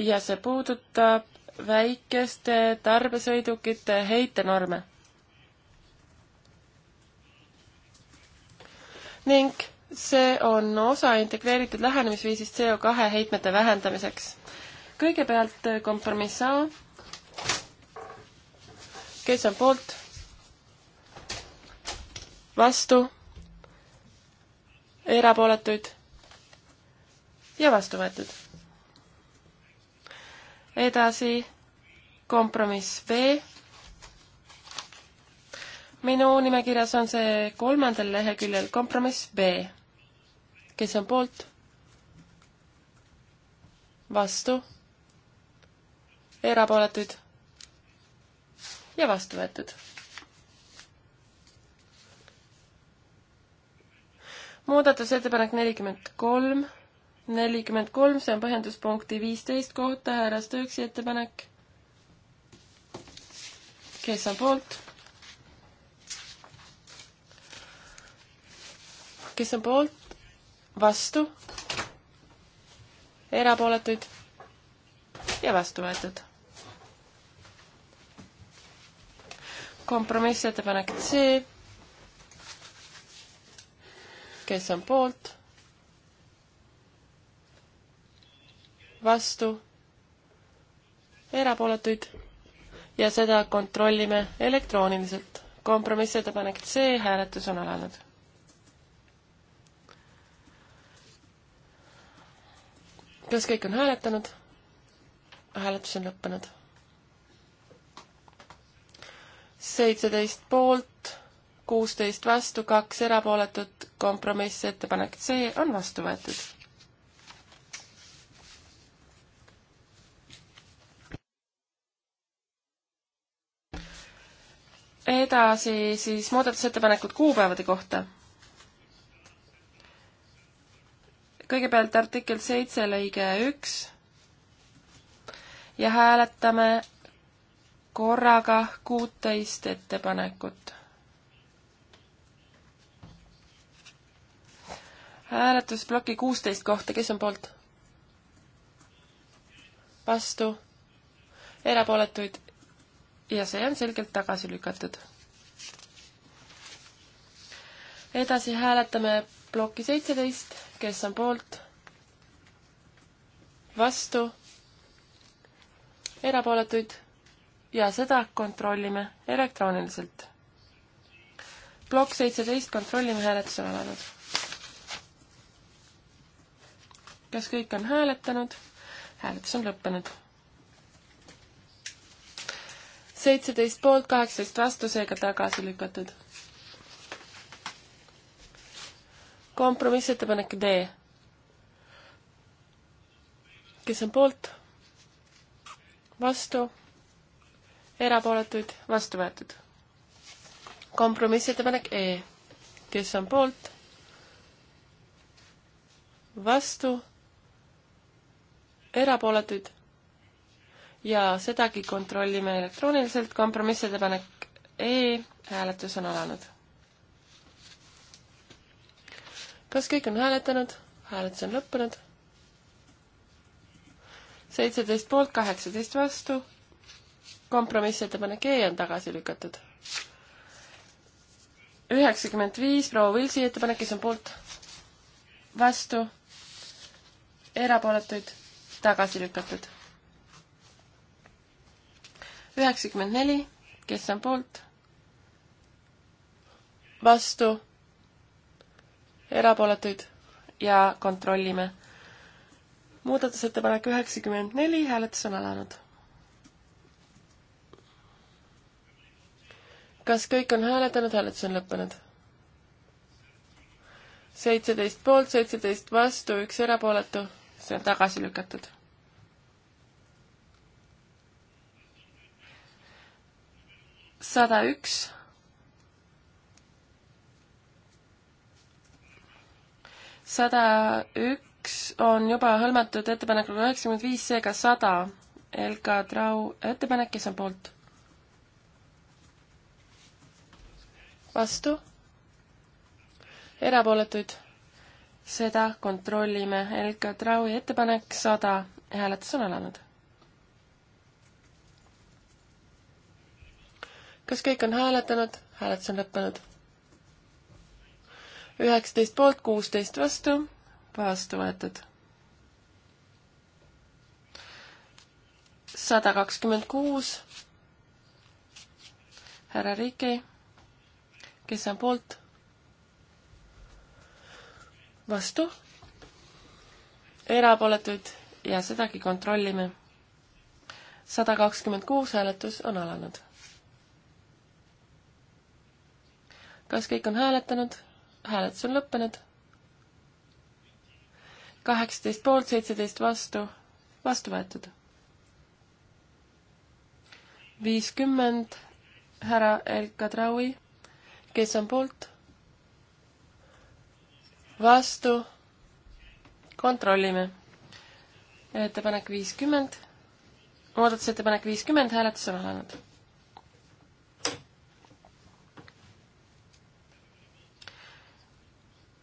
ja see puudutab väikeste tarbesõidukite heitenorme. ning see on osa integreeritud lähenemisviisist CO2 heitmete vähendamiseks. kõigepealt kompromiss A. kes on poolt? vastu? erapooletuid? ja vastu võetud edasi kompromiss B. minu nimekirjas on see kolmandal leheküljel kompromiss B. kes on poolt? vastu? erapooletuid? ja vastu võetud. muudatusettepanek nelikümmend kolm nelikümmend kolm, see on põhjenduspunkti viisteist kohta, härra Stööksi ettepanek. kes on poolt? kes on poolt? vastu? erapooletuid? ja vastu võetud. kompromissettepanek C. kes on poolt? vastu, erapooletuid ja seda kontrollime elektrooniliselt. kompromissettepanek C, hääletus on alanud. kas kõik on hääletanud? hääletus on lõppenud. seitseteist poolt, kuusteist vastu, kaks erapooletut, kompromissettepanek C on vastu võetud edasi siis muudatusettepanekud kuupäevade kohta. kõigepealt artikkel seitse lõige üks ja hääletame korraga kuuteist ettepanekut. hääletusploki kuusteist kohta, kes on poolt? vastu? erapooletuid ja see on selgelt tagasi lükatud. edasi hääletame plokki seitseteist, kes on poolt, vastu, erapooletuid ja seda kontrollime elektrooniliselt. plokk seitseteist kontrollime hääletusel alanud. kas kõik on hääletanud? hääletus on lõppenud seitseteist poolt, kaheksateist vastu, seega tagasi lükatud. kompromissettepanek D. kes on poolt? vastu? erapooletuid? vastu võetud. kompromissettepanek E. kes on poolt? vastu? erapooletuid? ja sedagi kontrollime elektrooniliselt, kompromissettepanek E, hääletus on alanud. kas kõik on hääletanud? hääletus on lõppenud. seitseteist poolt, kaheksateist vastu. kompromissettepanek E on tagasi lükatud. üheksakümmend viis proua Vilsi ettepanek, kes on poolt, vastu, erapooletuid, tagasi lükatud üheksakümmend neli, kes on poolt? vastu? erapooletuid? ja kontrollime. muudatusettepanek üheksakümmend neli, hääletus on alanud. kas kõik on hääletanud, hääletus on lõppenud? seitseteist poolt, seitseteist vastu, üks erapooletu, see on tagasi lükatud sada üks. sada üks on juba hõlmatud ettepanekuga üheksakümmend viis, seega sada. Elka Trau ettepanek, kes on poolt? vastu? erapooletuid? seda kontrollime. Elka Traui ettepanek sada. hääletus on alanud kas kõik on hääletanud? hääletus on lõppenud. üheksateist poolt, kuusteist vastu, vastu võetud. sada kakskümmend kuus. härra Riki, kes on poolt? vastu? erapooletuid ja sedagi kontrollime. sada kakskümmend kuus hääletus on alanud kas kõik on hääletanud? hääletus on lõppenud. kaheksateist poolt, seitseteist vastu, vastu võetud. viiskümmend härra Erka Traui, kes on poolt? vastu, kontrollime. ettepanek viiskümmend, muudatusettepanek viiskümmend, hääletus on alanud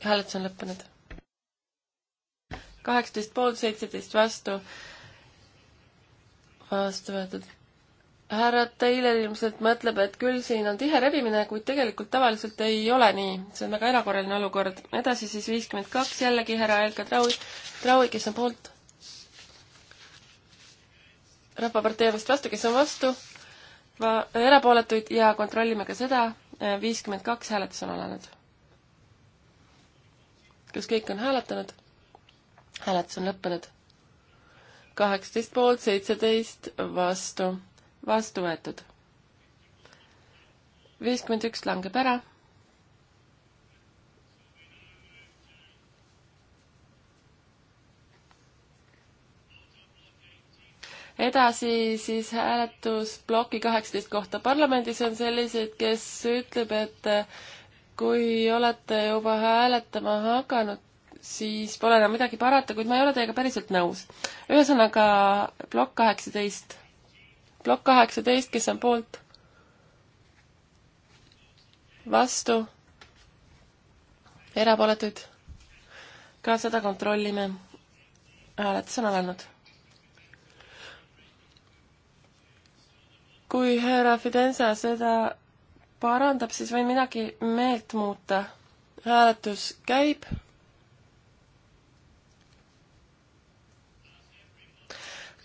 hääletus on lõppenud. kaheksateist poolt, seitseteist vastu. vastu võetud. härra Taylor ilmselt mõtleb, et küll siin on tihe rebimine, kuid tegelikult tavaliselt ei ole nii. see on väga erakorraline olukord. edasi siis viiskümmend kaks jällegi härra Elka Traui, Traui, kes on poolt. rahvapartei on vist vastu, kes on vastu? Va-, erapooletuid ja kontrollime ka seda, viiskümmend kaks hääletus on alanud kas kõik on hääletanud? hääletus on lõppenud. kaheksateist poolt, seitseteist vastu, vastu võetud. viiskümmend üks langeb ära. edasi siis hääletus ploki kaheksateist kohta parlamendis on selliseid, kes ütleb, et kui olete juba hääletama hakanud, siis pole enam midagi parata, kuid ma ei ole teiega päriselt nõus. ühesõnaga plokk kaheksateist. plokk kaheksateist, kes on poolt? vastu? erapooletuid? ka seda kontrollime. hääletus on alanud. kui härra Fidenza seda parandab, siis võin midagi meelt muuta. hääletus käib.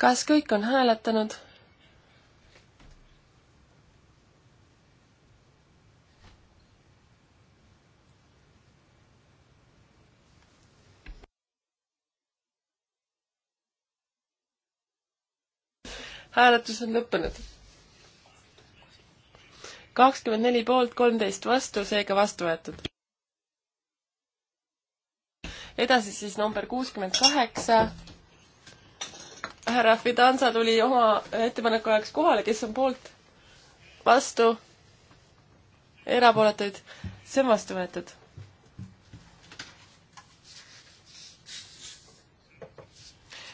kas kõik on hääletanud? hääletus on lõppenud kakskümmend neli poolt, kolmteist vastu, seega vastu võetud. edasi siis number kuuskümmend kaheksa. härra Fidanza tuli oma ettepaneku ajaks kohale, kes on poolt, vastu, erapooletuid, see on vastu võetud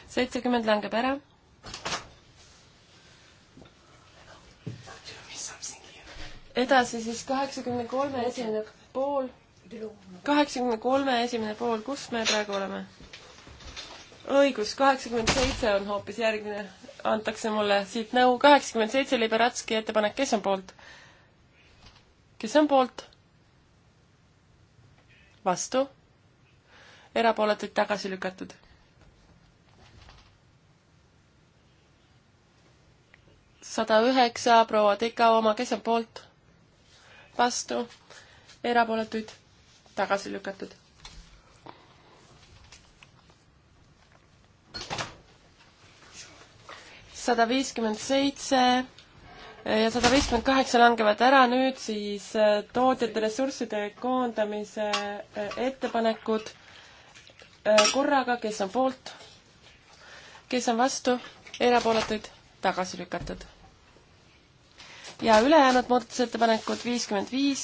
seitsekümmend langeb ära. edasi siis kaheksakümne kolme esimene pool, kaheksakümne kolme esimene pool, kus me praegu oleme? õigus, kaheksakümmend seitse on hoopis järgmine, antakse mulle siit nõu, kaheksakümmend seitse Liberatski ettepanek, kes on poolt? kes on poolt? vastu? erapooletuid tagasi lükatud. sada üheksa proua Tikao oma, kes on poolt? vastu, erapooletuid tagasi lükatud. sada viiskümmend seitse ja sada viiskümmend kaheksa langevad ära, nüüd siis äh, tootjate ressursside koondamise äh, ettepanekud äh, korraga, kes on poolt, kes on vastu, erapooletuid tagasi lükatud ja ülejäänud muudatusettepanekud viiskümmend viis.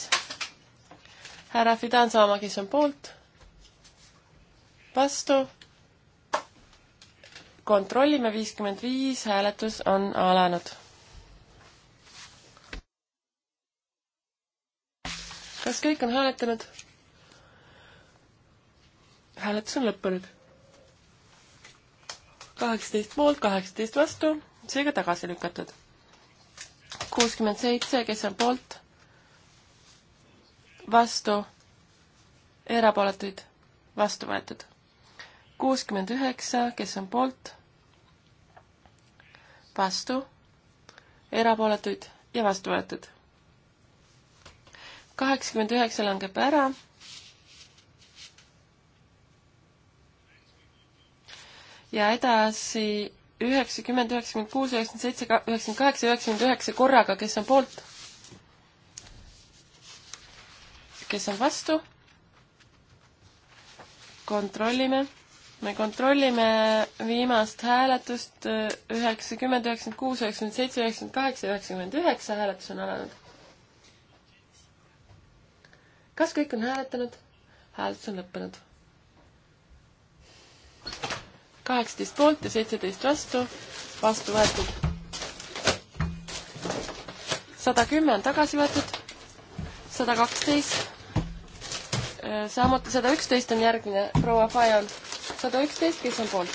härra Fidanza oma, kes on poolt, vastu, kontrollime viiskümmend viis, hääletus on alanud. kas kõik on hääletanud? hääletus on lõppenud. kaheksateist poolt, kaheksateist vastu, seega tagasi lükatud kuuskümmend seitse, kes on poolt, vastu, erapooletuid, vastu võetud. kuuskümmend üheksa, kes on poolt, vastu, erapooletuid ja vastu võetud. kaheksakümmend üheksa langeb ära ja edasi üheksakümmend, üheksakümmend kuus, üheksakümmend seitse, üheksakümmend kaheksa, üheksakümmend üheksa korraga, kes on poolt? kes on vastu? kontrollime. me kontrollime viimast hääletust üheksakümmend, üheksakümmend kuus, üheksakümmend seitse, üheksakümmend kaheksa, üheksakümmend üheksa hääletus on alanud. kas kõik on hääletanud? hääletus on lõppenud kaheksateist poolt ja seitseteist vastu, vastu võetud. sada kümme on tagasi võetud, sada kaksteist, äh, samuti sada üksteist on järgmine proua Fajon, sada üksteist, kes on poolt?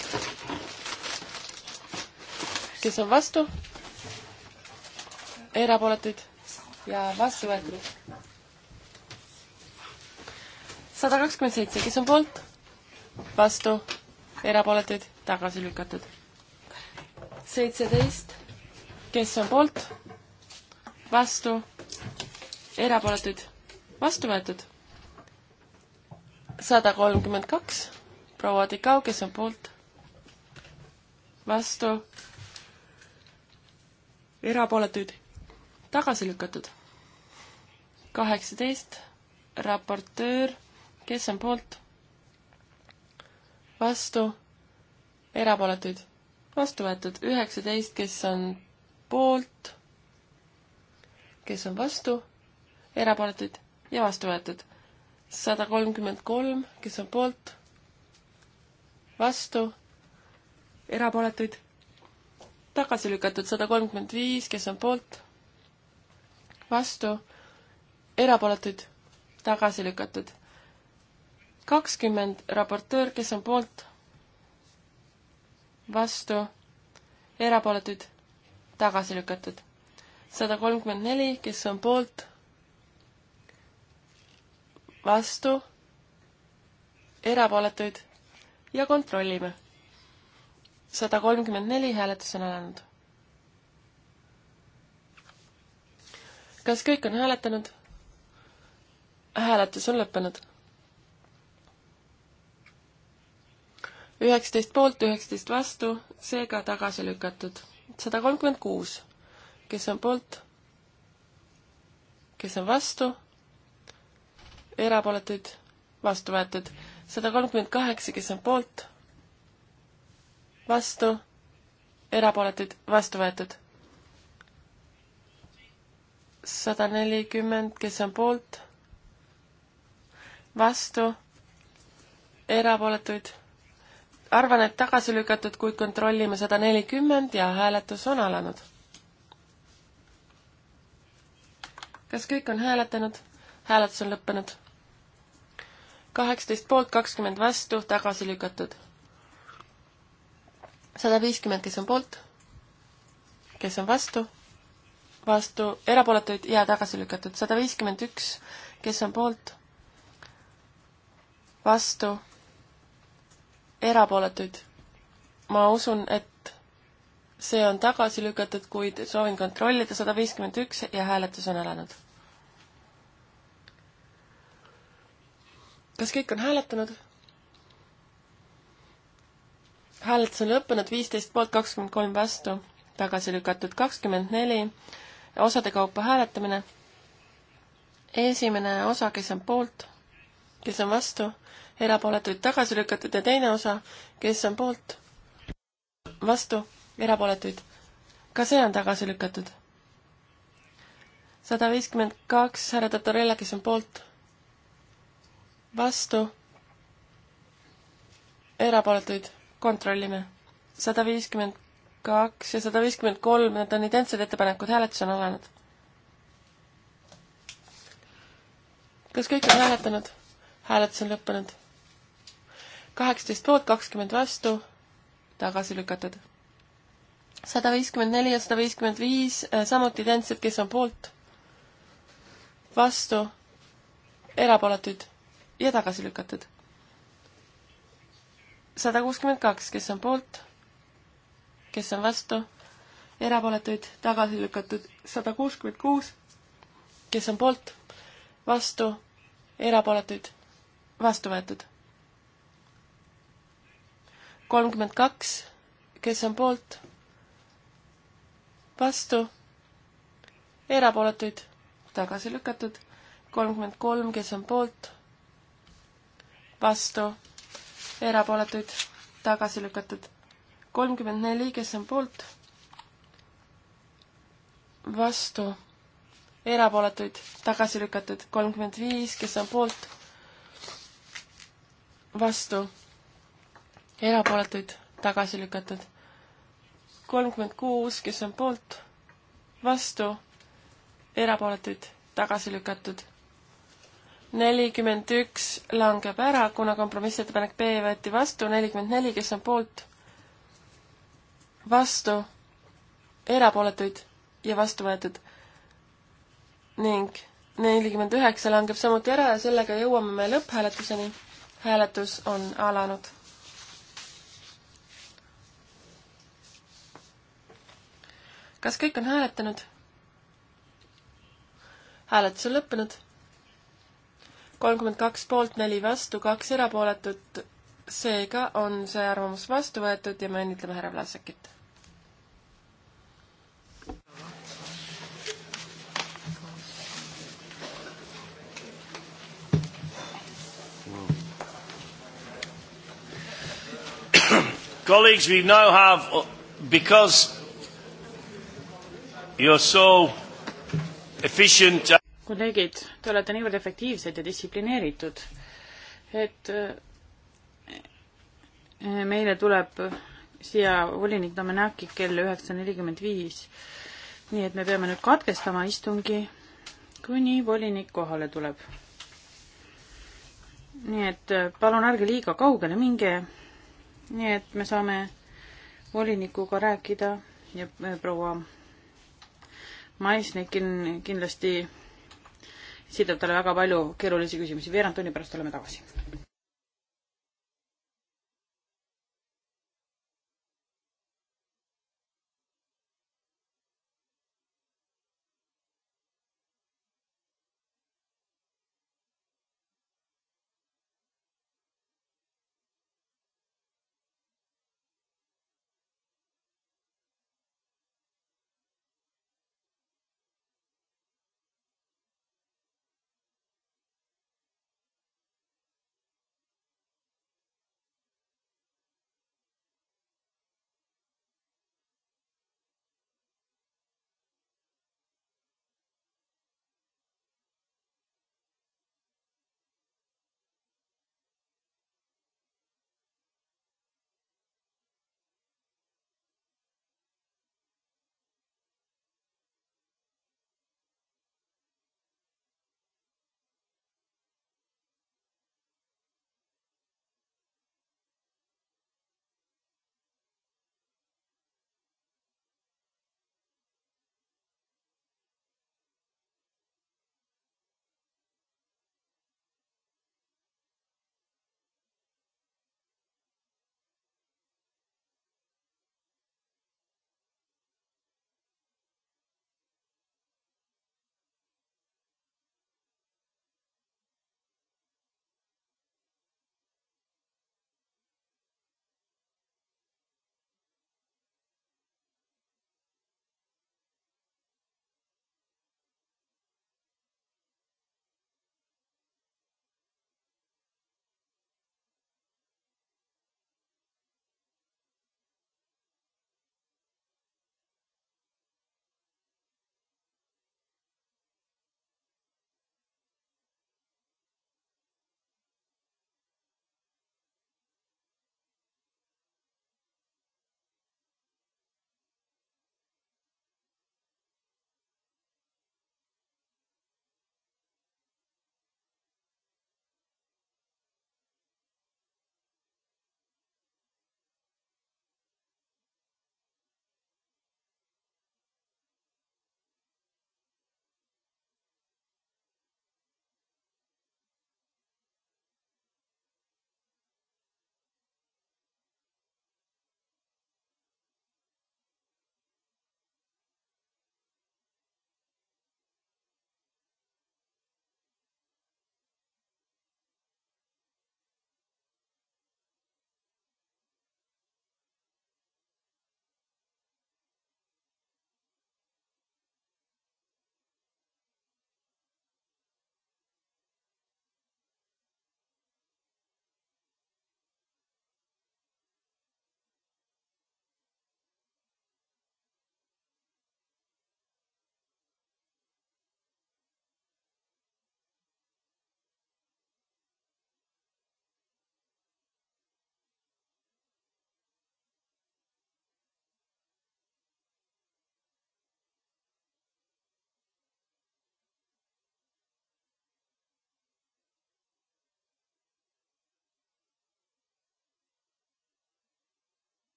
kes on vastu? erapooletuid ja vastu võetud. sada kakskümmend seitse, kes on poolt? vastu erapooletuid tagasi lükatud. seitseteist, kes on poolt, vastu, erapooletuid vastu võetud. sada kolmkümmend kaks, proua Tikau, kes on poolt, vastu, erapooletuid tagasi lükatud. kaheksateist, raportöör, kes on poolt vastu, erapooletuid, vastu võetud üheksateist, kes on poolt, kes on vastu, erapooletuid ja vastu võetud sada kolmkümmend kolm, kes on poolt, vastu, erapooletuid, tagasi lükatud sada kolmkümmend viis, kes on poolt, vastu, erapooletuid, tagasi lükatud kakskümmend raportöör, kes on poolt, vastu, erapooletuid, tagasi lükatud. sada kolmkümmend neli, kes on poolt, vastu, erapooletuid ja kontrollime. sada kolmkümmend neli hääletus on alanud. kas kõik on hääletanud? hääletus on lõppenud üheksateist poolt, üheksateist vastu, seega tagasi lükatud. sada kolmkümmend kuus, kes on poolt, kes on vastu, erapooletuid vastu võetud. sada kolmkümmend kaheksa, kes on poolt, vastu, erapooletuid vastu võetud. sada nelikümmend, kes on poolt, vastu, erapooletuid arvan, et tagasi lükatud, kuid kontrollime sada nelikümmend ja hääletus on alanud. kas kõik on hääletanud? hääletus on lõppenud. kaheksateist poolt, kakskümmend vastu, tagasi lükatud. sada viiskümmend, kes on poolt? kes on vastu? vastu, erapooletuid ja tagasi lükatud. sada viiskümmend üks, kes on poolt? vastu erapooletuid. ma usun, et see on tagasi lükatud, kuid soovin kontrollida sada viiskümmend üks ja hääletus on alanud. kas kõik on hääletanud? hääletus on lõppenud, viisteist poolt, kakskümmend kolm vastu, tagasi lükatud kakskümmend neli, osade kaupa hääletamine. esimene osa, kes on poolt, kes on vastu, erapooletuid tagasi lükatud ja teine osa, kes on poolt, vastu, erapooletuid. ka see on tagasi lükatud. sada viiskümmend kaks härra Tatarella, kes on poolt, vastu, erapooletuid, kontrollime. sada viiskümmend kaks ja sada viiskümmend kolm, need on identsed ettepanekud, hääletus on alanud kas kõik on hääletanud? hääletus on lõppenud kaheksateist poolt, kakskümmend vastu, tagasi lükatud. sada viiskümmend neli ja sada viiskümmend viis, äh, samuti identsed, kes on poolt, vastu, erapooletuid ja tagasi lükatud. sada kuuskümmend kaks, kes on poolt, kes on vastu, erapooletuid tagasi lükatud, sada kuuskümmend kuus, kes on poolt, vastu, erapooletuid, vastu võetud kolmkümmend kaks, kes on poolt, vastu, erapooletuid, tagasi lükatud, kolmkümmend kolm, kes on poolt, vastu, erapooletuid, tagasi lükatud, kolmkümmend neli, kes on poolt, vastu, erapooletuid, tagasi lükatud, kolmkümmend viis, kes on poolt, vastu erapooletuid tagasi lükatud. kolmkümmend kuus, kes on poolt, vastu, erapooletuid tagasi lükatud. nelikümmend üks langeb ära, kuna kompromissettepanek B võeti vastu, nelikümmend neli, kes on poolt, vastu, erapooletuid ja vastu võetud. ning nelikümmend üheksa langeb samuti ära ja sellega jõuame me lõpphääletuseni. hääletus on alanud kas kõik on hääletanud? hääletus on lõppenud. kolmkümmend kaks poolt, neli vastu, kaks erapooletut. seega on see arvamus vastu võetud ja me õnnitleme härra Vlasekit. Colleagues, we now have, because You are so efficient. kolleegid, te olete niivõrd efektiivsed ja distsiplineeritud, et eh, meile tuleb siia volinik Domenaki kell üheksa nelikümmend viis. nii et me peame nüüd katkestama istungi, kuni volinik kohale tuleb. nii et eh, palun ärge liiga kaugele minge. nii et me saame volinikuga rääkida ja eh, proua Maisnik kindlasti esitab talle väga palju keerulisi küsimusi. veerand tunni pärast oleme tagasi.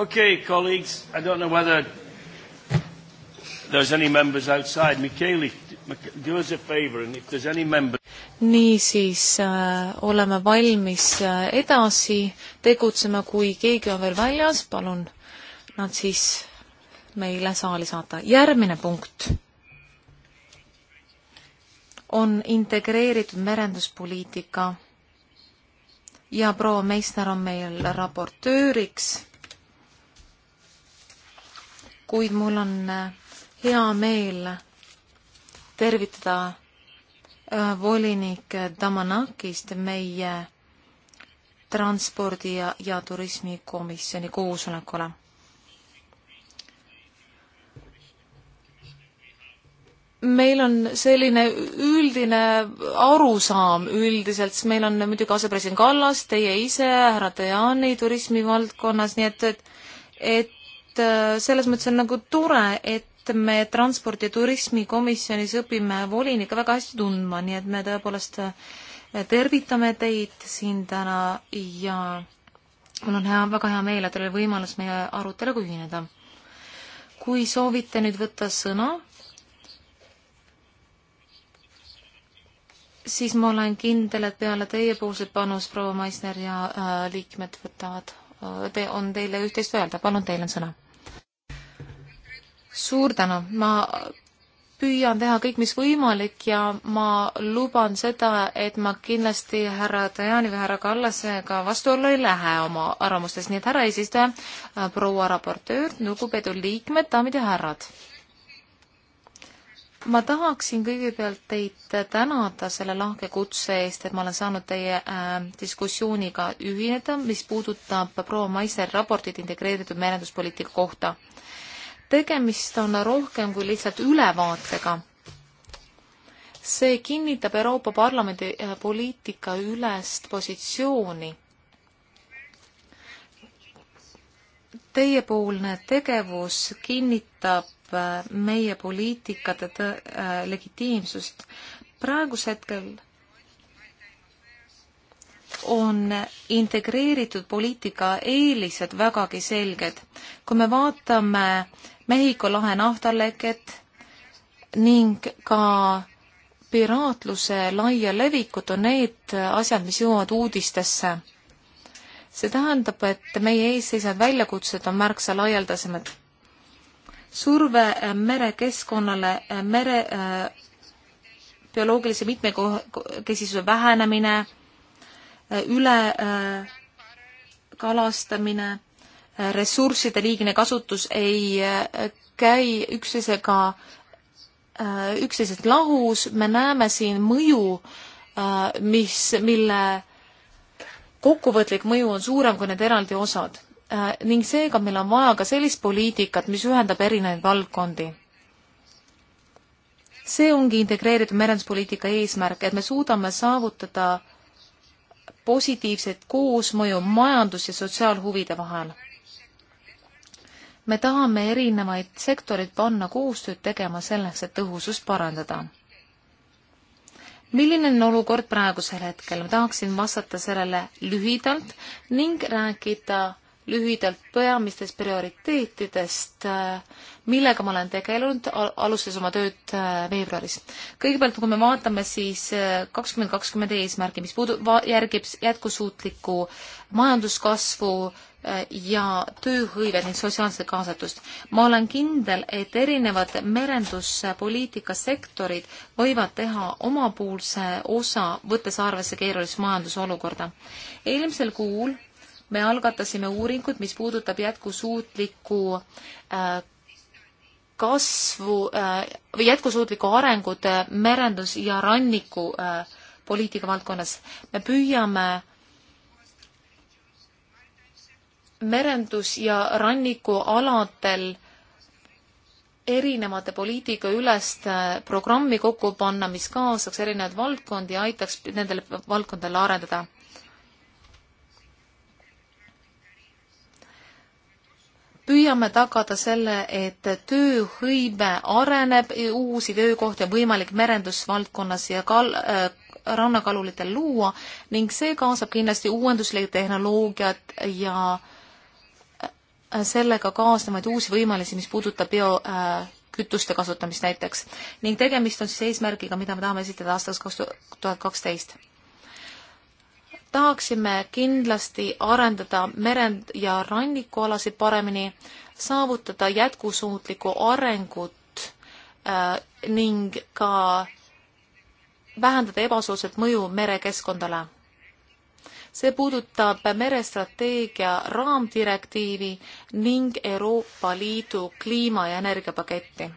Okay, colleagues, I don't know whether there's any members outside. Michaeli, do us a favor and if there's any member... niisiis äh, oleme valmis äh, edasi tegutsema, kui keegi on veel väljas, palun nad siis meile saali saata. järgmine punkt on integreeritud merenduspoliitika ja proua Meissner on meil raportööriks kuid mul on äh, hea meel tervitada äh, volinik Damanakist meie transpordi ja, ja turismikomisjoni koosolekule. meil on selline üldine arusaam üldiselt, sest meil on muidugi asepresident Kallas, teie ise, härra Tajani turismivaldkonnas, nii et, et et Äh, selles mõttes on nagu tore, et me transpordi- ja turismikomisjonis õpime volinikke väga hästi tundma, nii et me tõepoolest äh, tervitame teid siin täna ja mul on hea, väga hea meel, et teil oli võimalus meie aruteluga ühineda. kui soovite nüüd võtta sõna, siis ma olen kindel, et peale teiepoolset panust proua Maisner ja äh, liikmed võtavad äh,, te, on teile üht-teist öelda, palun, teil on sõna suur tänu, ma püüan teha kõik, mis võimalik ja ma luban seda, et ma kindlasti härra Tajani või härra Kallasega vastuollu ei lähe oma arvamustes, nii et härra eesistuja, proua raportöör, lugupeetud liikmed, daamid ja härrad. ma tahaksin kõigepealt teid tänada selle lahke kutse eest, et ma olen saanud teie äh, diskussiooniga ühineda, mis puudutab proua Maiser raportit integreeritud merenduspoliitika kohta tegemist on rohkem kui lihtsalt ülevaatega. see kinnitab Euroopa Parlamendi äh, poliitika ülest positsiooni. Teiepoolne tegevus kinnitab äh, meie poliitikate äh, legitiimsust. praegusel hetkel on integreeritud poliitika eelised vägagi selged. kui me vaatame Mehhiko lahe naftaleket ning ka piraatluse laia levikut on need asjad, mis jõuavad uudistesse. see tähendab, et meie ees seisvad väljakutsed on märksa laialdasemad. surve merekeskkonnale, mere äh, bioloogilise mitmekesisuse vähenemine, üle äh, kalastamine ressursside liigne kasutus ei äh, käi üksteisega, äh, üksteisest lahus, me näeme siin mõju, äh, mis, mille kokkuvõtlik mõju on suurem kui need eraldi osad. ning seega meil on vaja ka sellist poliitikat, mis ühendab erinevaid valdkondi see ongi integreeritud merenduspoliitika eesmärk, et me suudame saavutada positiivset koosmõju majandus- ja sotsiaalhuvide vahel me tahame erinevaid sektoreid panna koostööd tegema selleks, et tõhusust parandada. milline on olukord praegusel hetkel? ma tahaksin vastata sellele lühidalt ning rääkida lühidalt peamistest prioriteetidest, millega ma olen tegelenud, alustades oma tööd äh, veebruaris. kõigepealt, kui me vaatame siis äh, kakskümmend kakskümmend eesmärgi, mis puudu-, järgib jätkusuutlikku majanduskasvu äh, ja tööhõivet ning sotsiaalset kaasatust. ma olen kindel, et erinevad merenduspoliitika sektorid võivad teha omapoolse osa, võttes arvesse keerulist majandusolukorda. eelmisel kuul me algatasime uuringut, mis puudutab jätkusuutlikku äh, kasvu äh, või jätkusuutlikku arengut äh, merendus- ja rannikupoliitika valdkonnas. me püüame merendus- ja rannikualadel erinevate poliitika ülest programmi kokku panna, mis kaasaks erinevaid valdkondi ja aitaks nendele valdkondadele arendada. püüame tagada selle, et tööhõive areneb, uusi töökohti on võimalik merendusvaldkonnas ja kal-, äh, rannakaluritel luua ning see kaasab kindlasti uuenduslikku tehnoloogiat ja äh, sellega kaasnevaid uusi võimalusi, mis puudutab biokütuste äh, kasutamist näiteks. ning tegemist on siis eesmärgiga, mida me tahame esitada aastaks kaks tuhat kaksteist tahaksime kindlasti arendada merend- ja rannikualasid paremini, saavutada jätkusuutlikku arengut äh, ning ka vähendada ebasoodsat mõju merekeskkondale. see puudutab merestrateegia raamdirektiivi ning Euroopa Liidu kliima- ja energiapaketti.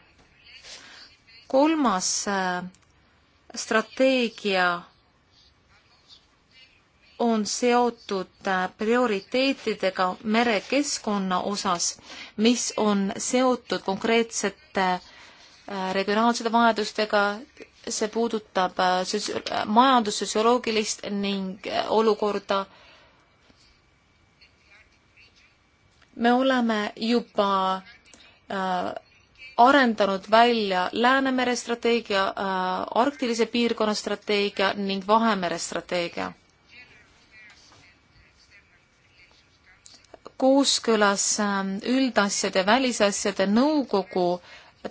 kolmas äh, strateegia on seotud äh, prioriteetidega merekeskkonna osas, mis on seotud konkreetsete äh, regionaalsete vajadustega, see puudutab äh, majandussotsioloogilist ning olukorda. me oleme juba arendanud välja Läänemere strateegia, Arktilise piirkonna strateegia ning Vahemere strateegia kooskõlas ähm, üldasjade välisasjade nõukogu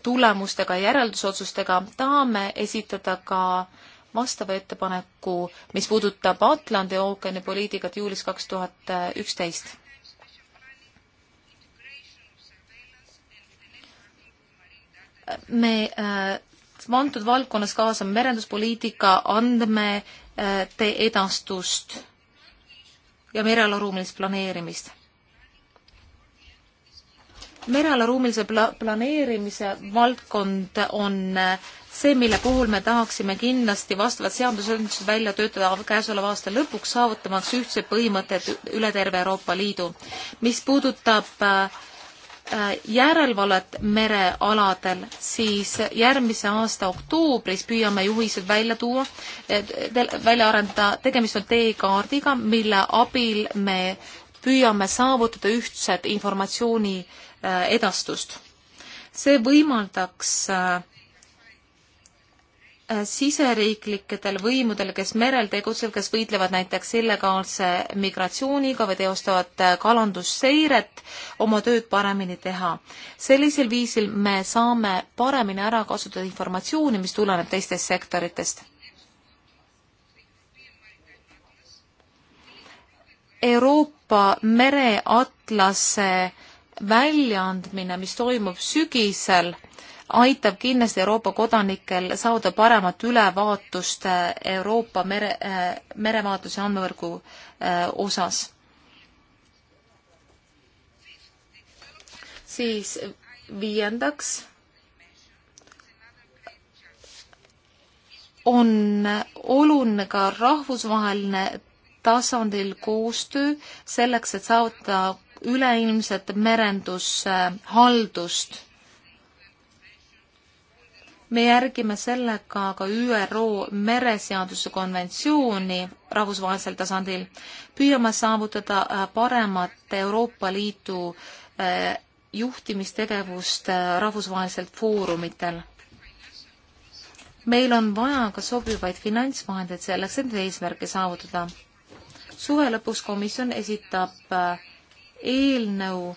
tulemustega ja järeldusotsustega tahame esitada ka vastava ettepaneku, mis puudutab Atlandi ookeani poliitikat juulis kaks tuhat üksteist. me äh, antud valdkonnas kaasame merenduspoliitika andmete äh, edastust ja merealaruumilist planeerimist merealaruumilise pla-, planeerimise valdkond on äh, see, mille puhul me tahaksime kindlasti vastavad seadusandlused välja töötada käesoleva aasta lõpuks, saavutamaks ühtsed põhimõtted üle terve Euroopa Liidu. mis puudutab äh, äh, järelevalvet merealadel, siis järgmise aasta oktoobris püüame juhised välja tuua, välja arendada, tegemist on teekaardiga, mille abil me püüame saavutada ühtsed informatsiooni äh, Äh, edastust. see võimaldaks äh, äh, siseriiklikedel võimudel, kes merel tegutsevad, kes võitlevad näiteks illegaalse migratsiooniga või teostavad kalandusseiret, oma tööd paremini teha. sellisel viisil me saame paremini ära kasutada informatsiooni, mis tuleneb teistest sektoritest. Euroopa mereatlase väljaandmine, mis toimub sügisel, aitab kindlasti Euroopa kodanikel saada paremat ülevaatust äh, Euroopa mere, äh, merevaatluse andmevõrgu äh, osas. siis viiendaks on oluline ka rahvusvaheline tasandil koostöö selleks, et saavutada üleilmset merendushaldust. me järgime sellega ka ÜRO mereseaduse konventsiooni rahvusvahelisel tasandil, püüame saavutada äh, paremat Euroopa Liidu äh, juhtimistegevust äh, rahvusvahelisel foorumitel meil on vaja ka sobivaid finantsvahendeid selleks, et eesmärke saavutada. suve lõpus komisjon esitab äh, eelnõu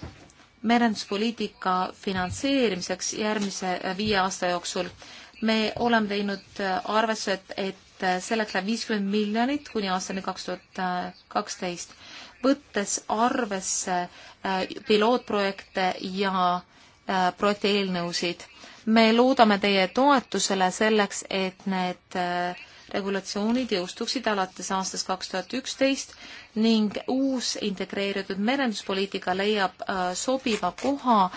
merenduspoliitika finantseerimiseks järgmise viie aasta jooksul. me oleme teinud arvestused, et selleks läheb viiskümmend miljonit kuni aastani kaks tuhat kaksteist, võttes arvesse äh, pilootprojekte ja äh, projekti eelnõusid. me loodame teie toetusele selleks, et need äh, regulatsioonid jõustuksid alates aastast kaks tuhat üksteist ning uus integreeritud merenduspoliitika leiab äh, sobiva koha äh,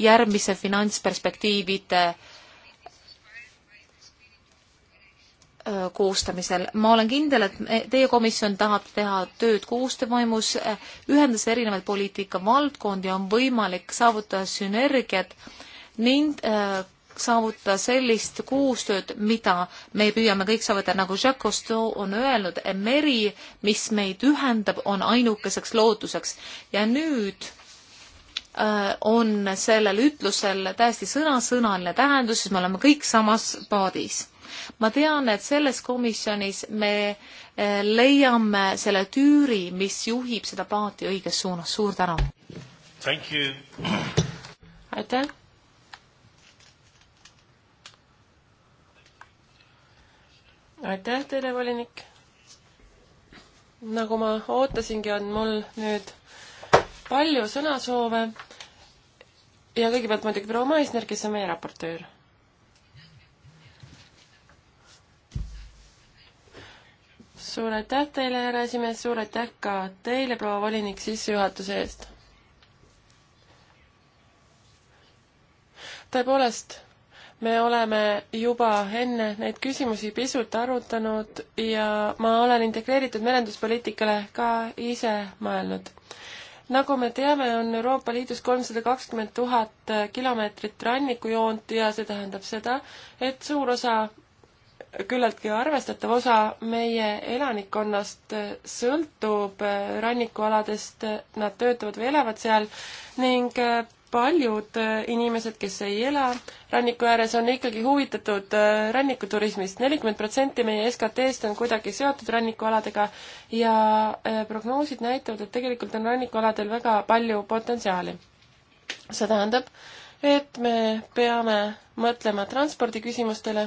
järgmise finantsperspektiivide äh, koostamisel. ma olen kindel, et teie komisjon tahab teha tööd koostöövaimus, äh, ühendades erinevaid poliitikavaldkondi, on võimalik saavutada sünergiat ning äh, saavutada sellist koostööd, mida me püüame kõik saavutada, nagu Jacques Cousteau on öelnud, meri, mis meid ühendab, on ainukeseks looduseks. ja nüüd äh, on sellel ütlusel täiesti sõnasõnaline tähendus, siis me oleme kõik samas paadis ma tean, et selles komisjonis me äh, leiame selle tüüri, mis juhib seda paati õiges suunas. suur tänu! aitäh! aitäh teile, volinik. nagu ma ootasingi, on mul nüüd palju sõnasoove. ja kõigepealt muidugi proua Maisner, kes on meie raportöör suur aitäh teile, härra esimees, suur aitäh ka teile, proua volinik, sissejuhatuse eest. tõepoolest, me oleme juba enne neid küsimusi pisut arutanud ja ma olen integreeritud merenduspoliitikale ka ise mõelnud. nagu me teame, on Euroopa Liidus kolmsada kakskümmend tuhat kilomeetrit rannikujoont ja see tähendab seda, et suur osa, küllaltki arvestatav osa meie elanikkonnast sõltub rannikualadest, nad töötavad või elavad seal ning paljud äh, inimesed, kes ei ela ranniku ääres, on ikkagi huvitatud äh, rannikuturismist. nelikümmend protsenti meie SKT-st on kuidagi seotud rannikualadega ja äh, prognoosid näitavad, et tegelikult on rannikualadel väga palju potentsiaali. see tähendab, et me peame mõtlema transpordiküsimustele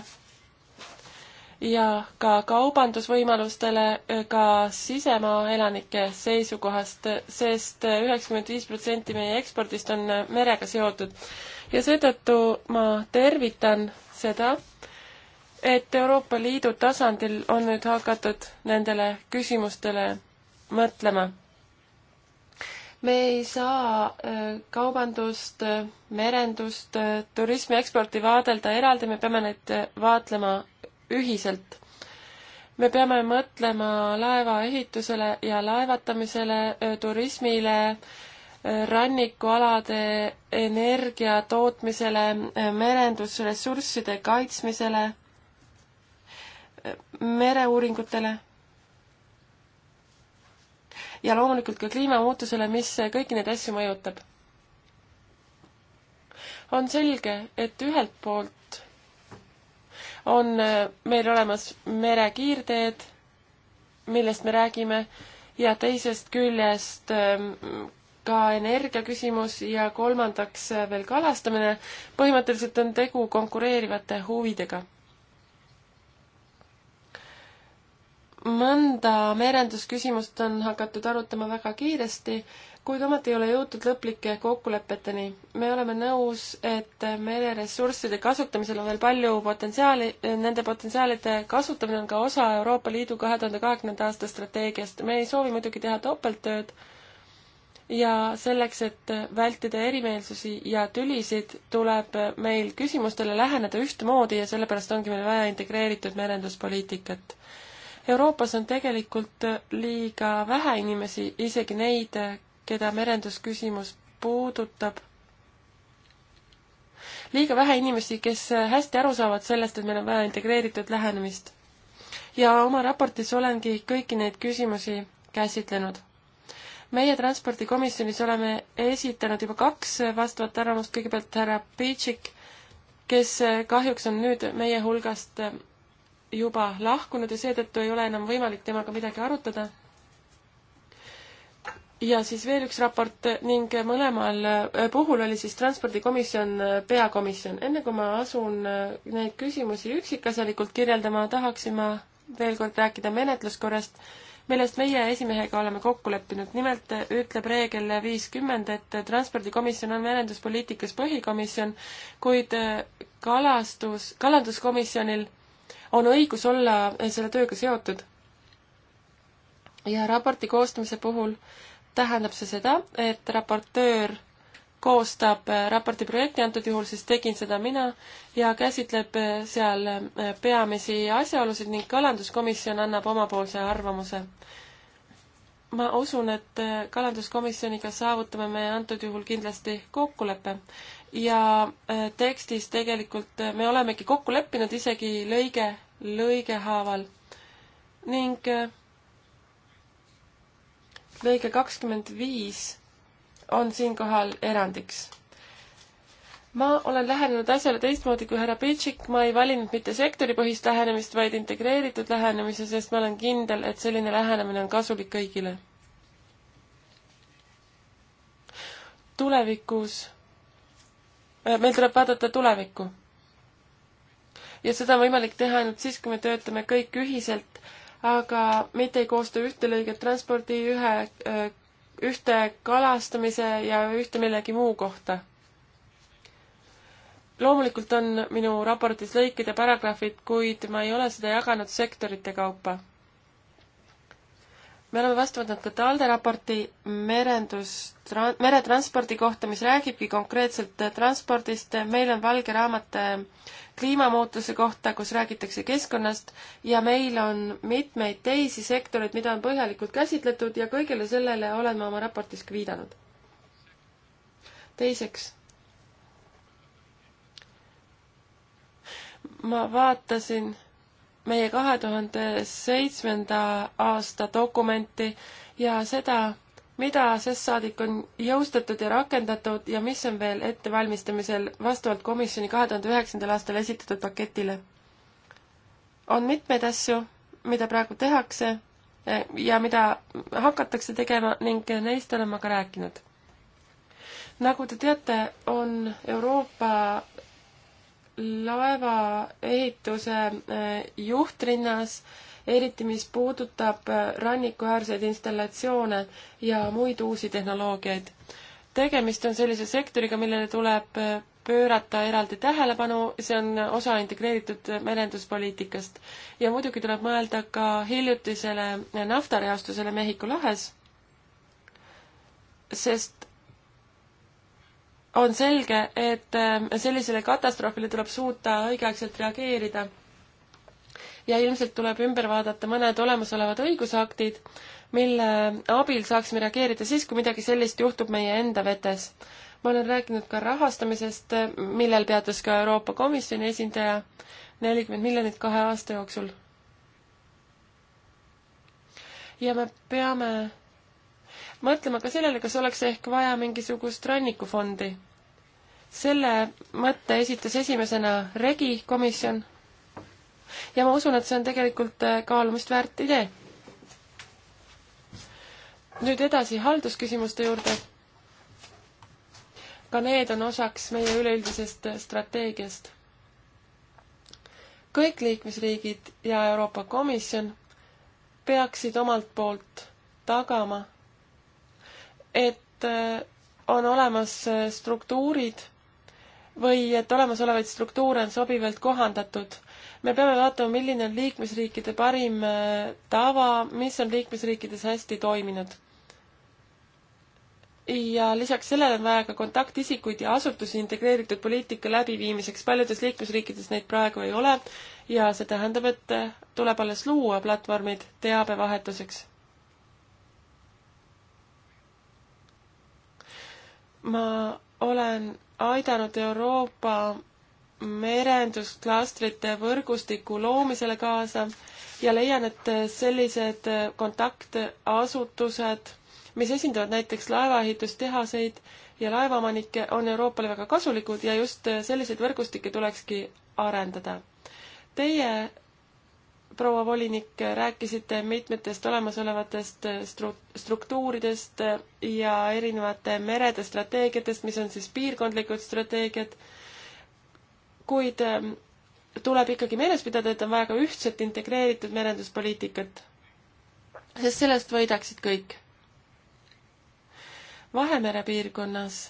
ja ka kaubandusvõimalustele ka sisemaa elanike seisukohast sest, sest üheksakümmend viis protsenti meie ekspordist on merega seotud. ja seetõttu ma tervitan seda, et Euroopa Liidu tasandil on nüüd hakatud nendele küsimustele mõtlema. me ei saa äh, kaubandust, äh, merendust, äh, turismi eksporti vaadelda eraldi, me peame neid vaatlema ühiselt. me peame mõtlema laeva ehitusele ja laevatamisele, turismile, rannikualade energia tootmisele, merendusressursside kaitsmisele, mereuuringutele ja loomulikult ka kliimamuutusele, mis kõiki neid asju mõjutab. on selge, et ühelt poolt on äh, meil olemas merekiirteed, millest me räägime, ja teisest küljest ähm, ka energia küsimus ja kolmandaks äh, veel kalastamine. põhimõtteliselt on tegu konkureerivate huvidega. mõnda merendusküsimust on hakatud arutama väga kiiresti kuid ometi ei ole jõutud lõplike kokkulepeteni. me oleme nõus, et mereressursside kasutamisel on veel palju potentsiaali, nende potentsiaalide kasutamine on ka osa Euroopa Liidu kahe tuhande kahekümnenda aasta strateegiast. me ei soovi muidugi teha topelttööd ja selleks, et vältida erimeelsusi ja tülisid, tuleb meil küsimustele läheneda ühtemoodi ja sellepärast ongi meil vaja integreeritud merenduspoliitikat. Euroopas on tegelikult liiga vähe inimesi, isegi neid, keda merendusküsimus puudutab. liiga vähe inimesi, kes hästi aru saavad sellest, et meil on vaja integreeritud lähenemist. ja oma raportis olengi kõiki neid küsimusi käsitlenud meie transpordikomisjonis oleme esitanud juba kaks vastavat arvamust, kõigepealt härra Pitsik, kes kahjuks on nüüd meie hulgast juba lahkunud ja seetõttu ei ole enam võimalik temaga midagi arutada ja siis veel üks raport ning mõlemal äh, puhul oli siis Transpordikomisjon äh, peakomisjon. enne kui ma asun äh, neid küsimusi üksikasjalikult kirjeldama, tahaksin ma veel kord rääkida menetluskorrast, millest meie esimehega oleme kokku leppinud. nimelt ütleb reegel viiskümmend, et Transpordikomisjon on merenduspoliitikas põhikomisjon, kuid kalastus, kalanduskomisjonil on õigus olla selle tööga seotud. ja raporti koostamise puhul tähendab see seda, et raportöör koostab äh, raporti projekti, antud juhul siis tegin seda mina, ja käsitleb äh, seal äh, peamisi asjaolusid ning kalanduskomisjon annab omapoolse arvamuse. ma usun, et kalanduskomisjoniga saavutame me antud juhul kindlasti kokkuleppe ja tekstis tegelikult me olemegi kokku leppinud isegi lõige, lõige haaval ning lõige kakskümmend viis on siinkohal erandiks. ma olen lähenenud asjale teistmoodi kui härra Pitschik, ma ei valinud mitte sektoripõhist lähenemist, vaid integreeritud lähenemise, sest ma olen kindel, et selline lähenemine on kasulik kõigile. tulevikus, äh, meil tuleb vaadata tulevikku ja seda on võimalik teha ainult siis, kui me töötame kõik ühiselt aga mitte ei koosta ühte lõiget transpordi, ühe, äh, ühte kalastamise ja ühte millegi muu kohta loomulikult on minu raportis lõiked ja paragrahvid, kuid ma ei ole seda jaganud sektorite kaupa me oleme vastu võtnud ka TALDE raporti merendus, meretranspordi kohta, mis räägibki konkreetselt transpordist, meil on valge raamat äh, kliimamuutuse kohta, kus räägitakse keskkonnast ja meil on mitmeid teisi sektoreid, mida on põhjalikult käsitletud ja kõigele sellele olen ma oma raportis ka viidanud. teiseks, ma vaatasin meie kahe tuhande seitsmenda aasta dokumenti ja seda, mida sest saadik on jõustatud ja rakendatud ja mis on veel ettevalmistamisel vastavalt komisjoni kahe tuhande üheksandal aastal esitatud paketile. on mitmeid asju, mida praegu tehakse ja mida hakatakse tegema ning neist olen ma ka rääkinud. nagu te teate, on Euroopa laevaehituse eh, juhtrinnas, eriti mis puudutab eh, rannikuäärseid installatsioone ja muid uusi tehnoloogiaid. tegemist on sellise sektoriga, millele tuleb eh, pöörata eraldi tähelepanu, see on osa integreeritud merenduspoliitikast. ja muidugi tuleb mõelda ka hiljutisele naftareastusele Mehhiko lahes, sest on selge, et äh, sellisele katastroofile tuleb suuta õigeaegselt reageerida. ja ilmselt tuleb ümber vaadata mõned olemasolevad õigusaktid, mille abil saaksime reageerida siis, kui midagi sellist juhtub meie enda vetes. ma olen rääkinud ka rahastamisest, millel peatus ka Euroopa Komisjoni esindaja, nelikümmend miljonit kahe aasta jooksul. ja me peame mõtlema ka sellele, kas oleks ehk vaja mingisugust rannikufondi selle mõtte esitas esimesena Regi komisjon ja ma usun, et see on tegelikult äh, kaalumist väärt idee. nüüd edasi haldusküsimuste juurde. ka need on osaks meie üleüldisest äh, strateegiast. kõik liikmesriigid ja Euroopa Komisjon peaksid omalt poolt tagama, et äh, on olemas struktuurid või et olemasolevaid struktuure on sobivalt kohandatud. me peame vaatama, milline on liikmesriikide parim äh, tava, mis on liikmesriikides hästi toiminud. ja lisaks sellele on vaja ka kontaktisikuid ja asutusi integreeritud poliitika läbiviimiseks, paljudes liikmesriikides neid praegu ei ole ja see tähendab, et äh, tuleb alles luua platvormid teabevahetuseks ma olen aidanud Euroopa merendusklastrite võrgustiku loomisele kaasa ja leian, et sellised kontaktasutused, mis esindavad näiteks laevaehitustehaseid ja laevaomanikke, on Euroopale väga kasulikud ja just selliseid võrgustikke tulekski arendada. Teie proua volinik, rääkisite mitmetest olemasolevatest äh, stru-, struktuuridest äh, ja erinevate merede strateegiatest, mis on siis piirkondlikud strateegiad, kuid ähm, tuleb ikkagi meeles pidada, et on vaja ka ühtset integreeritud merenduspoliitikat, sest sellest võidaksid kõik. Vahemere piirkonnas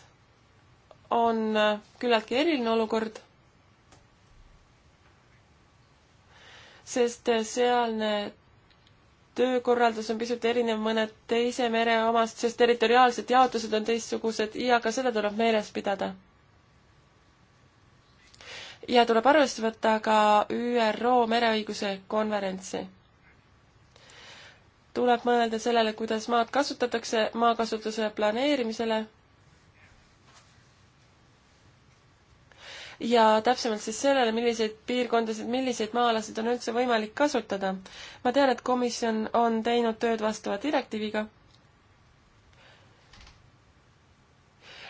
on äh, küllaltki eriline olukord sest sealne töökorraldus on pisut erinev mõned teise mere omast, sest territoriaalsed jaotused on teistsugused ja ka seda tuleb meeles pidada. ja tuleb arvesse võtta ka ÜRO mereõiguse konverentsi. tuleb mõelda sellele, kuidas maad kasutatakse, maakasutuse planeerimisele ja täpsemalt siis sellele, milliseid piirkondasid, milliseid maalasid on üldse võimalik kasutada. ma tean, et komisjon on teinud tööd vastava direktiiviga.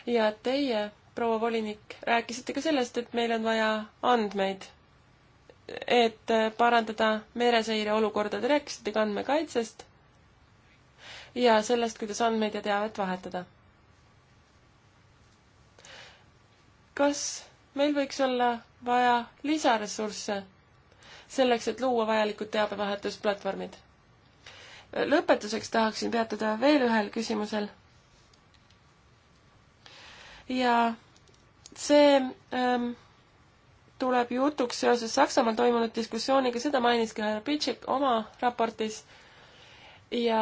ja teie, proua volinik, rääkisite ka sellest, et meil on vaja andmeid, et parandada mereseire olukorda, te rääkisite ka andmekaitsest ja sellest, kuidas andmeid ja teavet vahetada. kas meil võiks olla vaja lisaressursse selleks, et luua vajalikud teabevahetusplatvormid. lõpetuseks tahaksin peatuda veel ühel küsimusel. ja see ähm, tuleb jutuks seoses Saksamaal toimunud diskussiooniga, seda mainis ka härra Pitschik oma raportis ja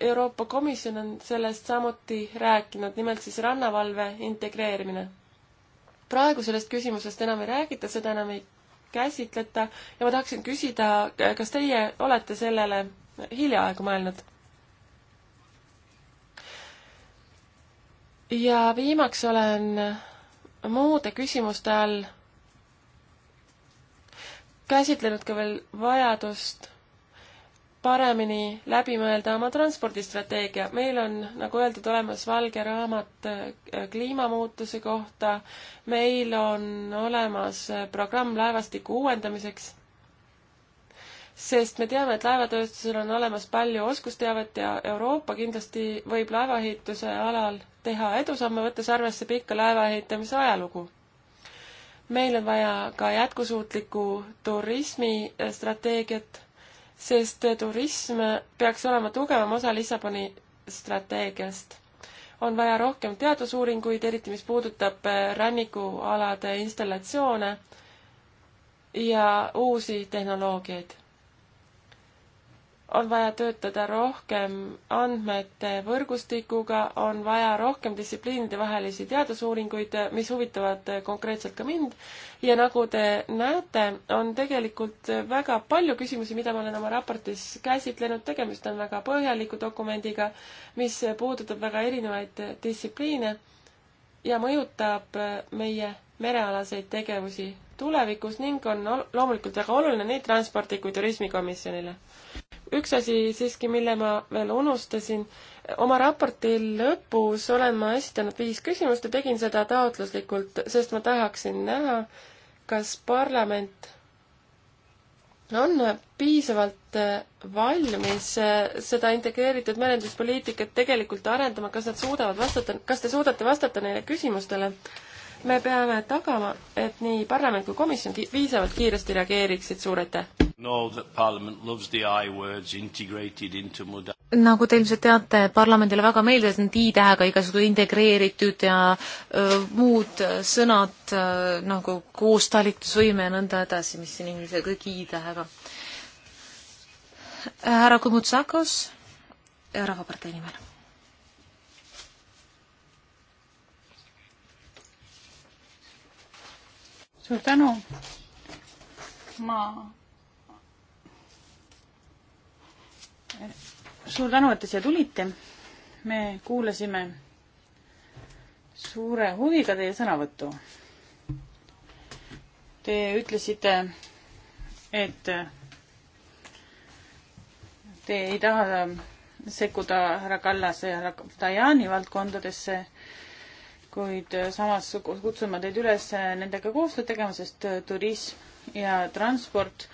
Euroopa Komisjon on sellest samuti rääkinud, nimelt siis rannavalve integreerimine praegu sellest küsimusest enam ei räägita, seda enam ei käsitleta ja ma tahaksin küsida, kas teie olete sellele hiljaaegu mõelnud? ja viimaks olen muude küsimuste all käsitlenud ka veel vajadust paremini läbi mõelda oma transpordistrateegia. meil on, nagu öeldud, olemas valge raamat äh, kliimamuutuse kohta, meil on olemas äh, programm laevastiku uuendamiseks, sest me teame, et laevatööstusel on olemas palju oskusteavet ja Euroopa kindlasti võib laevaehituse alal teha edusamme, võttes arvesse pikka laevaehitamise ajalugu meil on vaja ka jätkusuutliku turismi strateegiat sest turism peaks olema tugevam osa Lissaboni strateegiast. on vaja rohkem teadusuuringuid, eriti mis puudutab äh, rannikualade installatsioone ja uusi tehnoloogiaid on vaja töötada rohkem andmete võrgustikuga, on vaja rohkem distsipliinide vahelisi teadusuuringuid, mis huvitavad konkreetselt ka mind. ja nagu te näete, on tegelikult väga palju küsimusi, mida ma olen oma raportis käsitlenud, tegemist on väga põhjaliku dokumendiga, mis puudutab väga erinevaid distsipliine ja mõjutab meie merealaseid tegevusi tulevikus ning on loomulikult väga oluline nii transpordi kui turismikomisjonile üks asi siiski, mille ma veel unustasin, oma raporti lõpus olen ma esitanud viis küsimust ja tegin seda taotluslikult, sest ma tahaksin näha, kas parlament on piisavalt valmis seda integreeritud merenduspoliitikat tegelikult arendama, kas nad suudavad vastata, kas te suudate vastata neile küsimustele? me peame tagama, et nii parlament kui komisjon piisavalt kiiresti reageeriksid, suur aitäh! nagu te ilmselt teate, parlamendile väga meeldivad need i-tähega igasugused integreeritud ja öö, muud sõnad öö, nagu koostalitusvõime ja nõnda edasi, mis siin inglise kõik i-tähega. härra Kumutsakos Rahvapartei nimel. suur tänu ma suur tänu, et te siia tulite. me kuulasime suure huviga teie sõnavõttu. Te ütlesite, et te ei taha sekkuda härra Kallase ja härra Tajani valdkondadesse, kuid samas kutsun ma teid üles nendega koostööd tegema, sest turism ja transport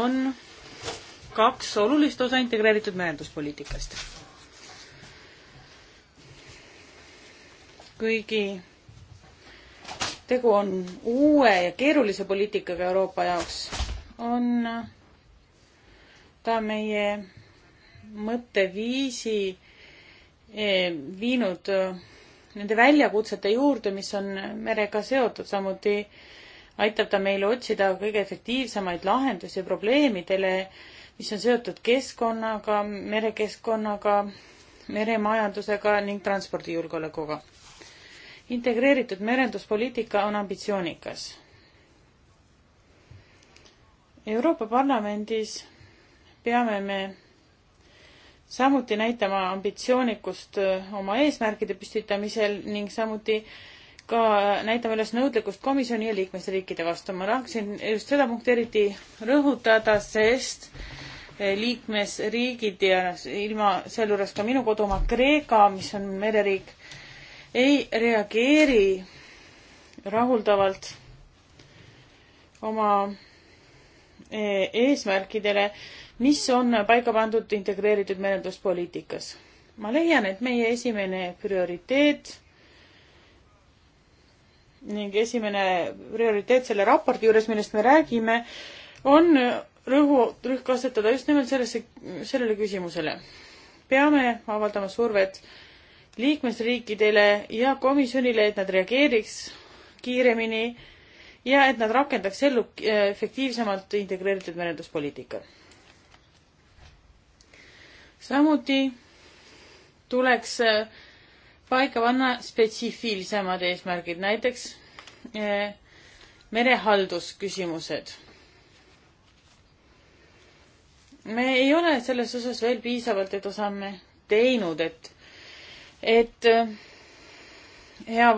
on kaks olulist osa integreeritud merenduspoliitikast. kuigi tegu on uue ja keerulise poliitikaga Euroopa jaoks, on ta meie mõtteviisi eh, viinud eh, nende väljakutsete juurde, mis on merega seotud, samuti aitab ta meil otsida kõige efektiivsemaid lahendusi probleemidele, mis on seotud keskkonnaga, merekeskkonnaga, meremajandusega ning transpordijulgeolekuga. integreeritud merenduspoliitika on ambitsioonikas. Euroopa Parlamendis peame me samuti näitama ambitsioonikust äh, oma eesmärkide püstitamisel ning samuti ka näitame üles nõudlikkust komisjoni ja liikmesriikide vastu. ma tahaksin just seda punkti eriti rõhutada, sest Eh, liikmesriigid ja ilma sealjuures ka minu kodumaa Kreeka, mis on mereriik, ei reageeri rahuldavalt oma eh, eesmärkidele, mis on paika pandud integreeritud merenduspoliitikas. ma leian, et meie esimene prioriteet ning esimene prioriteet selle raporti juures, millest me räägime, on rõhu, rõhku asetada just nimelt sellesse, sellele küsimusele. peame avaldama survet liikmesriikidele ja komisjonile, et nad reageeriks kiiremini ja et nad rakendaks ellu äh, efektiivsemalt integreeritud merenduspoliitika. samuti tuleks äh, paika panna spetsiifilisemad eesmärgid, näiteks äh, merehaldusküsimused me ei ole selles osas veel piisavalt edusamme teinud, et, et äh, hea,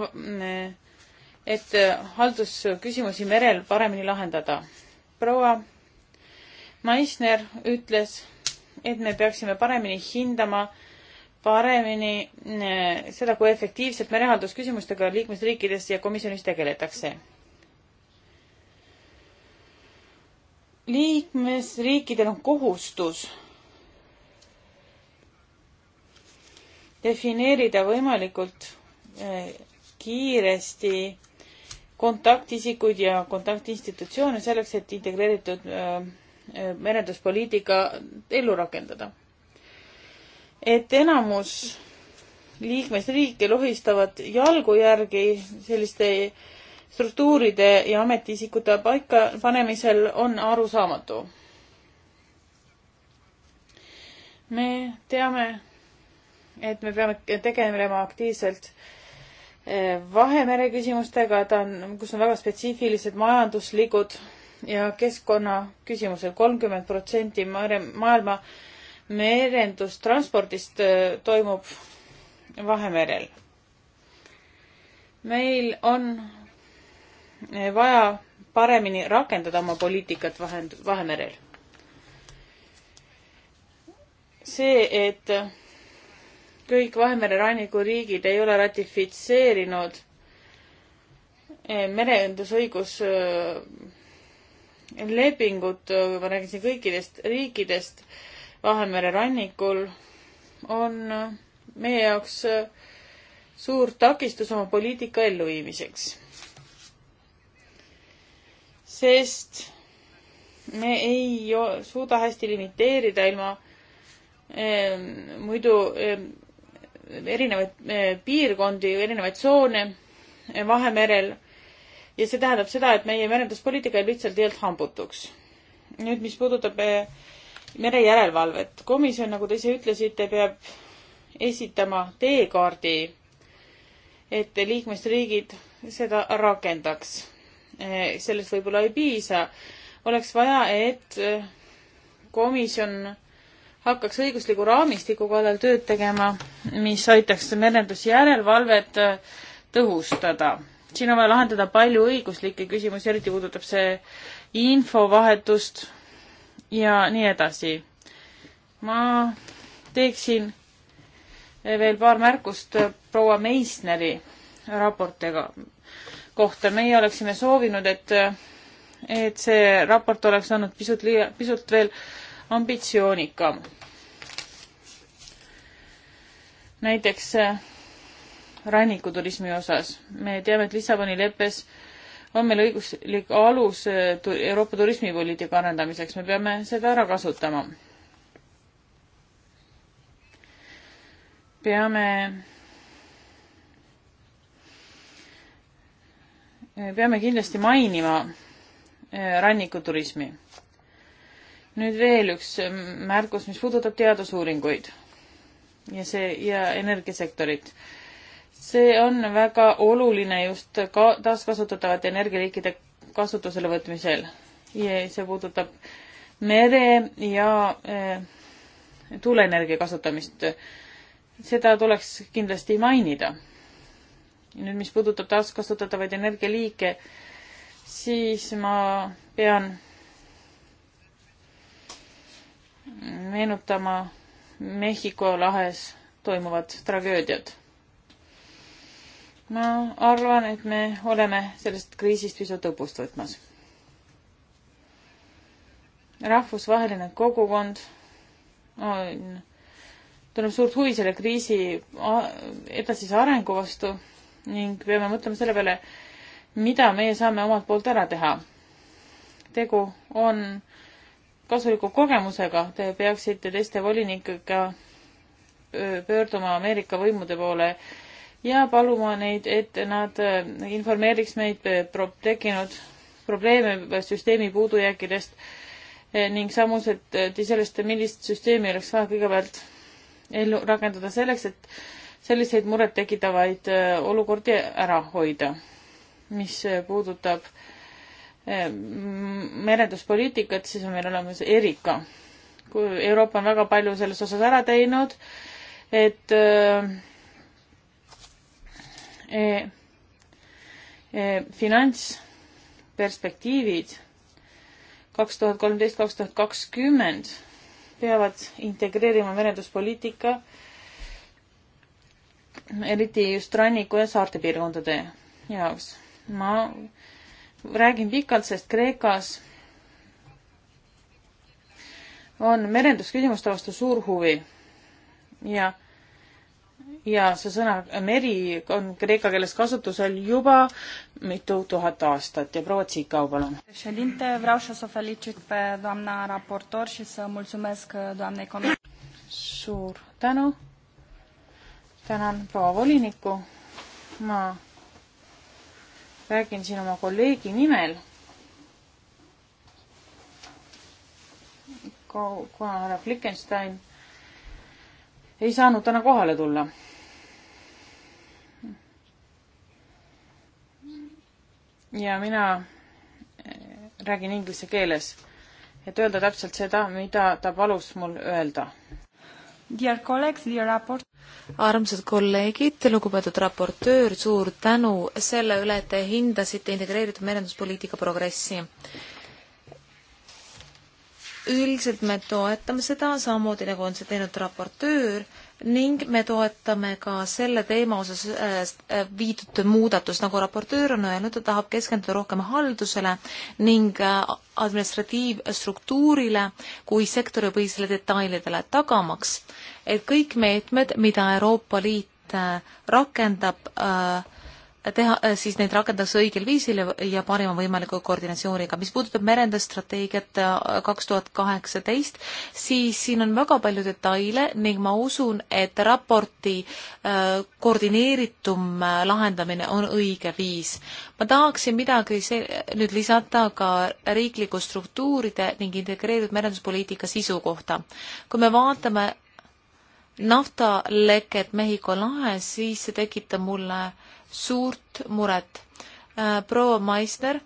äh, et äh, haldusküsimusi merel paremini lahendada. proua Maisner ütles, et me peaksime paremini hindama paremini seda, kui efektiivselt merehaldusküsimustega liikmesriikides ja komisjonis tegeletakse liikmesriikidel on kohustus defineerida võimalikult eh, kiiresti kontaktisikuid ja kontaktinstitutsioone selleks, et integreeritud eh, eh, merenduspoliitika ellu rakendada. et enamus liikmesriike lohistavad jalgu järgi selliste struktuuride ja ametiisikute paikapanemisel on arusaamatu. me teame, et me peame tegelema aktiivselt eh, Vahemere küsimustega, ta on, kus on väga spetsiifilised majanduslikud ja keskkonna küsimusel kolmkümmend protsenti maailma merendustranspordist eh, toimub Vahemerel. meil on vaja paremini rakendada oma poliitikat vahend, Vahemerel. see, et kõik Vahemere ranniku riigid ei ole ratifitseerinud eh, merendusõigus eh, lepingut, eh, ma räägin siin kõikidest riikidest Vahemere rannikul, on meie jaoks suur takistus oma poliitika elluviimiseks sest me ei suuda hästi limiteerida ilma ehm, muidu ehm, erinevaid eh, piirkondi, erinevaid tsoone eh, Vahemerel. ja see tähendab seda, et meie merenduspoliitika jääb lihtsalt teelt hambutuks. nüüd, mis puudutab eh, merejärelevalvet. komisjon, nagu te ise ütlesite, peab esitama teekaardi, et liikmesriigid seda rakendaks Eh, sellest võib-olla ei piisa. oleks vaja, et eh, komisjon hakkaks õigusliku raamistiku kallal tööd tegema, mis aitaks merendusjärelevalvet eh, tõhustada. siin on vaja lahendada palju õiguslikke küsimusi, eriti puudutab see infovahetust ja nii edasi. ma teeksin veel paar märkust proua Meissneri raportiga, kohta. meie oleksime soovinud, et, et see raport oleks olnud pisut, pisut veel ambitsioonikam. näiteks äh, rannikuturismi osas. me teame, et Lissaboni leppes on meil õiguslik alus äh, Euroopa turismipoliitika arendamiseks, me peame seda ära kasutama. peame peame kindlasti mainima eh, rannikuturismi. nüüd veel üks mm, märkus, mis puudutab teadusuuringuid ja see ja energiasektorit. see on väga oluline just ka taaskasutatavate energialiikide kasutusele võtmisel ja see puudutab mere ja äh, tuuleenergia kasutamist. seda tuleks kindlasti mainida nüüd, mis puudutab taaskasutatavaid energialiike, siis ma pean meenutama Mehhiko lahes toimuvat tragöödiat. ma arvan, et me oleme sellest kriisist pisut õppust võtmas. rahvusvaheline kogukond on tunneb suurt huvi selle kriisi edasise arengu vastu ning peame mõtlema selle peale, mida meie saame omalt poolt ära teha. tegu on kasuliku kogemusega, te peaksite teiste volinikega pöörduma Ameerika võimude poole ja paluma neid, et nad informeeriks meid pro tekkinud probleeme süsteemi puudujääkidest ning samus, et, et sellest, millist süsteemi oleks vaja kõigepealt ellu rakendada selleks, et selliseid murettekitavaid äh, olukordi ära hoida. mis äh, puudutab äh, merenduspoliitikat, siis on meil olemas Erika. Euroopa on väga palju selles osas ära teinud, et e, e, finantsperspektiivid kaks tuhat kolmteist, kaks tuhat kakskümmend peavad integreerima merenduspoliitika äh, eriti just ranniku ja saarte piirkondade jaoks. ma räägin pikalt, sest Kreekas on merendusküsimuste vastu suur huvi ja, ja see sõna meri on kreeka keeles kasutusel juba mitu tuhat aastat ja proua Tsikau, palun. suur tänu tänan proua volinikku. ma räägin siin oma kolleegi nimel. kuna härra Flickenstein ei saanud täna kohale tulla. ja mina eh, räägin inglise keeles, et öelda täpselt seda, mida ta palus mul öelda. Dear colleagues, dear raport armsad kolleegid, lugupeetud raportöör, suur tänu selle üle, et te hindasite integreeritud merenduspoliitika progressi. üldiselt me toetame seda, samamoodi nagu on see teinud raportöör ning me toetame ka selle teema osas äh, viidud muudatust, nagu raportöör on öelnud, ta tahab keskenduda rohkem haldusele ning äh, administratiivstruktuurile kui sektoripõhisele detailidele, tagamaks, et kõik meetmed, mida Euroopa Liit äh, rakendab äh, teha, äh, siis neid rakendaks õigel viisil ja, ja parima võimaliku koordinatsiooniga. mis puudutab merendusstrateegiat äh, kaks tuhat kaheksateist, siis siin on väga palju detaile ning ma usun, et raporti äh, koordineeritum äh, lahendamine on õige viis. ma tahaksin midagi nüüd lisada ka riikliku struktuuride ning integreeritud merenduspoliitika sisu kohta. kui me vaatame naftaleket Mehhiko lahes, siis see tekitab mulle äh, suurt muret. Äh, proua Meissner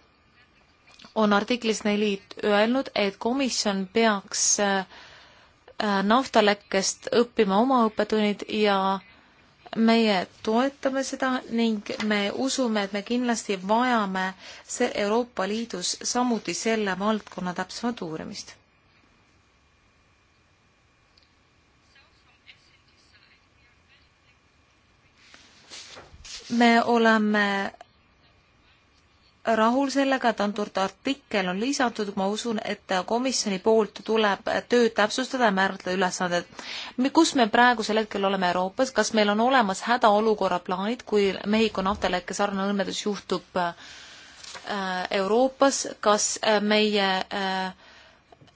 on artiklis neli öelnud, et komisjon peaks äh, äh, naftalekkest õppima oma õppetunnid ja meie toetame seda ning me usume, et me kindlasti vajame see Euroopa Liidus samuti selle valdkonna täpsemat uurimist. me oleme rahul sellega, et antud artikkel on lisatud, ma usun, et komisjoni poolt tuleb tööd täpsustada ja määratleda ülesanded. kus me praegusel hetkel oleme Euroopas, kas meil on olemas hädaolukorra plaanid, kui Mehhiko naftalekke sarnane õnnetus juhtub äh, Euroopas, kas äh, meie äh,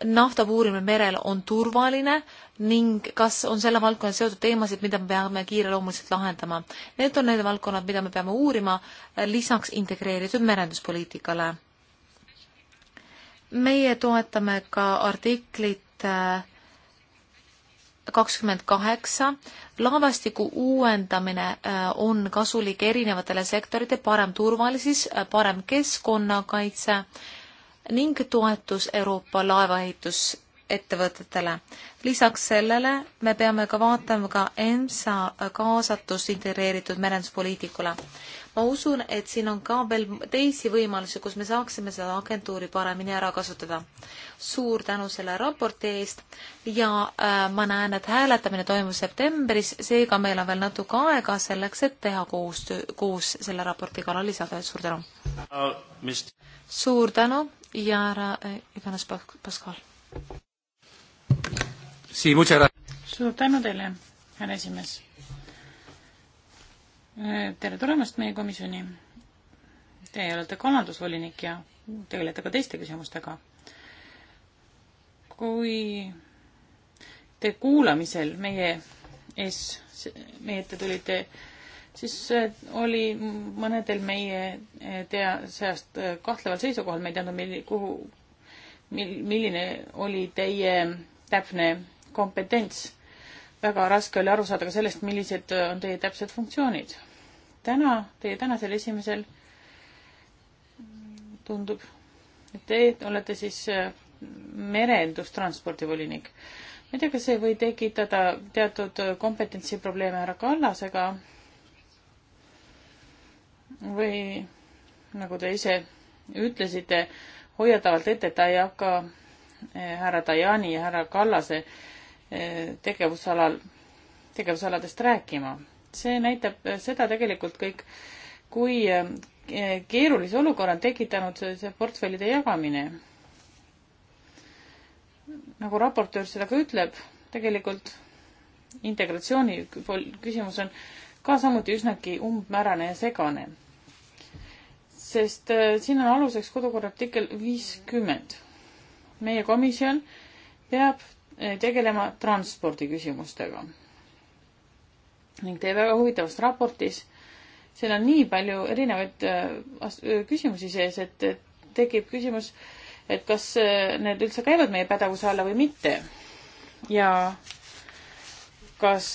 naftapuurimine merel on turvaline ning kas on selle valdkonna seotud teemasid, mida me peame kiireloomuliselt lahendama. Need on need valdkonnad, mida me peame uurima eh, lisaks integreeritud merenduspoliitikale. meie toetame ka artiklit eh, kakskümmend kaheksa, laevastiku uuendamine eh, on kasulik erinevatele sektoritele, parem turvalisus, parem keskkonnakaitse ning toetus Euroopa laevaehitusettevõtetele. lisaks sellele me peame ka vaatama ka EMSA kaasatust integreeritud merenduspoliitikule. ma usun, et siin on ka veel teisi võimalusi, kus me saaksime seda agentuuri paremini ära kasutada. suur tänu selle raporti eest ja äh, ma näen, et hääletamine toimub septembris, seega meil on veel natuke aega selleks, et teha koostöö, koos selle raporti kallal lisatööd. suur tänu uh,! suur tänu! ja härra Iganes Paskal. suur tänu teile, härra esimees. Eh, tere tulemast meie komisjoni. Teie olete kalandusvolinik ja tegelete ka teiste küsimustega. kui te kuulamisel meie ees, meie ette tulite, siis eh, oli mõnedel meie eh, tea seast eh, kahtleval seisukohal, me ei teadnud, milli-, kuhu, mil-, milline oli teie täpne kompetents. väga raske oli aru saada ka sellest, millised on teie täpsed funktsioonid. täna, teie tänasel esimesel tundub, et te olete siis merendustranspordi volinik. ma ei tea, kas see või tekitada teatud kompetentsiprobleeme härra Kallasega ka või nagu te ise ütlesite, hoiatavalt ette, et ta ei hakka eh, härra Tajani ja härra Kallase eh, tegevusalal, tegevusaladest rääkima. see näitab eh, seda tegelikult kõik, kui keerulise olukorra on tekitanud see, see portfellide jagamine. nagu raportöör seda ka ütleb, tegelikult integratsiooni küsimus on ka samuti üsnagi umbmäärane ja segane sest äh, siin on aluseks kodukorra artikkel viiskümmend. meie komisjon peab äh, tegelema transpordiküsimustega ning teie väga huvitavas raportis, seal on nii palju erinevaid äh, küsimusi sees, et tekib küsimus, et kas need üldse käivad meie pädevuse alla või mitte. ja kas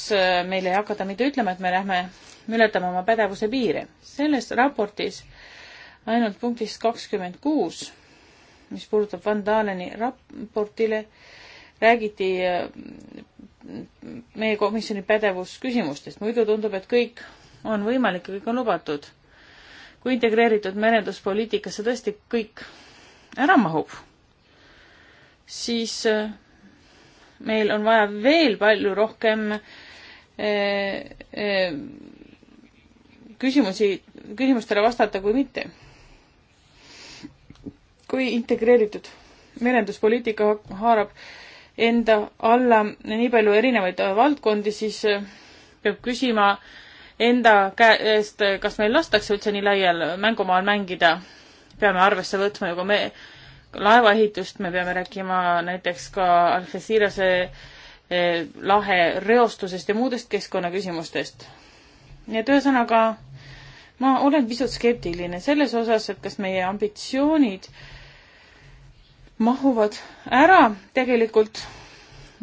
meile ei hakata mitte ütlema, et me lähme, me ületame oma pädevuse piire. selles raportis äh, ainult punktist kakskümmend kuus, mis puudutab Van Daleni raportile, räägiti äh, meie komisjoni pädevusküsimustest, muidu tundub, et kõik on võimalik ja kõik on lubatud. kui integreeritud merenduspoliitikasse tõesti kõik ära mahub, siis äh, meil on vaja veel palju rohkem äh, küsimusi, küsimustele vastata kui mitte kui integreeritud merenduspoliitika haarab enda alla nii palju erinevaid valdkondi, siis äh, peab küsima enda käest, kas meil lastakse üldse nii laial mängumaal mängida. peame arvesse võtma ju ka me laevaehitust, me peame rääkima näiteks ka Algeciirase äh, lahe reostusest ja muudest keskkonnaküsimustest. nii et ühesõnaga ma olen pisut skeptiline selles osas, et kas meie ambitsioonid äh, mahuvad ära tegelikult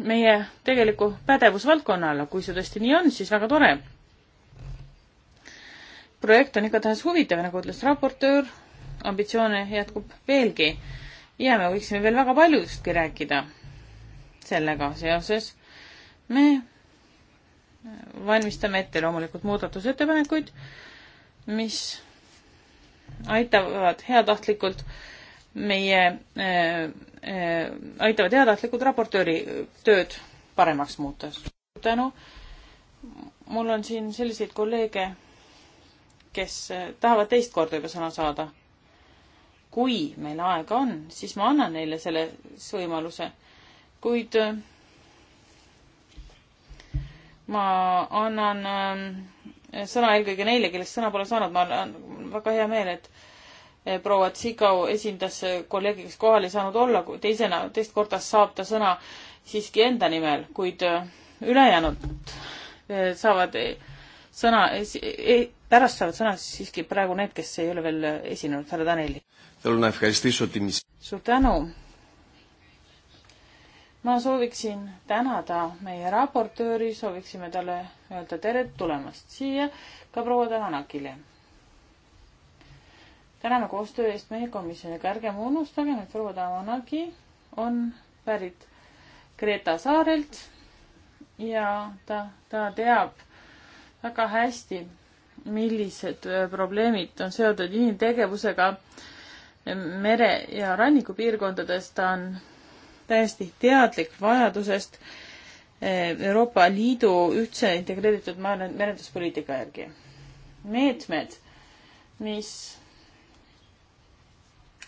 meie tegeliku pädevusvaldkonna alla, kui see tõesti nii on, siis väga tore. projekt on igatahes huvitav, nagu ütles raportöör, ambitsioone jätkub veelgi ja me võiksime veel väga paljustki rääkida sellega seoses. me valmistame ette loomulikult muudatusettepanekuid, mis aitavad heatahtlikult äh, meie äh, äh, aitavad heatahtlikud raportööri tööd paremaks muuta. tänu. mul on siin selliseid kolleege, kes äh, tahavad teist korda juba sõna saada. kui meil aega on, siis ma annan neile selle võimaluse, kuid äh, ma annan äh, sõna eelkõige neile, kellest sõna pole saanud, ma olen väga hea meel, et Eh, proua Tsikau esindas eh, kolleegi, kes kohal ei saanud olla, teisena, teist korda saab ta sõna siiski enda nimel, kuid eh, ülejäänud saavad sõna, pärast saavad sõna siiski praegu need, kes ei ole veel esinenud, härra Taneli. suur tänu! ma sooviksin tänada meie raportööri, sooviksime talle öelda tere tulemast siia ka proua Tananakile täname koostöö eest meie komisjoniga, ärgem unustagem, et proua Damanagi on pärit Kreeta saarelt ja ta, ta teab väga hästi, millised äh, probleemid on seotud inimtegevusega mere- ja rannikupiirkondades, ta on täiesti teadlik vajadusest äh, Euroopa Liidu ühtse integreeritud merenduspoliitika järgi. meetmed, mis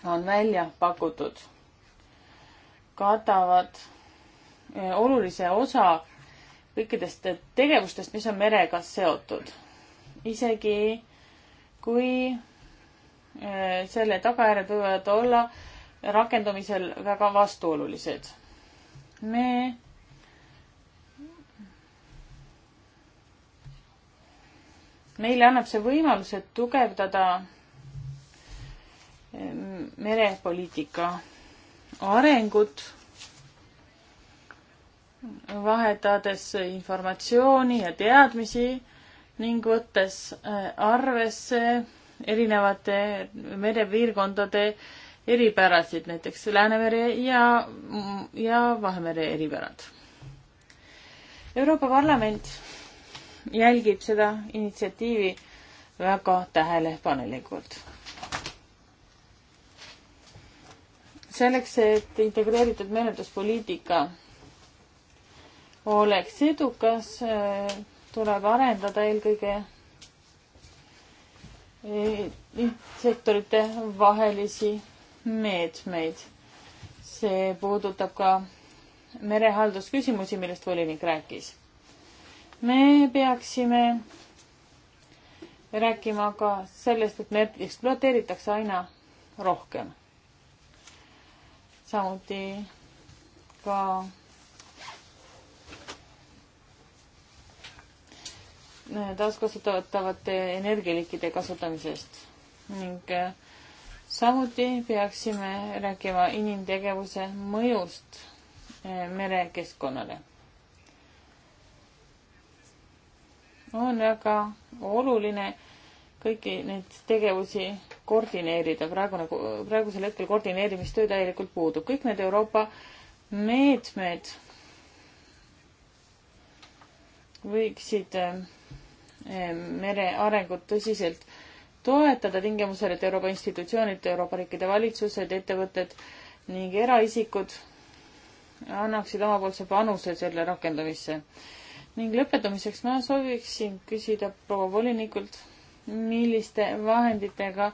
on välja pakutud, katavad eh, olulise osa kõikidest tegevustest, mis on merega seotud. isegi kui eh, selle tagajärjed võivad olla rakendumisel väga vastuolulised. me meile annab see võimaluse tugevdada merepoliitika arengut, vahetades informatsiooni ja teadmisi ning võttes äh, arvesse erinevate merepiirkondade eripärasid, näiteks Läänemere ja, ja Vahemere eripärad. Euroopa Parlament jälgib seda initsiatiivi väga tähelepanelikult selleks, et integreeritud merenduspoliitika oleks edukas, tuleb arendada eelkõige eh, sektorite vahelisi meetmeid. see puudutab ka merehaldusküsimusi, millest volinik rääkis. me peaksime rääkima ka sellest, et merd ekspluateeritakse aina rohkem samuti ka taaskasutatavate energialiikide kasutamisest ning eh, samuti peaksime rääkima inimtegevuse mõjust eh, merekeskkonnale. on väga oluline, kõiki neid tegevusi koordineerida, praegune, nagu, praegusel hetkel koordineerimistöö täielikult puudub, kõik need Euroopa meetmed võiksid eh, mere arengut tõsiselt toetada tingimusel, et Euroopa institutsioonid, Euroopa riikide valitsused, ettevõtted ning eraisikud annaksid omapoolse panuse selle rakendamisse. ning lõpetamiseks ma sooviksin küsida proua volinikult milliste vahenditega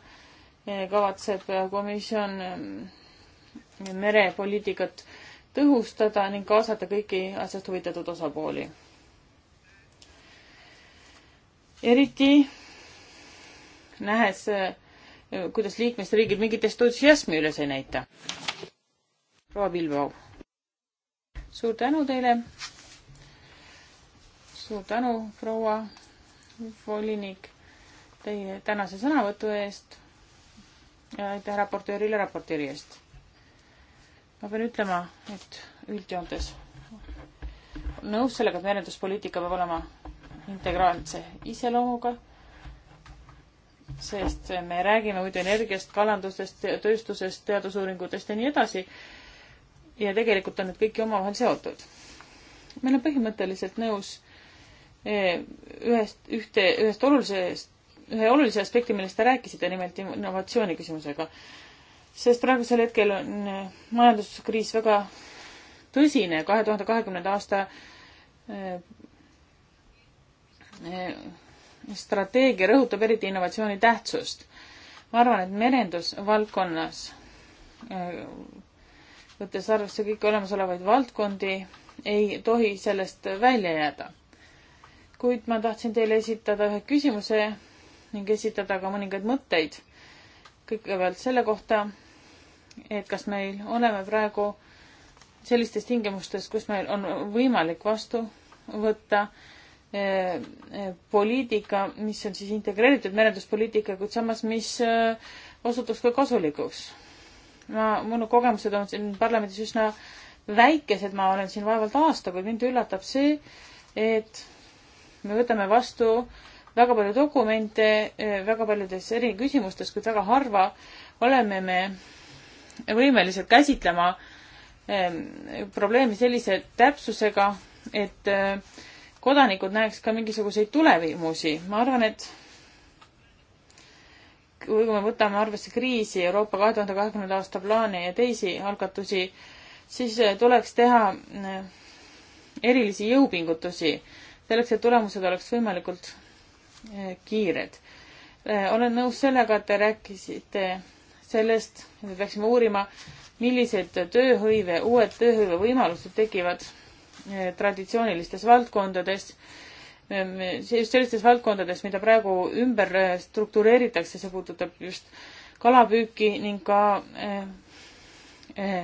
eh, kavatseb eh, komisjon eh, merepoliitikat tõhustada ning kaasata kõiki asjast huvitatud osapooli. eriti nähes, kuidas liikmesriigid mingit entusiasmi üles ei näita. proua Pilvau, suur tänu teile. suur tänu, proua volinik teie tänase sõnavõtu eest ja aitäh raportöörile raportööri eest. ma pean ütlema, et üldjoontes nõus sellega, et merenduspoliitika peab olema integraalse iseloomuga, sest me räägime muidu energiast, kalandustest, tööstusest, teadusuuringutest ja nii edasi. ja tegelikult on need kõik ju omavahel seotud. me oleme põhimõtteliselt nõus eh, ühest, ühte, ühest olulisest ühe olulise aspekti, millest te rääkisite, nimelt innovatsiooni küsimusega. sest praegusel hetkel on äh, majanduskriis väga tõsine, kahe tuhande kahekümnenda aasta äh, äh, strateegia rõhutab eriti innovatsiooni tähtsust. ma arvan, et merendusvaldkonnas, võttes arvesse kõiki olemasolevaid valdkondi, ei tohi sellest välja jääda. kuid ma tahtsin teile esitada ühe küsimuse, ning esitada ka mõningaid mõtteid. kõigepealt selle kohta, et kas meil oleme praegu sellistes tingimustes, kus meil on võimalik vastu võtta eh, eh, poliitika, mis on siis integreeritud merenduspoliitika, kuid samas, mis eh, osutuks ka kasulikuks. ma, minu kogemused on siin parlamendis üsna väikesed, ma olen siin vaevalt aasta, kuid mind üllatab see, et me võtame vastu äh, väga palju dokumente eh, väga paljudes eriküsimustes, kuid väga harva oleme me võimelised käsitlema eh, probleemi sellise täpsusega, et eh, kodanikud näeks ka mingisuguseid tulevimusi. ma arvan, et kui me võtame arvesse kriisi, Euroopa kahe tuhande kahekümnenda aasta plaane ja teisi algatusi, siis tuleks teha erilisi jõupingutusi selleks, et tulemused oleks võimalikult kiired. Eh, olen nõus sellega, et te rääkisite sellest, et me peaksime uurima, millised tööhõive, uued tööhõive võimalused tekivad eh, traditsioonilistes valdkondades, eh, just sellistes valdkondades, mida praegu ümber struktureeritakse, see puudutab just kalapüüki ning ka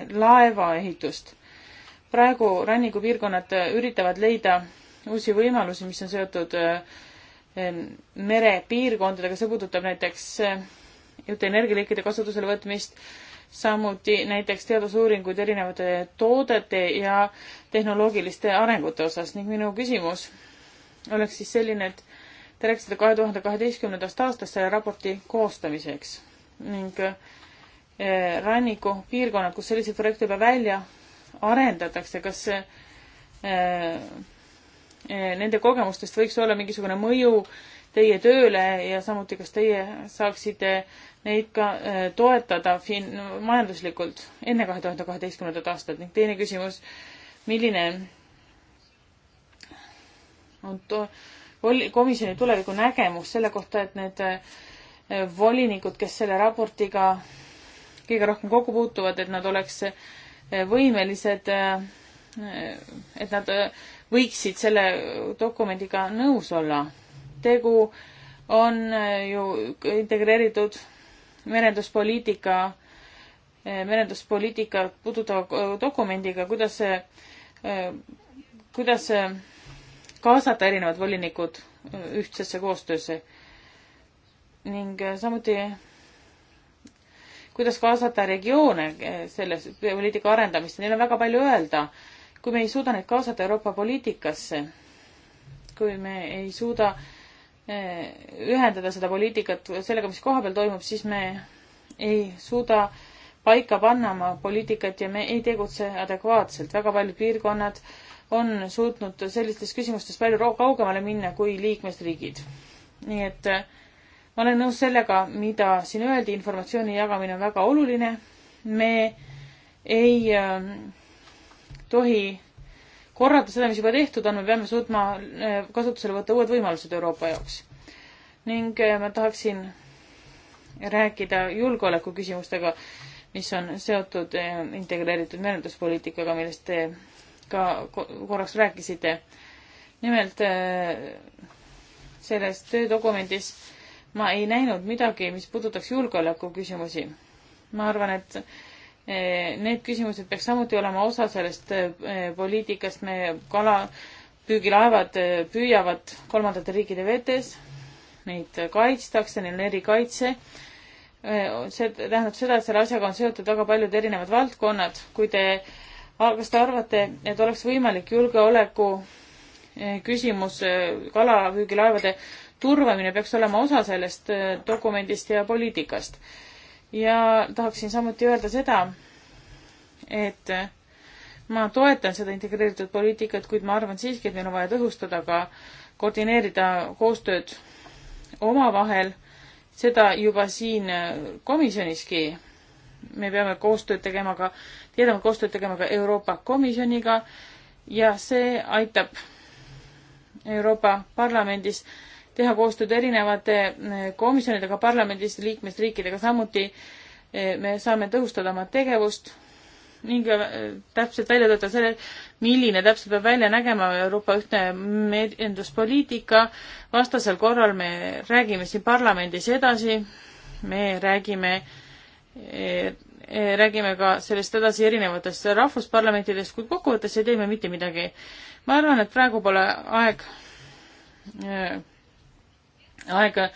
laevaehitust. praegu rannikupiirkonnad üritavad leida uusi võimalusi, mis on seotud merepiirkondadega, see puudutab näiteks eh, uute energialiikide kasutusele võtmist, samuti näiteks teadusuuringuid erinevate toodete ja tehnoloogiliste arengute osas ning minu küsimus oleks siis selline, et te rääkisite kahe tuhande kaheteistkümnendast aastast selle raporti koostamiseks ning eh, rannikupiirkonnad, kus selliseid projekte juba välja arendatakse, kas eh, Eh, nende kogemustest võiks olla mingisugune mõju teie tööle ja samuti, kas teie saaksite neid ka eh, toetada fin-, majanduslikult enne kahe tuhande kaheteistkümnendat aastat ning teine küsimus, milline on to-, oli komisjoni tuleviku nägemus selle kohta, et need eh, volinikud, kes selle raportiga kõige rohkem kokku puutuvad, et nad oleks võimelised, et nad võiksid selle dokumendiga nõus olla. tegu on ju integreeritud merenduspoliitika, merenduspoliitika puudutava dokumendiga, kuidas see, kuidas kaasata erinevad volinikud ühtsesse koostöösse ning samuti kuidas kaasata regioone selles poliitika arendamisse, neil on väga palju öelda kui me ei suuda neid kaasata Euroopa poliitikasse, kui me ei suuda eh, ühendada seda poliitikat sellega, mis kohapeal toimub, siis me ei suuda paika panna oma poliitikat ja me ei tegutse adekvaatselt. väga paljud piirkonnad on suutnud sellistes küsimustes palju kaugemale minna kui liikmesriigid. nii et eh, ma olen nõus sellega, mida siin öeldi, informatsiooni jagamine on väga oluline. me ei äh, tohi korrata seda, mis juba tehtud on, me peame suutma äh, kasutusele võtta uued võimalused Euroopa jaoks. ning äh, ma tahaksin rääkida julgeoleku küsimustega, mis on seotud äh, integreeritud merenduspoliitikaga, millest te ka korraks rääkisite. nimelt selles töödokumendis ma ei näinud midagi, mis puudutaks julgeoleku küsimusi. ma arvan, et Eh, need küsimused peaks samuti olema osa sellest eh, poliitikast, me kalapüügilaevad eh, püüavad kolmandate riikide vetes, neid kaitstakse, neil on erikaitse. see tähendab seda, et selle asjaga on seotud väga paljud erinevad valdkonnad, kui te, kas te arvate, et oleks võimalik julgeoleku küsimus, kalapüügilaevade turvamine peaks olema osa sellest dokumendist ja poliitikast ja tahaksin samuti öelda seda, et ma toetan seda integreeritud poliitikat, kuid ma arvan siiski, et meil on vaja tõhustada ka koordineerida koostööd omavahel, seda juba siin komisjoniski. me peame koostööd tegema ka, tihedamat koostööd tegema ka Euroopa Komisjoniga ja see aitab Euroopa Parlamendis äh, teha koostööd erinevate eh, komisjonidega parlamendis, liikmesriikidega, samuti eh, me saame tõhustada oma tegevust ning eh, täpselt välja töötada selle, milline täpselt peab välja nägema Euroopa ühtne meedienduspoliitika. vastasel korral me räägime siin parlamendis edasi, me räägime räägime ka sellest edasi erinevatest rahvusparlamentidest, kuid kokkuvõttes ei tee me mitte midagi. ma arvan, et praegu pole aeg aega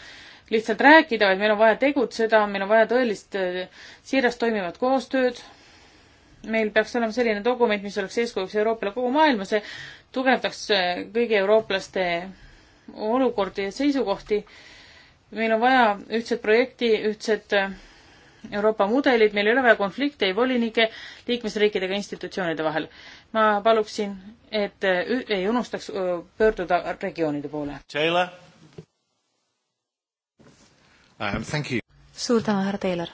lihtsalt rääkida, vaid meil on vaja tegutseda, meil on vaja tõelist äh, siirast toimivat koostööd. meil peaks olema selline dokument, mis oleks eeskujuks Euroopale kogu maailmas ja tugevdaks äh, kõigi eurooplaste olukordi ja seisukohti. meil on vaja ühtset projekti, ühtset äh, Euroopa mudelid, meil ei ole vaja konflikte ei volinike, liikmesriikidega, institutsioonide vahel. ma paluksin, et ei unustaks pöörduda regioonide poole. Taylor? um,. suur tänu, härra Taylor.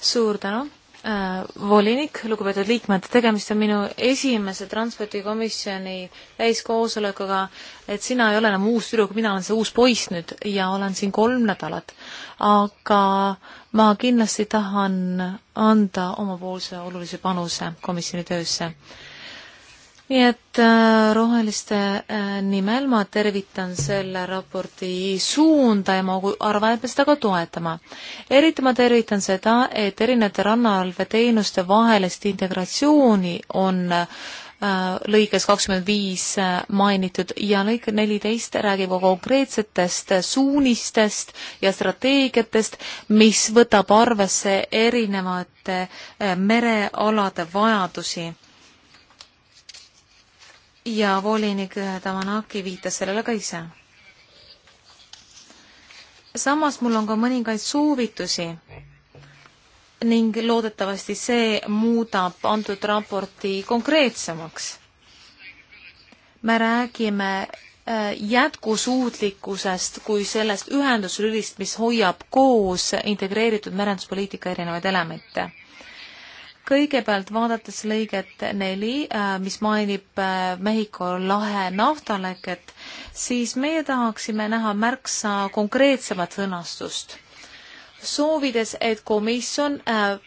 suur tänu äh,, volinik, lugupeetud liikmed, tegemist on minu esimese transpordikomisjoni täiskoosolekuga, et sina ei ole enam uus tüdruk, mina olen see uus poiss nüüd ja olen siin kolm nädalat. aga ma kindlasti tahan anda omapoolse olulise panuse komisjoni töösse äh, nii et äh, roheliste äh, nimel ma tervitan selle raporti suunda ja ma arvan, et me seda ka toetama. eriti ma tervitan seda, et erinevate rannavalveteenuste vahelist integratsiooni on äh, lõikes kakskümmend viis mainitud ja lõik neliteist räägib konkreetsetest suunistest ja strateegiatest, mis võtab arvesse erinevate merealade vajadusi ja volinik eh, Tamanaki viitas sellele ka ise. samas mul on ka mõningaid soovitusi ning loodetavasti see muudab antud raporti konkreetsemaks. me räägime eh, jätkusuutlikkusest kui sellest ühenduslülist, mis hoiab koos integreeritud merenduspoliitika erinevaid elemente kõigepealt vaadates lõiget neli, äh, mis mainib äh, Mehhiko lahe naftaleket, siis meie tahaksime näha märksa konkreetsemat sõnastust, soovides, et komisjon äh,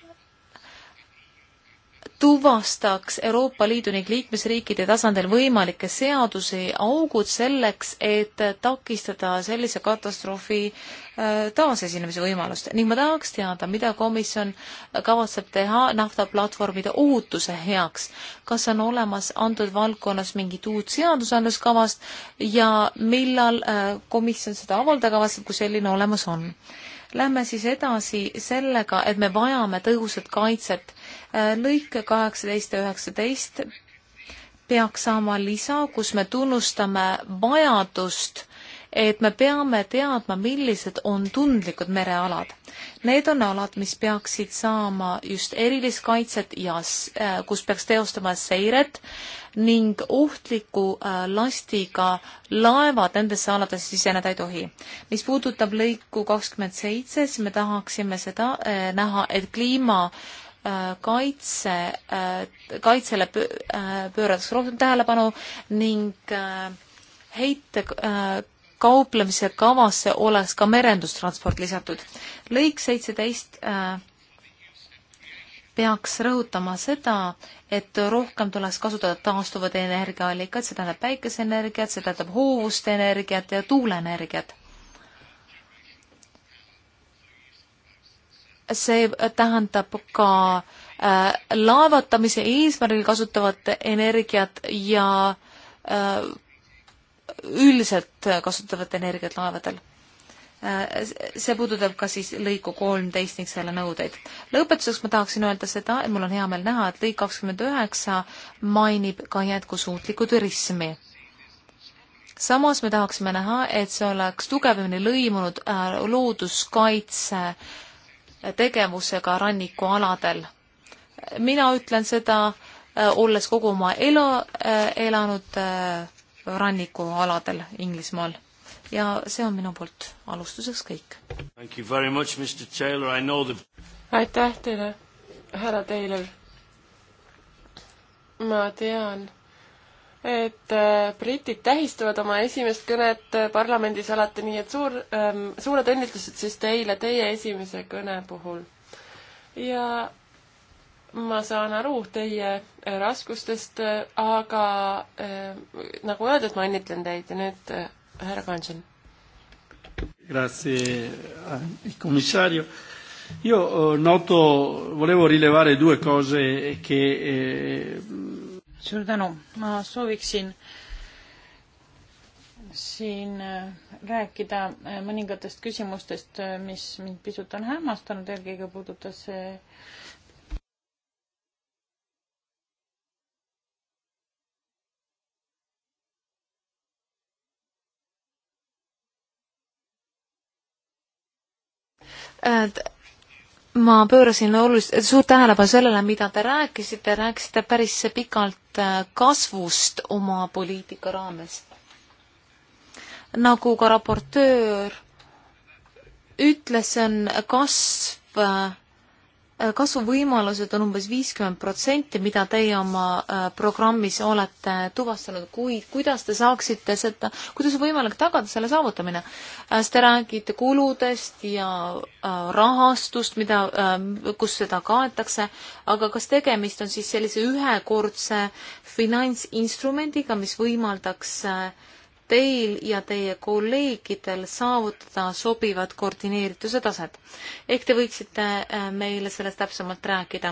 tuvastaks Euroopa Liidu ning liikmesriikide tasandil võimalikke seadusi augud selleks, et takistada sellise katastroofi äh, taasesinemise võimalust ning ma tahaks teada, mida komisjon kavatseb teha naftaplatvormide ohutuse heaks. kas on olemas antud valdkonnas mingit uut seadusandlust kavast ja millal äh, komisjon seda avaldada kavatseb, kui selline olemas on? Lähme siis edasi sellega, et me vajame tõhusat kaitset Äh, lõik kaheksateist ja üheksateist peaks saama lisa, kus me tunnustame vajadust, et me peame teadma, millised on tundlikud merealad. Need on alad, mis peaksid saama just erilist kaitset ja äh, kus peaks teostama seiret ning ohtliku äh, lastiga laevad nendesse aladesse siseneda ei tohi. mis puudutab lõiku kakskümmend seitse, siis me tahaksime seda näha, et kliima äh, Äh, kaitse, äh, kaitsele äh, pööratakse rohkem tähelepanu ning heite kauplemise kavasse oleks ka merendustransport lisatud. lõik seitseteist peaks rõhutama seda, et rohkem tuleks kasutada taastuvad energiaallikad, see tähendab päikeseenergiat, see tähendab hoovuste energiat ja tuuleenergiat see tähendab ka äh, laevatamise eesmärgil kasutavat energiat ja äh, üldiselt kasutavat energiat laevadel äh,. see puudutab ka siis lõiku kolmteist ning selle nõudeid. lõpetuseks ma tahaksin öelda seda, et mul on hea meel näha, et lõik kakskümmend üheksa mainib ka jätkusuutlikku turismi samas me tahaksime näha, et see oleks tugevamini lõimunud looduskaitse äh, tegevusega rannikualadel. mina ütlen seda, äh, olles kogu oma elu äh, elanud äh, rannikualadel Inglismaal. ja see on minu poolt alustuseks kõik. The... aitäh teile, härra Taylor. ma tean et äh, britid tähistavad oma esimest kõnet äh, parlamendis alati nii, et suur, ähm, suured õnnitlused siis teile teie esimese kõne puhul. ja ma saan aru teie äh, raskustest, aga nagu öeldud, ma õnnitlen teid ja nüüd härra Kansen. Grazie, komissario. Eh, Io eh, noto, volevo rilevare due cose che eh, suur tänu, ma sooviksin siin äh, rääkida äh, mõningatest küsimustest, äh, mis mind pisut on hämmastanud, eelkõige puudutas see ma pöörasin olulist, suurt tähelepanu sellele, mida te rääkisite, rääkisite päris pikalt äh, kasvust oma poliitika raames. nagu ka raportöör ütles, on kasv äh, Äh, kasvuvõimalused on umbes viiskümmend protsenti, mida teie oma äh, programmis olete tuvastanud, kuid kuidas te saaksite seda, kuidas on võimalik tagada selle saavutamine? Äh, te räägite kuludest ja rahastust, mida, kus seda kaetakse, aga kas tegemist on siis sellise ühekordse finantsinstrumendiga, mis võimaldaks äh, teil ja teie kolleegidel saavutada sobivat koordineerituse taset. ehk te võiksite äh, meile sellest täpsemalt rääkida.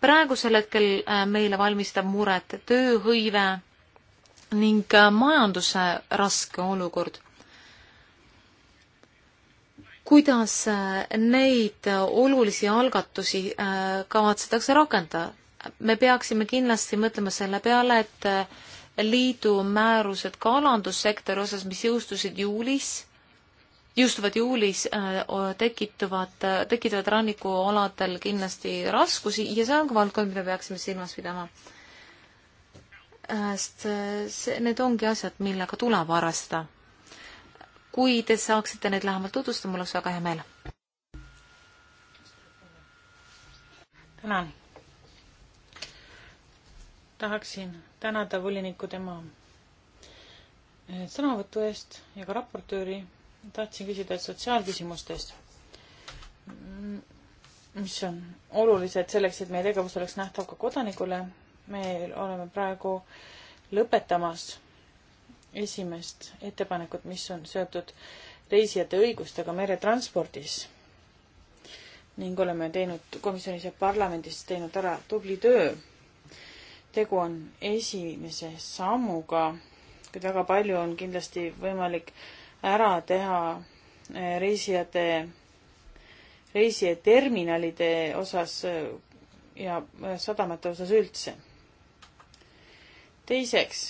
praegusel hetkel äh, meile valmistab muret tööhõive ning äh, majanduse raske olukord. kuidas neid olulisi algatusi kavatsetakse rakendada? me peaksime kindlasti mõtlema selle peale, et Liidu määrused kalandussektori osas, mis jõustusid juulis, jõustuvad juulis, äh, tekituvad, äh, tekitavad rannikualadel kindlasti raskusi ja see on ka valdkond, mida peaksime silmas pidama. sest äh, see, need ongi asjad, millega tuleb arvestada. kui te saaksite neid lähemalt tutvustada, mul oleks väga hea meel. tänan tahaksin tänada volinikku tema eh, sõnavõtu eest ja ka raportööri. tahtsin küsida sotsiaalküsimustest, mm, mis on olulised selleks, et meie tegevus oleks nähtav ka kodanikule. me oleme praegu lõpetamas esimest ettepanekut, mis on seotud reisijate õigustega meretranspordis ning oleme teinud komisjonis ja parlamendis teinud ära tubli töö tegu on esimese sammuga, kuid väga palju on kindlasti võimalik ära teha eh, reisijate, reisijaterminalide osas eh, ja eh, sadamate osas üldse. teiseks,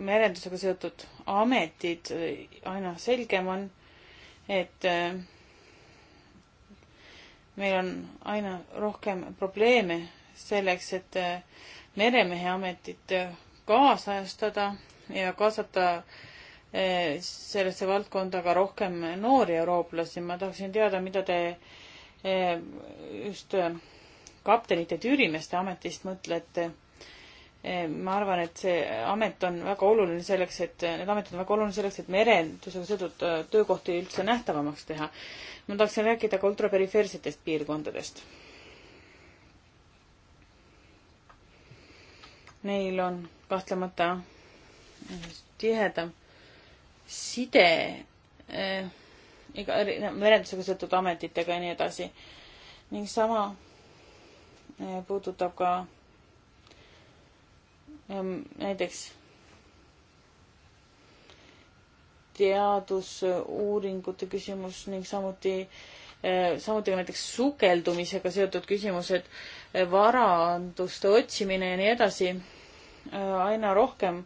merendusega seotud ametid, aina selgem on, et meil on aina rohkem probleeme selleks, et äh, meremehe ametit äh, kaasajastada ja kaasata äh, sellesse valdkonda ka rohkem noori eurooplasi. ma tahaksin teada, mida te just kaptenite tüürimeeste ametist mõtlete. ma arvan, et see amet on väga oluline selleks, et need ametid on väga oluline selleks, et merendusega seotud töökohti üldse nähtavamaks teha. ma tahaksin rääkida ka ultraperifeersetest piirkondadest neil on kahtlemata tihedam side äh, iga merendusega seotud ametitega ja nii edasi. ning sama äh, puudutab ka äh, näiteks teadusuuringute küsimus ning samuti äh, Äh, samuti ka näiteks sukeldumisega seotud küsimused, äh, varanduste otsimine ja nii edasi. Äh, aina rohkem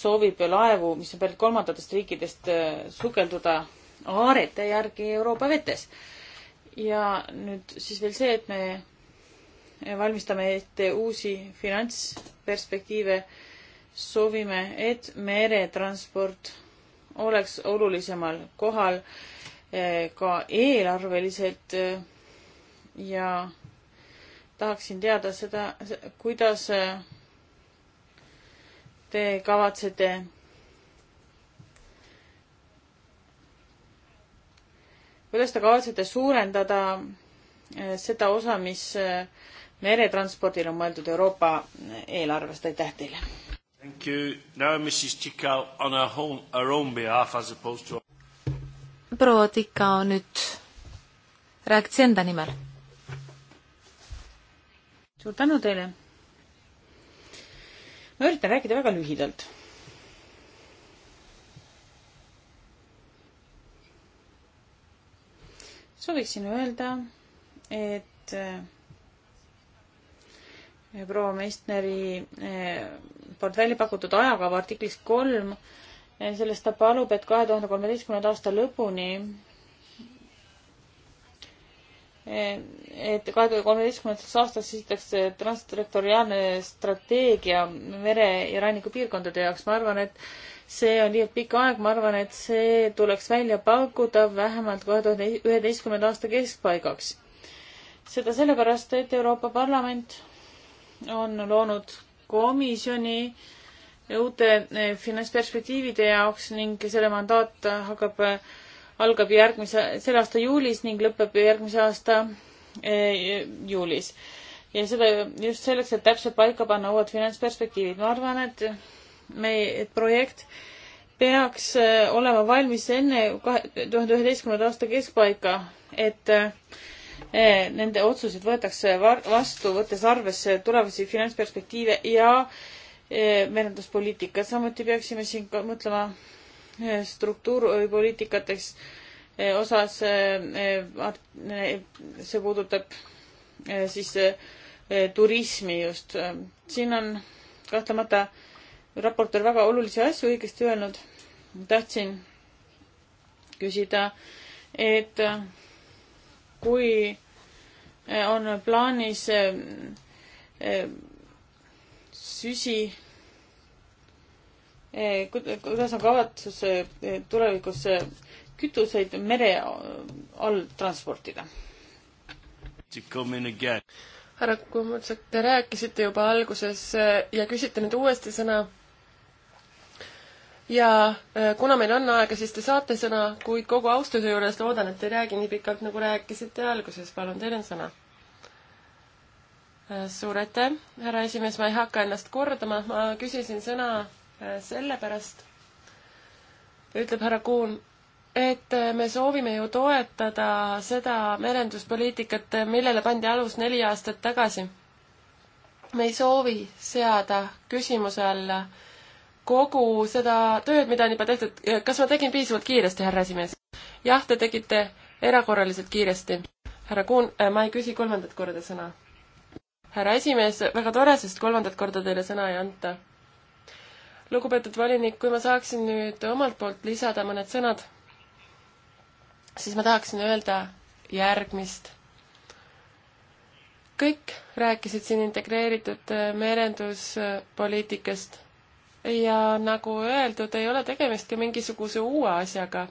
soovib laevu, mis on pärit kolmandatest riikidest, sukelduda aarete järgi Euroopa vetes. ja nüüd siis veel see, et me valmistame ette uusi finantsperspektiive. soovime, et meretransport oleks olulisemal kohal ka eelarveliselt eh, ja tahaksin teada seda, kuidas eh, te kavatsete kuidas te kavatsete suurendada eh, seda osa, mis meretranspordil on mõeldud Euroopa eelarvest, aitäh teile! Thank you. Now Mrs Tikal on her own, her own behalf as opposed to proua Tikao nüüd rääkis enda nimel. suur tänu teile. ma üritan rääkida väga lühidalt sooviksin öelda, et eh, proua Meissneri eh, poolt välja pakutud ajakava artiklis kolm sellest ta palub, et kahe tuhande kolmeteistkümnenda aasta lõpuni et kahe tuhande kolmeteistkümnendaks aastaks esitatakse transdirektoriaalne strateegia mere- ja rannikupiirkondade jaoks. ma arvan, et see on liialt pikk aeg, ma arvan, et see tuleks välja pakkuda vähemalt kahe tuhande üheteistkümnenda aasta keskpaigaks. seda sellepärast, et Euroopa Parlament on loonud komisjoni äh, uute eh, finantsperspektiivide jaoks ning selle mandaat hakkab, eh, algab järgmise, selle aasta juulis ning lõpeb järgmise aasta eh, juulis. ja seda just selleks, et täpselt paika panna uued finantsperspektiivid. ma arvan, et meie projekt peaks olema valmis enne kahe, tuhande üheteistkümnenda aasta keskpaika, et nende otsused võetakse vastu, võttes arvesse tulevasi finantsperspektiive ja Eh, merenduspoliitika, samuti peaksime siin ka mõtlema eh, struktuuripoliitikateks eh, osas, see puudutab siis turismi just. siin on kahtlemata raportöör väga olulisi asju õigesti öelnud. tahtsin küsida, et kui on plaanis süsi. Eh, kuidas on kavatsus eh, tulevikus eh, kütuseid mere all transportida? härra Kumutsak, te rääkisite juba alguses ja küsite nüüd uuesti sõna. ja kuna meil on aega, siis te saate sõna, kuid kogu austuse juures loodan, et te ei räägi nii pikalt, nagu rääkisite alguses. palun, teil on sõna suur aitäh, härra esimees, ma ei hakka ennast kordama, ma küsisin sõna äh, sellepärast, ütleb härra Kuhn, et äh, me soovime ju toetada seda merenduspoliitikat, millele pandi alus neli aastat tagasi. me ei soovi seada küsimuse alla kogu seda tööd, mida on juba tehtud. kas ma tegin piisavalt kiiresti, härra esimees? jah, te tegite erakorraliselt kiiresti. härra Kuhn, äh, ma ei küsi kolmandat korda sõna härra esimees, väga tore, sest kolmandat korda teile sõna ei anta. lugupeetud volinik, kui ma saaksin nüüd omalt poolt lisada mõned sõnad, siis ma tahaksin öelda järgmist. kõik rääkisid siin integreeritud merenduspoliitikast ja nagu öeldud, ei ole tegemist ka mingisuguse uue asjaga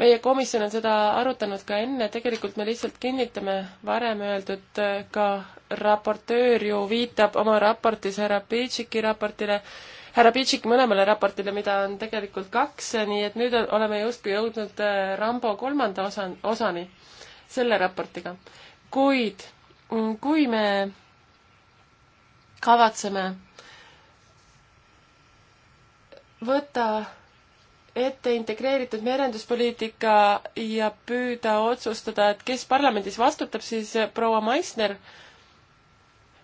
meie komisjon on seda arutanud ka enne, tegelikult me lihtsalt kinnitame varem öeldut ka raportöör ju viitab oma raportis härra Pitschiki raportile, härra Pitschik mõlemale raportile, mida on tegelikult kaks, nii et nüüd oleme justkui jõudnud äh, Rambo kolmanda osa, osani selle raportiga. kuid mm, kui me kavatseme võtta ette integreeritud merenduspoliitika ja püüda otsustada, et kes parlamendis vastutab, siis proua Meissner äh,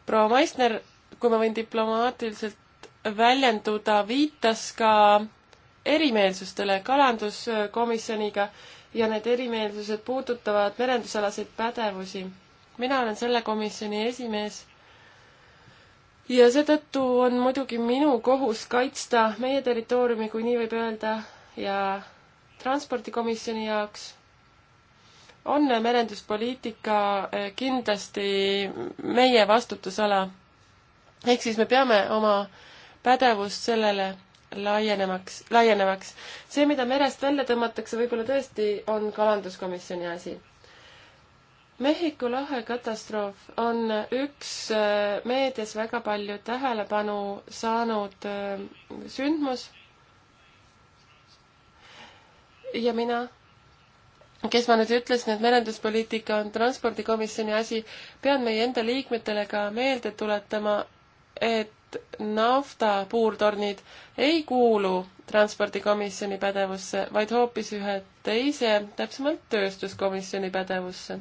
proua Meissner, kui ma võin diplomaatiliselt väljenduda, viitas ka erimeelsustele kalanduskomisjoniga ja need erimeelsused puudutavad merendusalaseid pädevusi. mina olen selle komisjoni esimees ja seetõttu on muidugi minu kohus kaitsta meie territooriumi, kui nii võib öelda, ja transpordikomisjoni jaoks on merenduspoliitika eh, kindlasti meie vastutusala. ehk siis me peame oma pädevust sellele laienemaks, laienevaks. see, mida merest välja tõmmatakse, võib-olla tõesti on kalanduskomisjoni asi. Mehhiko lahe katastroof on üks eh, meedias väga palju tähelepanu saanud eh, sündmus ja mina kes ma nüüd ütlesin, et merenduspoliitika on transpordikomisjoni asi, pean meie enda liikmetele ka meelde tuletama, et nafta puurtornid ei kuulu transpordikomisjoni pädevusse, vaid hoopis ühe teise, täpsemalt tööstuskomisjoni pädevusse.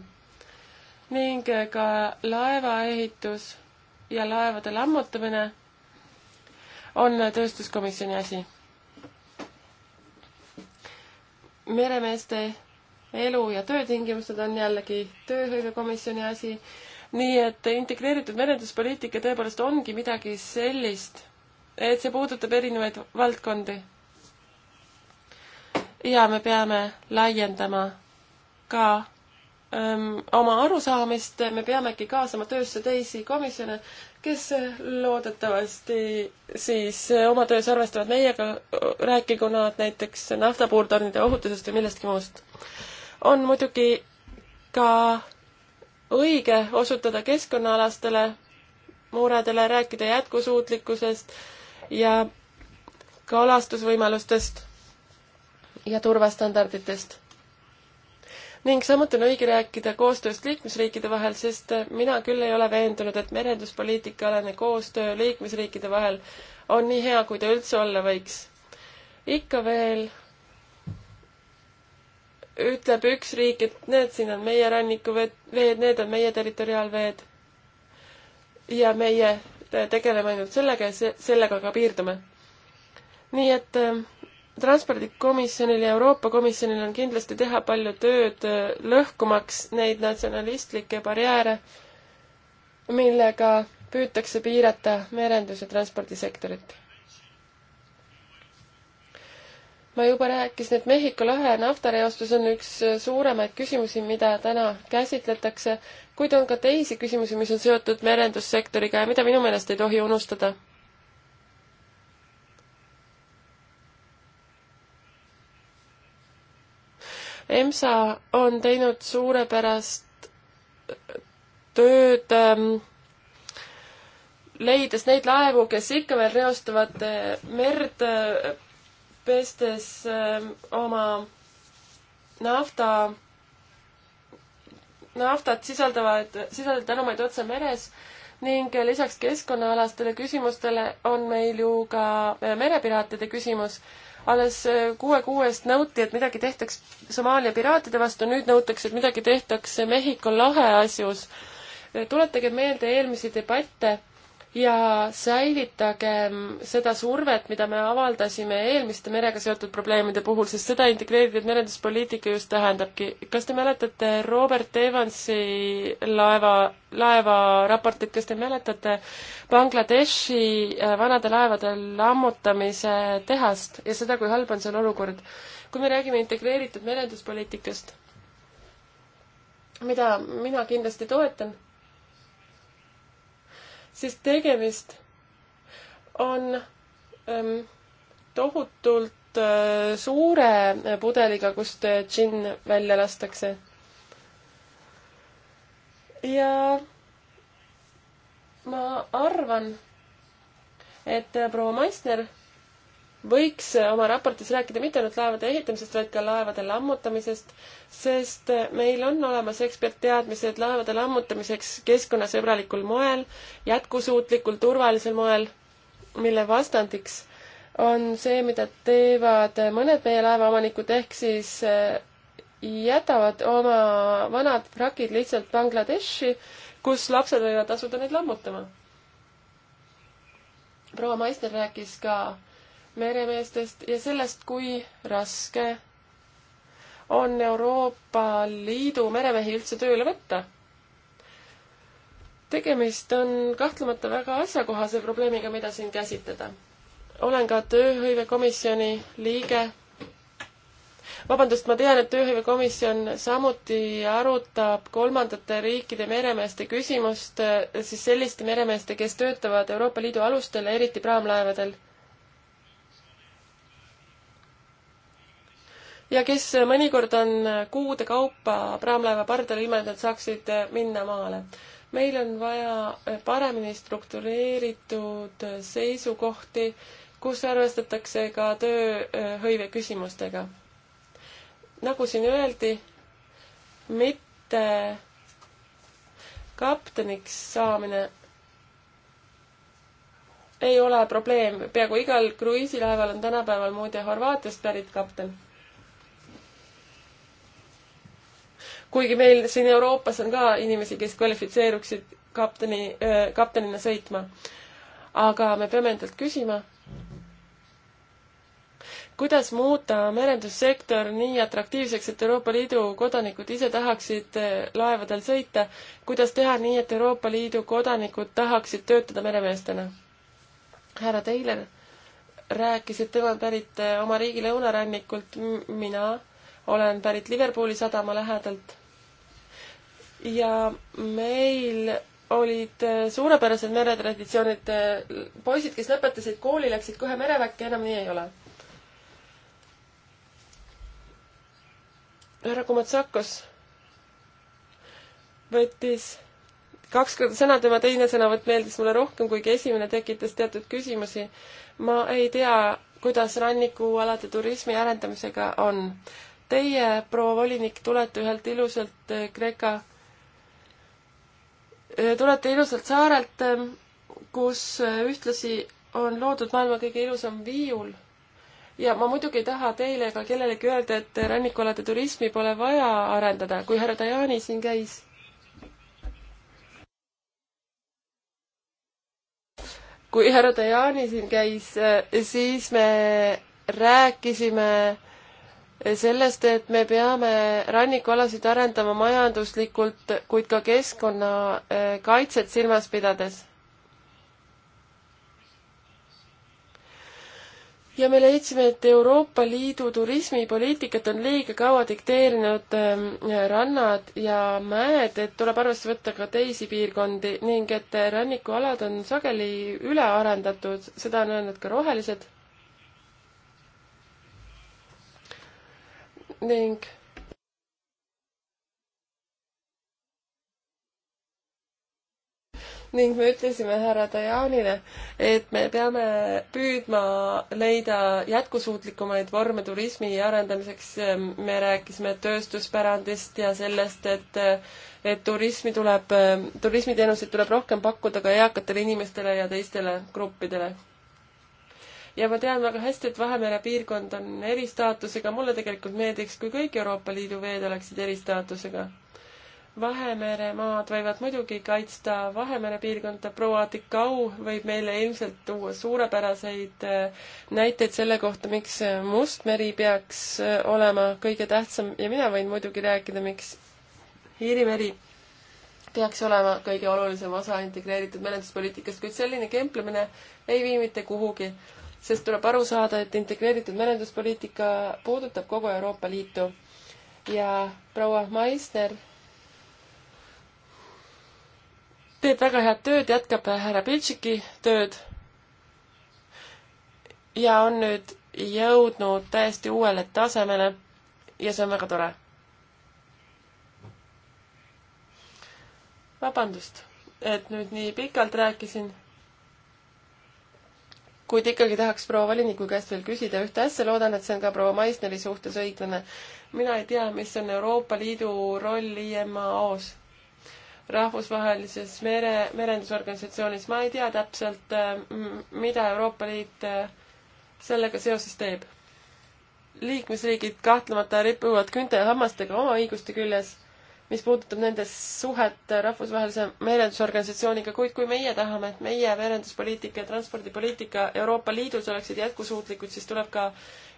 ning ka laevaehitus ja laevade lammutamine on tööstuskomisjoni asi. meremeeste elu- ja töötingimused on jällegi tööhõivekomisjoni asi. nii et integreeritud merenduspoliitika tõepoolest ongi midagi sellist, et see puudutab erinevaid valdkondi. ja me peame laiendama ka öö, ähm, oma arusaamist, me peamegi kaasama töösse teisi komisjone, kes loodetavasti siis oma töös arvestavad meiega, rääkigu nad näiteks naftapuurtornide ohutusest või millestki muust on muidugi ka õige osutada keskkonnaalastele muredele, rääkida jätkusuutlikkusest ja kalastusvõimalustest ja turvastandarditest. ning samuti on õige rääkida koostööst liikmesriikide vahel, sest mina küll ei ole veendunud, et merenduspoliitikaalane koostöö liikmesriikide vahel on nii hea, kui ta üldse olla võiks. ikka veel ütleb üks riik, et need siin on meie rannikuveed, need on meie territoriaalveed. ja meie tegeleme ainult sellega ja sellega ka piirdume. nii et ähm, transpordikomisjonil ja Euroopa Komisjonil on kindlasti teha palju tööd äh, lõhkumaks neid natsionalistlikke barjääre, millega püütakse piirata merendus- ja transpordisektorit ma juba rääkisin, et Mehhiko lahe naftareostus on üks äh, suuremaid küsimusi, mida täna käsitletakse, kuid on ka teisi küsimusi, mis on seotud merendussektoriga ja mida minu meelest ei tohi unustada. EMSA on teinud suurepärast äh, tööd ähm, leides neid laevu, kes ikka veel reostavad äh, merd, pestes ähm, oma nafta, naftat sisaldavaid, sisaldavaid tänumaid otse meres ning lisaks keskkonnaalastele küsimustele on meil ju ka äh, merepiraatide küsimus. alles äh, kuue kuu eest nõuti, et midagi tehtaks Somaalia piraatide vastu, nüüd nõutakse, et midagi tehtakse Mehhiko lahe asjus. Äh, tuletage meelde eelmisi debatte ja säilitagem seda survet, mida me avaldasime eelmiste merega seotud probleemide puhul, sest seda integreeritud merenduspoliitika just tähendabki. kas te mäletate Robert Evansi laeva, laeva raportit, kas te mäletate Bangladeshi äh, vanade laevade lammutamise tehast ja seda, kui halb on seal olukord? kui me räägime integreeritud merenduspoliitikast, mida mina kindlasti toetan siis tegemist on ähm, tohutult äh, suure pudeliga, kust džinn välja lastakse. ja ma arvan, et proua Maisner võiks oma raportis rääkida mitte ainult laevade ehitamisest, vaid ka laevade lammutamisest, sest meil on olemas ekspertteadmised laevade lammutamiseks keskkonnasõbralikul moel, jätkusuutlikul, turvalisel moel, mille vastandiks on see, mida teevad mõned meie laevaomanikud, ehk siis eh, jätavad oma vanad vrakid lihtsalt Bangladeshi, kus lapsed võivad asuda neid lammutama. proua Maister rääkis ka äh, meremeestest ja sellest, kui raske on Euroopa Liidu meremehi üldse tööle võtta. tegemist on kahtlemata väga asjakohase probleemiga, mida siin käsitleda. olen ka tööhõivekomisjoni liige vabandust, ma tean, et tööhõivekomisjon samuti arutab kolmandate riikide meremeeste küsimust, siis selliste meremeeste, kes töötavad Euroopa Liidu alustel, eriti praamlaevadel. ja kes mõnikord on kuude kaupa praamlaeva pardal, ilma et nad saaksid minna maale. meil on vaja paremini struktureeritud seisukohti, kus arvestatakse ka tööhõive küsimustega. nagu siin öeldi, mitte kapteniks saamine ei ole probleem, peaaegu igal kruiisilaeval on tänapäeval muide Horvaatiast pärit kapten kuigi meil siin Euroopas on ka inimesi, kes kvalifitseeruksid kapteni, äh, kaptenina sõitma. aga me peame endalt küsima, kuidas muuta merendussektor nii atraktiivseks, et Euroopa Liidu kodanikud ise tahaksid äh, laevadel sõita, kuidas teha nii, et Euroopa Liidu kodanikud tahaksid töötada meremeestena? härra Taylor rääkis, et tema on pärit äh, oma riigi lõunarannikult, mina olen pärit Liverpooli sadama lähedalt ja meil olid äh, suurepärased meretraditsioonid, äh, poisid, kes lõpetasid kooli, läksid kohe mereväkke, enam nii ei ole. härra Komatsakos võttis kaks korda sõna, tema teine sõnavõtt meeldis mulle rohkem, kuigi esimene tekitas teatud küsimusi. ma ei tea, kuidas rannikualade turismi arendamisega on. Teie, proua volinik, tulete ühelt ilusalt äh, Kreeka Äh, tulete ilusalt saarelt, ähm, kus äh, ühtlasi on loodud maailma kõige ilusam viiul. ja ma muidugi ei taha teile ega kellelegi öelda, et rannikualade turismi pole vaja arendada, kui härra Dajani siin käis. kui härra Dajani siin käis, äh, siis me rääkisime sellest, et me peame rannikualasid arendama majanduslikult, kuid ka keskkonnakaitset eh, silmas pidades. ja me leidsime, et Euroopa Liidu turismipoliitikat on liiga kaua dikteerinud eh, rannad ja mäed, et tuleb arvesse võtta ka teisi piirkondi ning et rannikualad on sageli ülearendatud, seda on öelnud ka rohelised ning ning me ütlesime härra Dajanile, et me peame püüdma leida jätkusuutlikumaid vorme turismi arendamiseks. me rääkisime tööstuspärandist ja sellest, et, et turismi tuleb, turismiteenuseid tuleb rohkem pakkuda ka eakatele inimestele ja teistele gruppidele ja ma tean väga hästi, et Vahemere piirkond on eristaatusega, mulle tegelikult meeldiks, kui kõik Euroopa Liidu veed oleksid eristaatusega. Vahemere maad võivad muidugi kaitsta Vahemere piirkonda, proua Tikau võib meile ilmselt tuua suurepäraseid äh, näiteid selle kohta, miks äh, Mustmeri peaks äh, olema kõige tähtsam ja mina võin muidugi rääkida, miks Iirimeri peaks olema kõige olulisem osa integreeritud merenduspoliitikast, kuid selline kemplemine ei vii mitte kuhugi sest tuleb aru saada, et integreeritud merenduspoliitika puudutab kogu Euroopa Liitu. ja proua Maisner teeb väga head tööd, jätkab härra Piltšiki tööd ja on nüüd jõudnud täiesti uuele tasemele ja see on väga tore. vabandust, et nüüd nii pikalt rääkisin kuid ikkagi tahaks proua voliniku käest veel küsida ühte asja, loodan, et see on ka proua Maisneri suhtes õiglane. mina ei tea, mis on Euroopa Liidu roll IMO-s, rahvusvahelises mere, merendusorganisatsioonis, ma ei tea täpselt, mida Euroopa Liit äh, sellega seoses teeb. liikmesriigid kahtlemata ripuvad küünte ja hammastega oma õiguste küljes mis puudutab nende suhet rahvusvahelise merendusorganisatsiooniga, kuid kui meie tahame, et meie merenduspoliitika ja transpordipoliitika Euroopa Liidus oleksid jätkusuutlikud, siis tuleb ka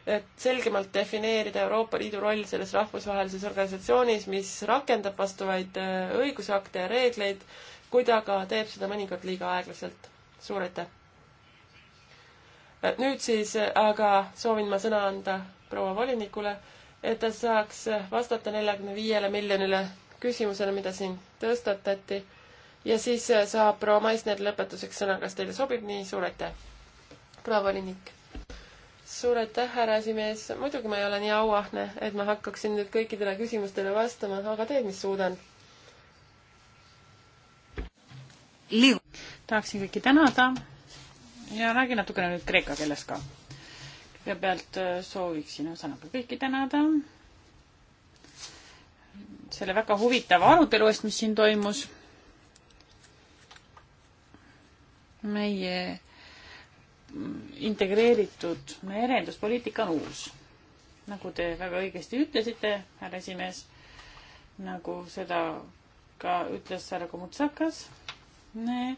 eh, selgemalt defineerida Euroopa Liidu roll selles rahvusvahelises organisatsioonis, mis rakendab vastavaid eh, õigusakte ja reegleid, kuid aga teeb seda mõnikord liiga aeglaselt. suur aitäh! Eh, nüüd siis aga soovin ma sõna anda proua volinikule et ta saaks vastata neljakümne viiele miljonile küsimusele, mida siin tõstatati. ja siis äh, saab proua Maisner lõpetuseks sõna, kas teile sobib nii, suur aitäh. proua volinik. suur aitäh, härra esimees, muidugi ma ei ole nii auahne, et ma hakkaksin nüüd kõikidele küsimustele vastama, aga teen, mis suudan. tahaksin kõiki tänada ja räägin natukene nüüd kreeka keeles ka kõigepealt äh, sooviksin ühesõnaga kõiki tänada selle väga huvitava arutelu eest, mis siin toimus. meie integreeritud merenduspoliitika on uus. nagu te väga õigesti ütlesite, härra esimees, nagu seda ka ütles härra Komutsakas, me nee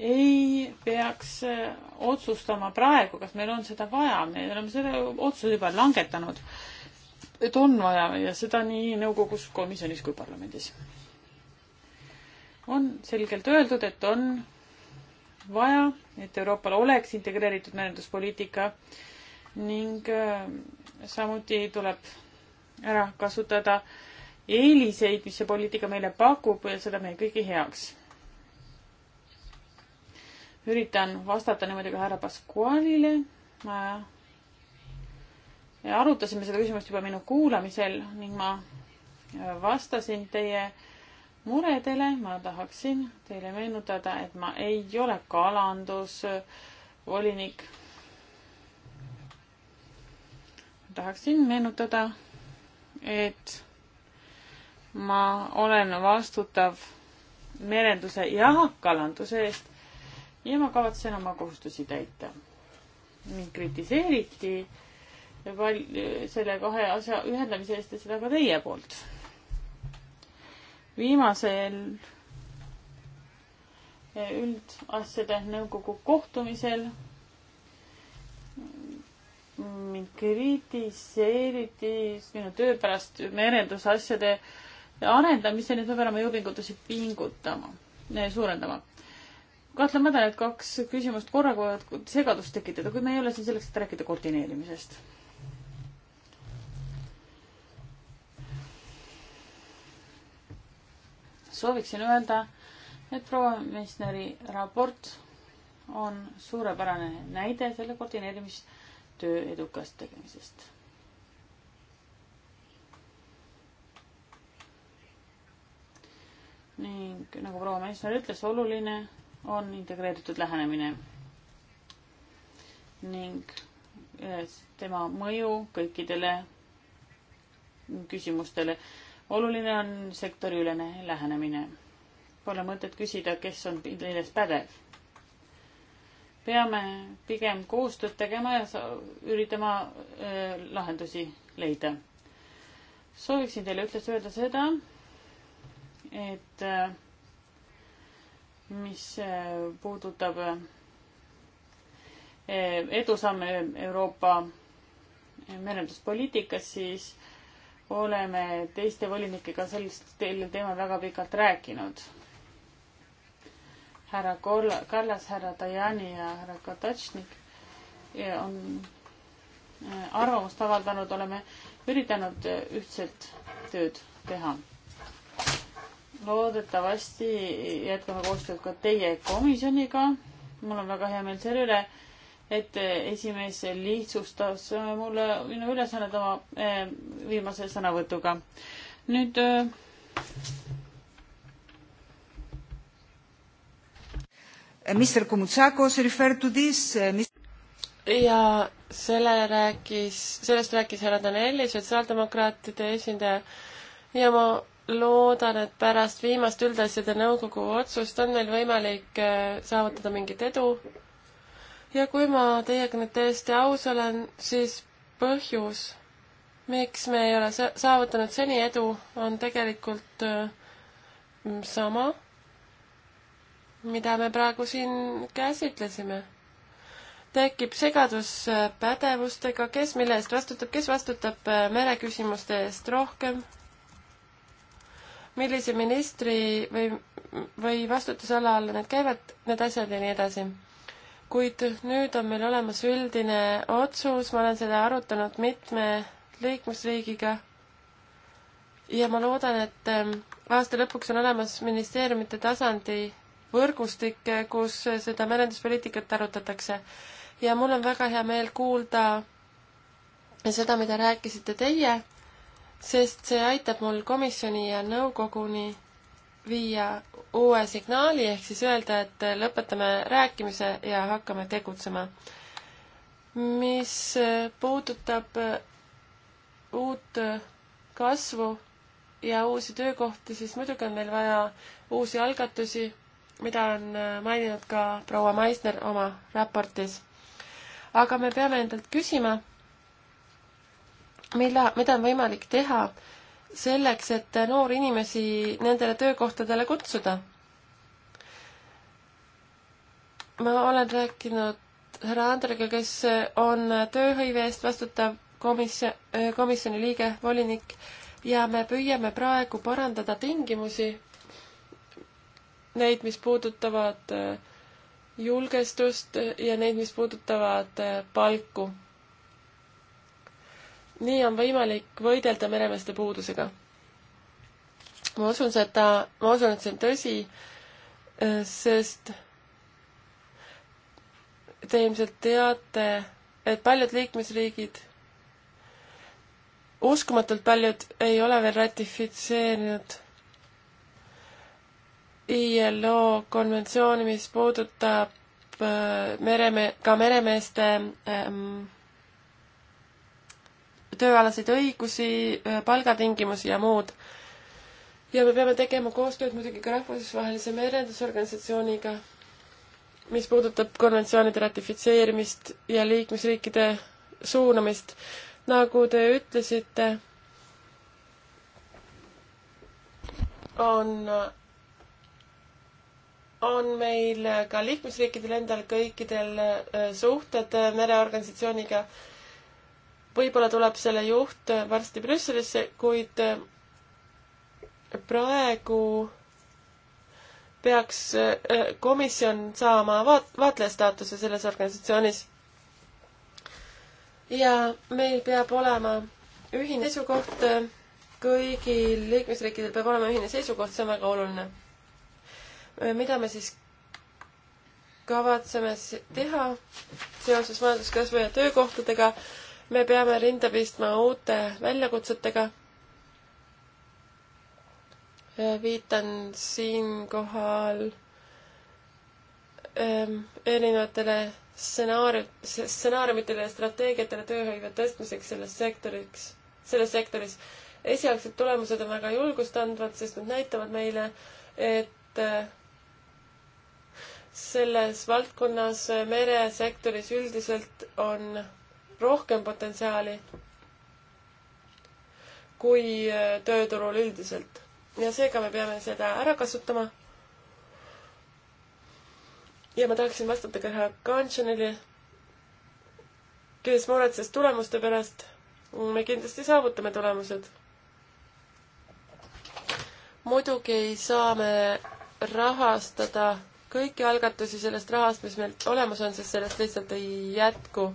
ei peaks äh, otsustama praegu, kas meil on seda vaja, me oleme selle otsuse juba langetanud, et on vaja ja seda nii nõukogus, komisjonis kui parlamendis. on selgelt öeldud, et on vaja, et Euroopal oleks integreeritud merenduspoliitika ning äh, samuti tuleb ära kasutada eeliseid, mis see poliitika meile pakub ja seda meie kõigi heaks üritan vastata niimoodi ka härra Pascualile. ma ja arutasime seda küsimust juba minu kuulamisel ning ma vastasin teie muredele. ma tahaksin teile meenutada, et ma ei ole kalandusvolinik. tahaksin meenutada, et ma olen vastutav merenduse ja kalanduse eest ja ma kavatsen oma kohustusi täita. mind kritiseeriti val-, selle kahe asja ühendamise eest ja seda ka teie poolt. viimasel üldasjade nõukogu kohtumisel mind kritiseeriti minu töö pärast merendusasjade arendamisel ja nüüd ma pean oma jõupingutusi pingutama, suurendama kahtlemata need kaks küsimust korraga võivad segadust tekitada, kui me ei ole siin selleks, et rääkida koordineerimisest. sooviksin öelda, et proua Meissneri raport on suurepärane näide selle koordineerimistöö edukast tegemisest. ning nagu proua Meissner ütles, oluline on integreeritud lähenemine ning eh, tema mõju kõikidele küsimustele. oluline on sektoriülene lähenemine. Pole mõtet küsida, kes on milles pädev. peame pigem koostööd tegema ja üritama eh, lahendusi leida. sooviksin teile ühtlasi öelda seda, et äh, mis eh, puudutab eh, edusamme Euroopa merenduspoliitikas, siis oleme teiste volinikega sellest teemal väga pikalt rääkinud. härra Kolla, Kallas, härra Tajani ja härra Katašnik eh, on arvamust avaldanud, oleme üritanud ühtset tööd teha loodetavasti jätkame koostööd ka teie komisjoniga. mul on väga hea meel selle üle, et esimees lihtsustas mulle minu ülesannet oma eh, viimase sõnavõtuga. nüüd. Eh, Mr Komutsakos referred to this eh, mis.... ja selle rääkis, sellest rääkis härra Danelli, sotsiaaldemokraatide esindaja ja ma loodan, et pärast viimast üldasjade nõukogu otsust on meil võimalik äh, saavutada mingit edu. ja kui ma teiega nüüd täiesti aus olen, siis põhjus, miks me ei ole saavutanud seni edu, on tegelikult äh, sama, mida me praegu siin käsitlesime. tekib segadus äh, pädevustega, kes mille eest vastutab, kes vastutab mereküsimuste eest rohkem millise ministri või, või vastutusala alla need käivad, need asjad ja nii edasi. kuid nüüd on meil olemas üldine otsus, ma olen seda arutanud mitme liikmesriigiga ja ma loodan, et ähm, aasta lõpuks on olemas ministeeriumite tasandi võrgustik, kus seda merenduspoliitikat arutatakse. ja mul on väga hea meel kuulda seda, mida rääkisite teie sest see aitab mul komisjoni ja nõukoguni viia uue signaali, ehk siis öelda, et lõpetame rääkimise ja hakkame tegutsema. mis puudutab uut kasvu ja uusi töökohti, siis muidugi on meil vaja uusi algatusi, mida on maininud ka proua Maisner oma raportis. aga me peame endalt küsima mille, mida on võimalik teha selleks, et noori inimesi nendele töökohtadele kutsuda. ma olen rääkinud härra Andrega, kes on tööhõive eest vastutav komisjon, komisjoni liige, volinik, ja me püüame praegu parandada tingimusi, neid, mis puudutavad äh, julgestust ja neid, mis puudutavad äh, palku nii on võimalik võidelda meremeeste puudusega. ma usun seda, ma usun, et see on tõsi, sest te ilmselt teate, et paljud liikmesriigid, uskumatult paljud, ei ole veel ratifitseerinud ILO konventsiooni, mis puudutab äh, mereme-, ka meremeeste ähm, tööalaseid õigusi, äh, palgatingimusi ja muud. ja me peame tegema koostööd muidugi ka Rahvusvahelise Merendusorganisatsiooniga, mis puudutab konventsioonide ratifitseerimist ja liikmesriikide suunamist. nagu te ütlesite, on, on meil ka liikmesriikidel endal kõikidel äh, suhted äh, mereorganisatsiooniga äh, võib-olla tuleb selle juht varsti Brüsselisse, kuid äh, praegu peaks äh, komisjon saama vaat-, vaatleja staatuse selles organisatsioonis. ja meil peab olema ühine seisukoht, äh, kõigil liikmesriikidel peab olema ühine seisukoht, see on väga oluline. mida me siis kavatseme teha seoses majanduskasvu ja töökohtadega me peame rinda pistma uute väljakutsetega. viitan siinkohal ähm, erinevatele stsenaarium, stsenaariumitele ja strateegiatele tööhõive tõstmiseks selles sektoriks, selles sektoris. esialgsed tulemused on väga julgustandvad, sest nad näitavad meile, et äh, selles valdkonnas, meresektoris üldiselt on rohkem potentsiaali kui äh, tööturul üldiselt. ja seega me peame seda ära kasutama. ja ma tahaksin vastata ka ühe Kantsjonile, kes muretses tulemuste pärast. me kindlasti saavutame tulemused. muidugi ei saa me rahastada kõiki algatusi sellest rahast, mis meil olemas on, sest sellest lihtsalt ei jätku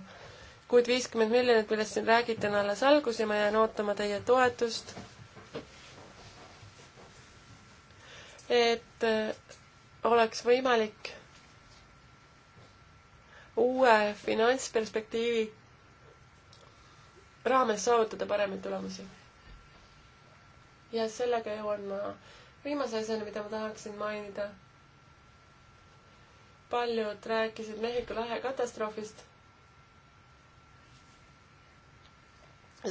kuid viiskümmend miljonit, millest siin räägiti, on alles algus ja ma jään ootama teie toetust. et äh, oleks võimalik uue finantsperspektiivi raames saavutada paremaid tulemusi. ja sellega jõuan ma viimase asjani, mida ma tahaksin mainida. paljud rääkisid Mehhiko lahe katastroofist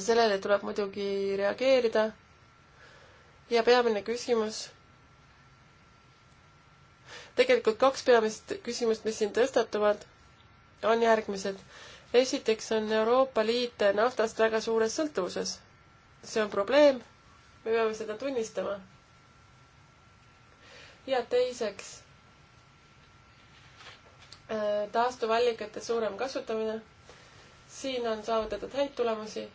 sellele tuleb muidugi reageerida. ja peamine küsimus. tegelikult kaks peamist küsimust, mis siin tõstatuvad, on järgmised. esiteks on Euroopa Liit naftast väga suures sõltuvuses. see on probleem, me peame seda tunnistama. ja teiseks, äh, taastuvallikate suurem kasutamine siin on saavutatud häid tulemusi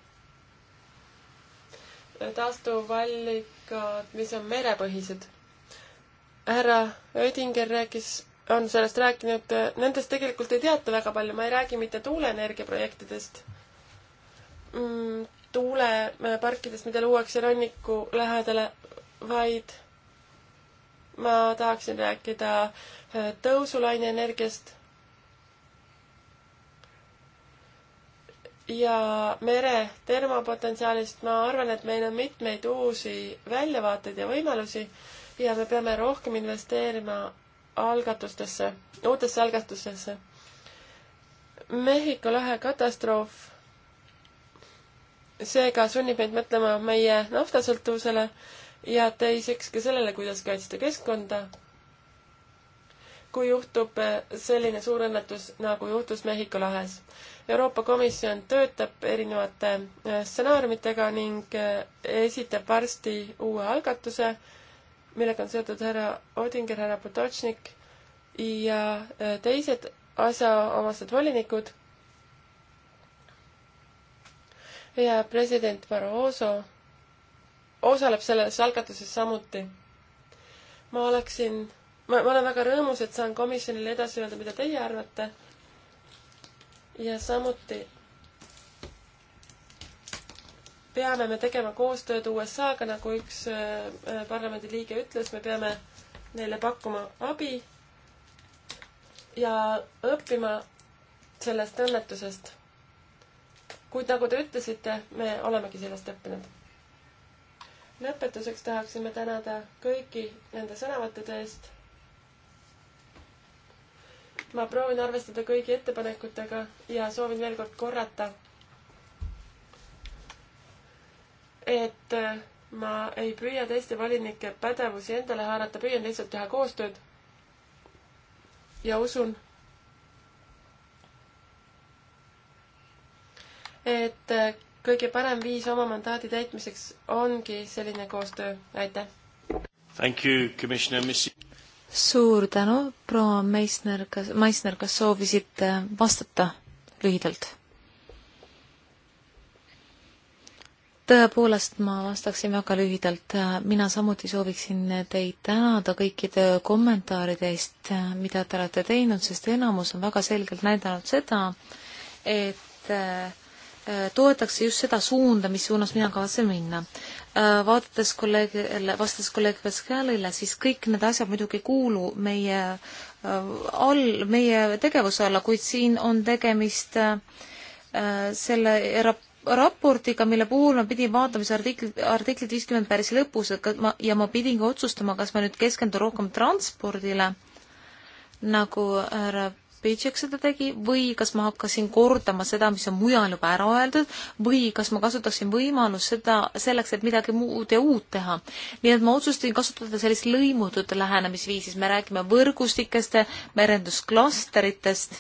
taastuvallikad, mis on merepõhised. härra Oedinger rääkis, on sellest rääkinud, nendest tegelikult ei teata väga palju, ma ei räägi mitte tuuleenergia projektidest mm,, tuuleparkidest, mida luuakse ranniku lähedale, vaid ma tahaksin rääkida äh, tõusulaine energiast ja mere termopotentsiaalist ma arvan, et meil on mitmeid uusi väljavaateid ja võimalusi ja me peame rohkem investeerima algatustesse, uutesse algatustesse. Mehhiko lahe katastroof seega sunnib meid mõtlema meie naftasõltuvusele ja teiseks ka sellele, kuidas kaitsta keskkonda. kui juhtub eh, selline suur õnnetus, nagu juhtus Mehhiko lahes Euroopa Komisjon töötab erinevate äh, stsenaariumitega ning äh, esitab varsti uue algatuse, millega on seotud härra Odinger, härra Potočnik ja äh, teised asjaomased volinikud ja president Barroso osaleb selles algatuses samuti. ma oleksin, ma, ma olen väga rõõmus, et saan komisjonile edasi öelda, mida teie arvate ja samuti peame me tegema koostööd USA-ga, nagu üks äh, parlamendiliige ütles, me peame neile pakkuma abi ja õppima sellest õnnetusest. kuid nagu te ütlesite, me olemegi sellest õppinud. lõpetuseks tahaksime tänada kõiki nende sõnavõttude eest ma proovin arvestada kõigi ettepanekutega ja soovin veel kord korrata, et äh, ma ei püüa teiste volinike pädevusi endale haarata, püüan lihtsalt teha koostööd. ja usun, et äh, kõige parem viis oma mandaadi täitmiseks ongi selline koostöö. aitäh! Thank you, Commissioner Miss suur tänu, proua Meissner, kas, Meissner, kas soovisite vastata lühidalt? tõepoolest, ma vastaksin väga lühidalt. mina samuti sooviksin teid tänada kõikide kommentaaride eest, mida te olete teinud, sest enamus on väga selgelt näidanud seda, et Äh, toetakse just seda suunda, mis suunas mina kavatsen minna. Äh, vaadates kolleegile, vastates kolleeg Pascalile, siis kõik need asjad muidugi ei kuulu meie äh, all, meie tegevuse alla, kuid siin on tegemist selle rap-, raportiga, mille puhul ma pidin vaatama see artikl, artiklit viiskümmend päris lõpus, et ma, ja ma pidin ka otsustama, kas ma nüüd keskendun rohkem transpordile, nagu härra Spitšek seda tegi või kas ma hakkasin kordama seda, mis on mujal juba ära öeldud või kas ma kasutaksin võimalust seda selleks, et midagi muud ja uut teha. nii et ma otsustasin kasutada sellist lõimutud lähenemisviisi, me räägime võrgustikest, merendusklasteritest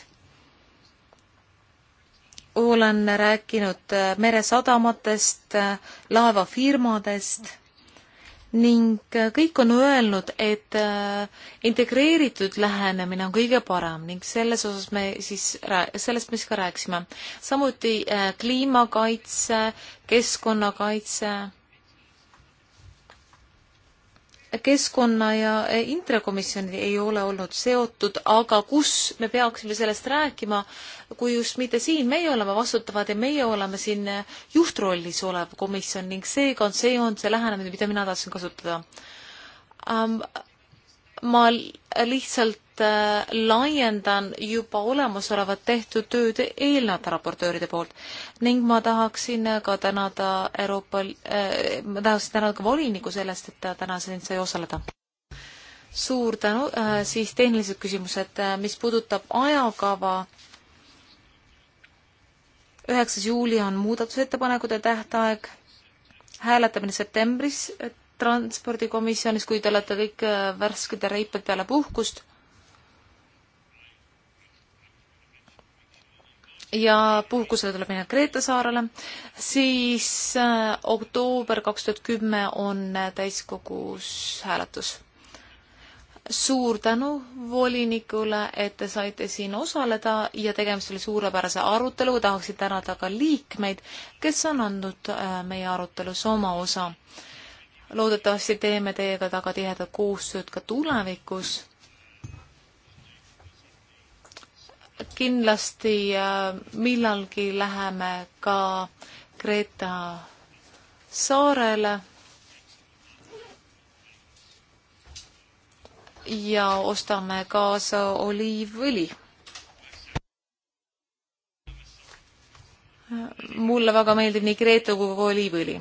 olen rääkinud meresadamatest, laevafirmadest ning äh, kõik on öelnud, et äh, integreeritud lähenemine on kõige parem ning selles osas me siis, sellest me siis ka rääkisime. samuti äh, kliimakaitse, keskkonnakaitse keskkonna ja intrakomisjonid ei ole olnud seotud, aga kus me peaksime sellest rääkima, kui just mitte siin, meie oleme vastutavad ja meie oleme siin juhtrollis olev komisjon ning seega on, see on see lähenemine, mida mina tahtsin kasutada um,. ma lihtsalt Äh, laiendan juba olemasolevat tehtud tööd eelnevate raportööride poolt ning ma tahaksin äh, ka tänada Euroopa äh,, ma tahaksin tänada ka volinikku sellest, et ta täna siin sai osaleda. suur tänu äh,, siis tehnilised küsimused, äh, mis puudutab ajakava üheksas juuli on muudatusettepanekute tähtaeg, hääletamine septembris transpordikomisjonis, kui te olete kõik värsked ja reiped peale puhkust. ja puhkusele tuleb minna Kreeta saarele, siis äh, oktoober kaks tuhat kümme on täiskogus hääletus. suur tänu volinikule, et te saite siin osaleda ja tegemist oli suurepärase arutelu, tahaksin tänada ka liikmeid, kes on andnud äh, meie arutelus oma osa. loodetavasti teeme teiega taga tihedat koostööd ka tulevikus kindlasti äh, millalgi läheme ka Kreeta saarele ja ostame kaasa oliivõli. mulle väga meeldib nii Kreeta kui ka oliivõli.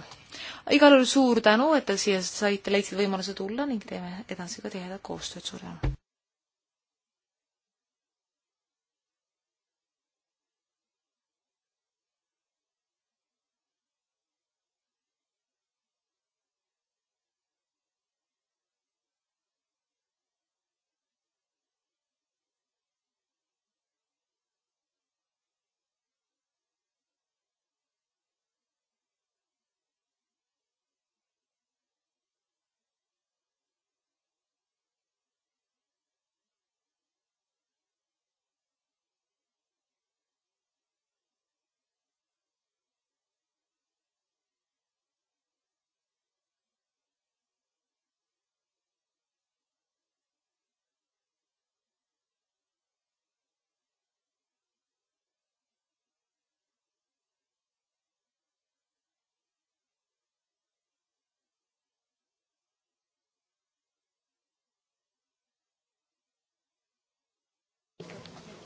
igal juhul suur tänu, et te siia saite, leidsite võimaluse tulla ning teeme edasi ka tihedat koostööd, suur tänu!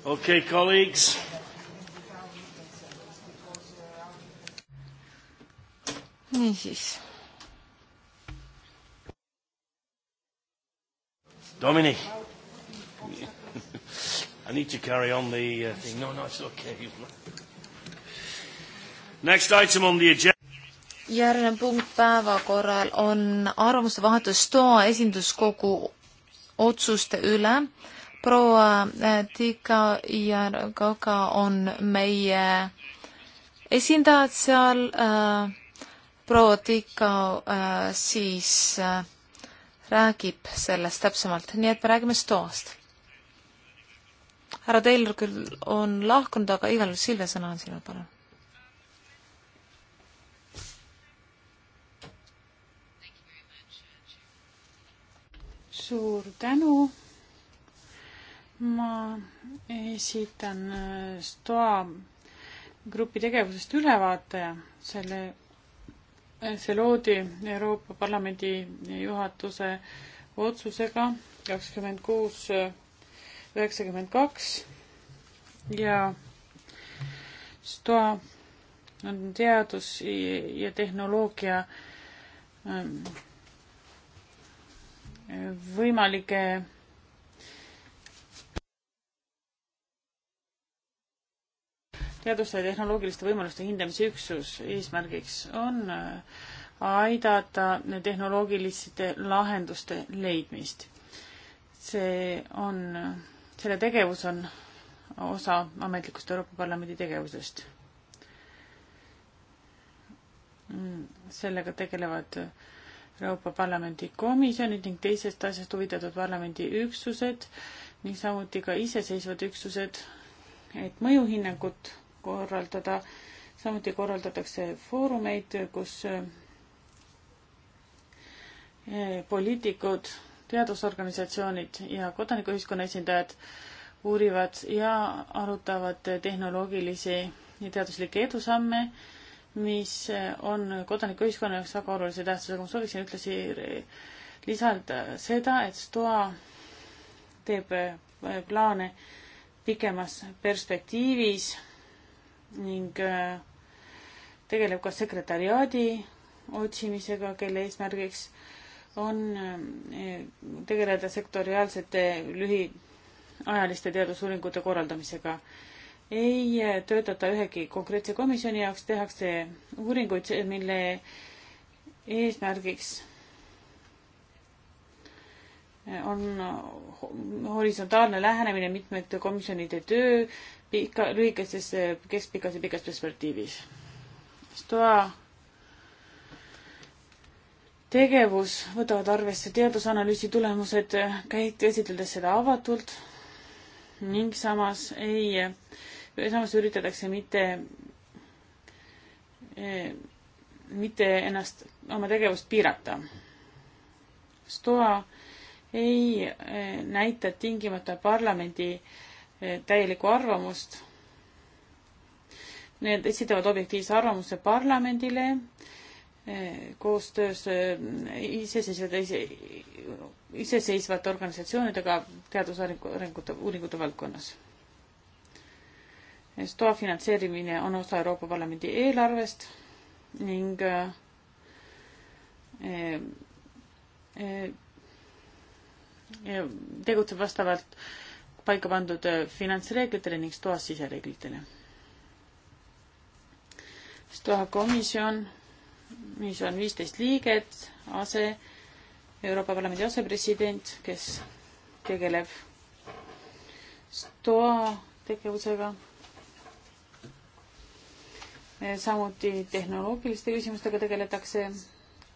Okay, colleagues. niisiis. Dominic, I need to carry on the uh, thing. No, no, it's okay. Next item on the agenda. järgnev punkt päevakorral on arvamuste vahetus STOA esinduskogu otsuste üle äh, proua eh, Tiika ja Koka on meie esindajad seal äh,. proua Tiika äh, eh, siis äh, räägib sellest täpsemalt, nii et me räägime Stoast. härra Taylor küll on lahkunud, aga igal juhul Silvia sõna on sinul, palun. suur tänu ma esitan äh, STOA grupi tegevusest ülevaate. selle, äh, see loodi Euroopa Parlamendi juhatuse otsusega kakskümmend kuus äh, üheksakümmend kaks ja STOA on teadus ja tehnoloogia ähm, võimalike teaduste ja tehnoloogiliste võimaluste hindamise üksus eesmärgiks on äh, aidata tehnoloogiliste lahenduste leidmist. see on, selle tegevus on osa ametlikust Euroopa Parlamendi tegevusest. sellega tegelevad Euroopa Parlamendi komisjonid ning teisest asjast huvitatud parlamendi üksused ning samuti ka iseseisvad üksused, et mõjuhinnangut korraldada. samuti korraldatakse foorumeid, kus eh, poliitikud, teadusorganisatsioonid ja kodanikuühiskonna esindajad uurivad ja arutavad tehnoloogilisi ja teaduslikke edusamme, mis on kodanikuühiskonna jaoks väga olulise tähtsusega. ma sooviksin ühtlasi lisada seda, et STOA teeb eh, plaane pikemas perspektiivis ning äh, tegeleb ka sekretariaadi otsimisega, kelle eesmärgiks on äh, tegeleda sektoriaalsete lühiajaliste teadusuuringute korraldamisega. ei äh, töötata ühegi konkreetse komisjoni jaoks, tehakse uuringuid, mille eesmärgiks on horisontaalne lähenemine, mitmete komisjonide töö, pika, lühikeses, eh, keskpikas ja pikas perspektiivis. STOA tegevus võtavad arvesse teadusanalüüsi tulemused, eh, käid käsitledes seda avatult ning samas ei, eh, samas üritatakse mitte, mitte ennast, oma tegevust piirata. STOA ei näita tingimata parlamendi äh, Eh, täielikku arvamust. Need esitavad objektiivse arvamuse parlamendile eh, koostöös eh, iseseisvate, iseseisvate organisatsioonidega teadusarengute, uuringute valdkonnas. STOA finantseerimine on osa Euroopa Parlamendi eelarvest ning tegutseb vastavalt paika pandud äh, finantsreeglitele ning STOA sisereeglitele. STOA komisjon, mis on viisteist liiget, ase, Euroopa Parlamendi asepresident, kes tegeleb STOA tegevusega, äh, samuti tehnoloogiliste küsimustega tegeletakse,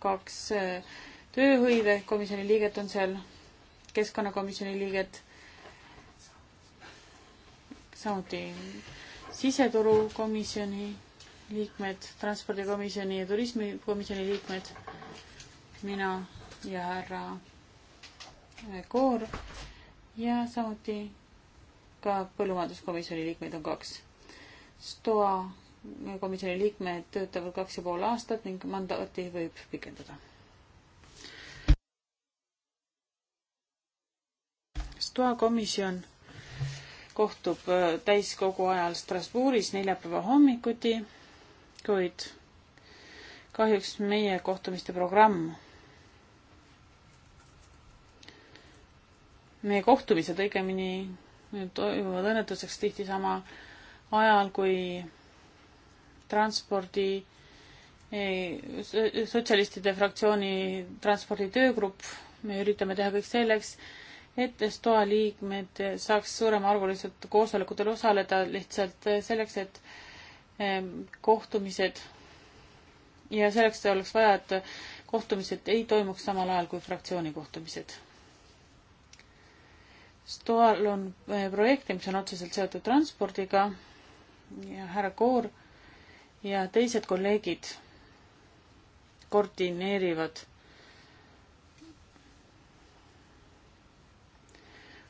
kaks äh, tööhõive komisjoni liiget on seal, keskkonnakomisjoni liiget samuti siseturukomisjoni liikmed, transpordikomisjoni ja turismikomisjoni liikmed, mina ja härra eh, Koor ja samuti ka põllumajanduskomisjoni liikmeid on kaks. STOA eh, komisjoni liikmed töötavad kaks ja pool aastat ning mandaati võib pikendada. STOA komisjon kohtub äh, täiskogu ajal Strasbourgis neljapäeva hommikuti, kuid kahjuks meie kohtumiste programm, meie kohtumised õigemini toimuvad õnnetuseks tihti sama ajal, kui transpordi e, sotsialistide fraktsiooni transporditöögrupp, me üritame teha kõik selleks, et STOA liikmed saaks suuremaarvuliselt koosolekutel osaleda lihtsalt eh, selleks, et eh, kohtumised ja selleks oleks vaja, et kohtumised ei toimuks samal ajal kui fraktsiooni kohtumised. STOA-l on eh, projekte, mis on otseselt seotud transpordiga ja härra Koor ja teised kolleegid koordineerivad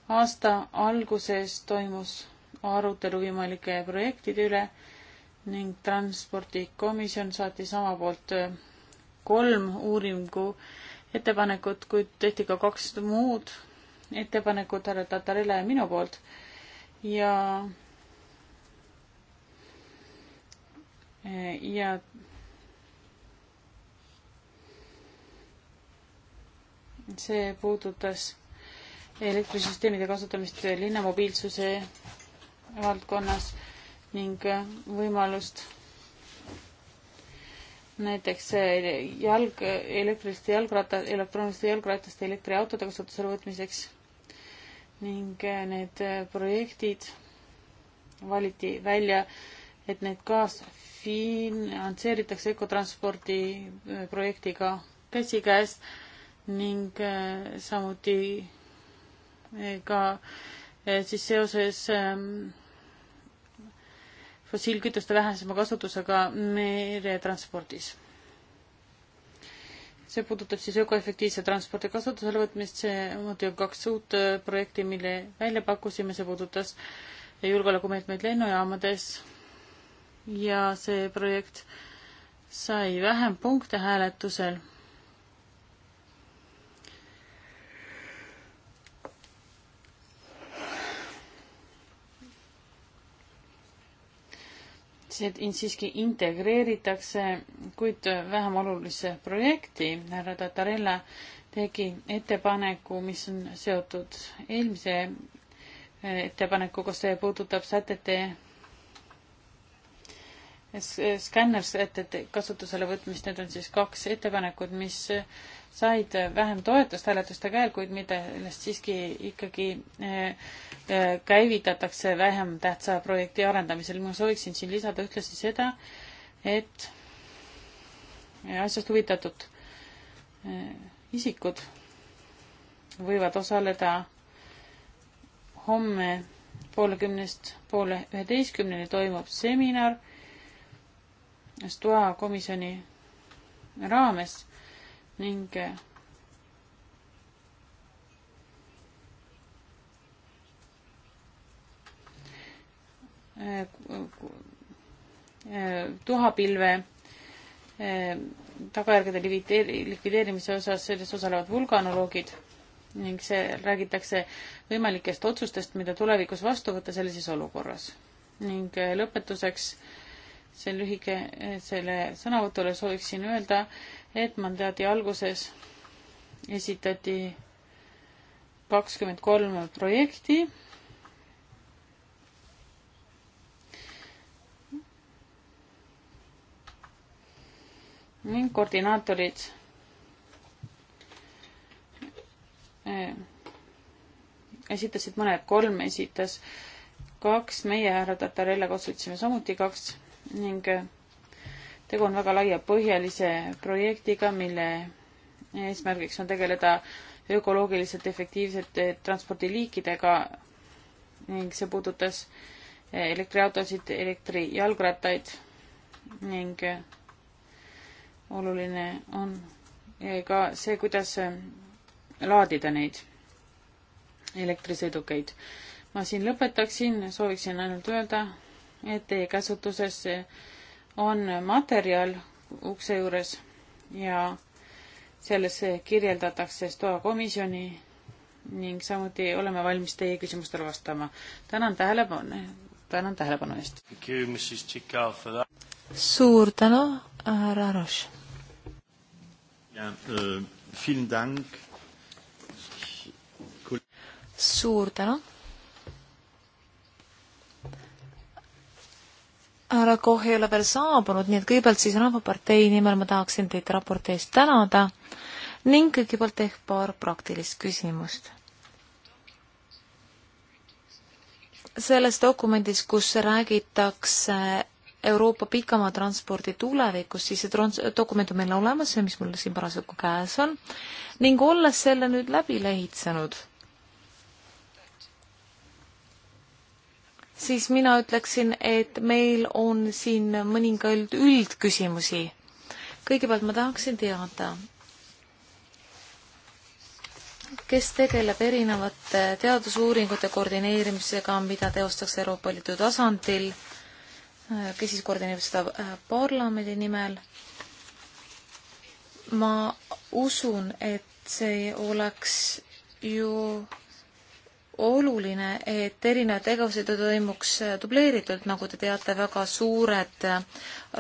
aasta alguses toimus arutelu võimalike projektide üle ning transpordikomisjon saatis oma poolt äh, kolm uuringu ettepanekut, kuid tehti ka kaks muud ettepanekut härra Tatarele ja minu poolt ja äh, ja see puudutas elektrisüsteemide kasutamist linna mobiilsuse valdkonnas ning äh, võimalust näiteks äh, jalg, elektriliste jalgratta, elektrooniliste jalgrataste elektriautode kasutusele võtmiseks ning äh, need projektid valiti välja, et need kaasfinantseeritakse ökotranspordi projektiga käsikäes ning samuti ka e, siis seoses ähm, fossiilkütuste vähesema kasutusega meretranspordis. see puudutab siis ökoefektiivse transpordi kasutusele võtmist, see muidugi on kaks uut äh, projekti, mille välja pakkusime, see puudutas julgeolekumeetmeid lennujaamades ja see projekt sai vähem punkte hääletusel need siiski integreeritakse, kuid vähem olulisse projekti. härra Tatarella tegi ettepaneku, mis on seotud eelmise ettepanekuga, see puudutab sätete skännersätete kasutusele võtmist, need on siis kaks ettepanekut, mis said vähem toetust hääletuste käel, kuid millest siiski ikkagi eh, eh, käivitatakse vähem tähtsa projekti arendamisel. ma sooviksin siin lisada ühtlasi seda, et asjast huvitatud eh, isikud võivad osaleda homme poole kümnest poole üheteistkümneni toimub seminar STOA komisjoni raames ning eh, eh, tuhapilve eh, tagajärgede likvideerimise osas selles osalevad vulkanoloogid ning see räägitakse võimalikest otsustest, mida tulevikus vastu võtta sellises olukorras. ning lõpetuseks see on lühike eh, selle sõnavõtule, sooviksin öelda, et mandaadi alguses esitati kakskümmend kolm projekti. ning koordinaatorid eh, esitasid mõned, kolm esitas kaks, meie härra Tatarella kutsusime samuti kaks ning äh, tegu on väga laiapõhjalise projektiga, mille eesmärgiks on tegeleda ökoloogiliselt efektiivsete transpordiliikidega ning see puudutas äh, elektriautosid, elektrijalgrattaid ning äh, oluline on ka see, kuidas laadida neid elektrisõidukeid. ma siin lõpetaksin, sooviksin ainult öelda, et teie käsutuses on materjal ukse juures ja selles kirjeldatakse STOA komisjoni ning samuti oleme valmis teie küsimustele vastama. tänan tähelepanu, tänan tähelepanu eest. suur tänu, härra Roš. Äh, suur tänu härra Koh ei ole veel saabunud, nii et kõigepealt siis Rahvapartei nimel ma tahaksin teid raporti eest tänada ning kõigepealt ehk paar praktilist küsimust. selles dokumendis, kus räägitakse Euroopa pikama transpordi tulevikus, siis see trans-, dokument on meil olemas, see, mis mul siin parasjagu käes on, ning olles selle nüüd läbi lehitsenud siis mina ütleksin, et meil on siin mõningaid üldküsimusi. kõigepealt ma tahaksin teada, kes tegeleb erinevate teadusuuringute koordineerimisega, mida teostatakse Euroopa Liidu tasandil, kes siis koordineerib seda äh, parlamendi nimel. ma usun, et see oleks ju oluline, et erinevad tegevused toimuks dubleeritult, nagu te teate, väga suured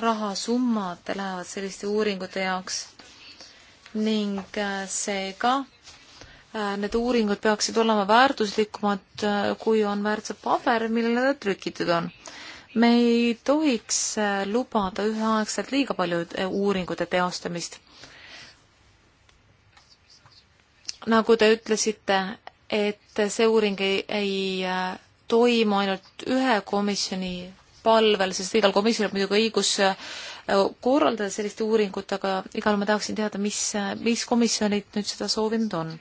rahasummad lähevad selliste uuringute jaoks ning äh, seega äh, need uuringud peaksid olema väärtuslikumad, äh, kui on väärtuse paber, millele ta trükitud on. me ei tohiks lubada üheaegselt liiga palju uuringute teostamist. nagu te ütlesite, et see uuring ei, ei äh, toimu ainult ühe komisjoni palvel, sest igal komisjonil on muidugi õigus äh, korraldada sellist uuringut, aga igal ma tahaksin teada, mis, äh, mis komisjonid nüüd seda soovinud on.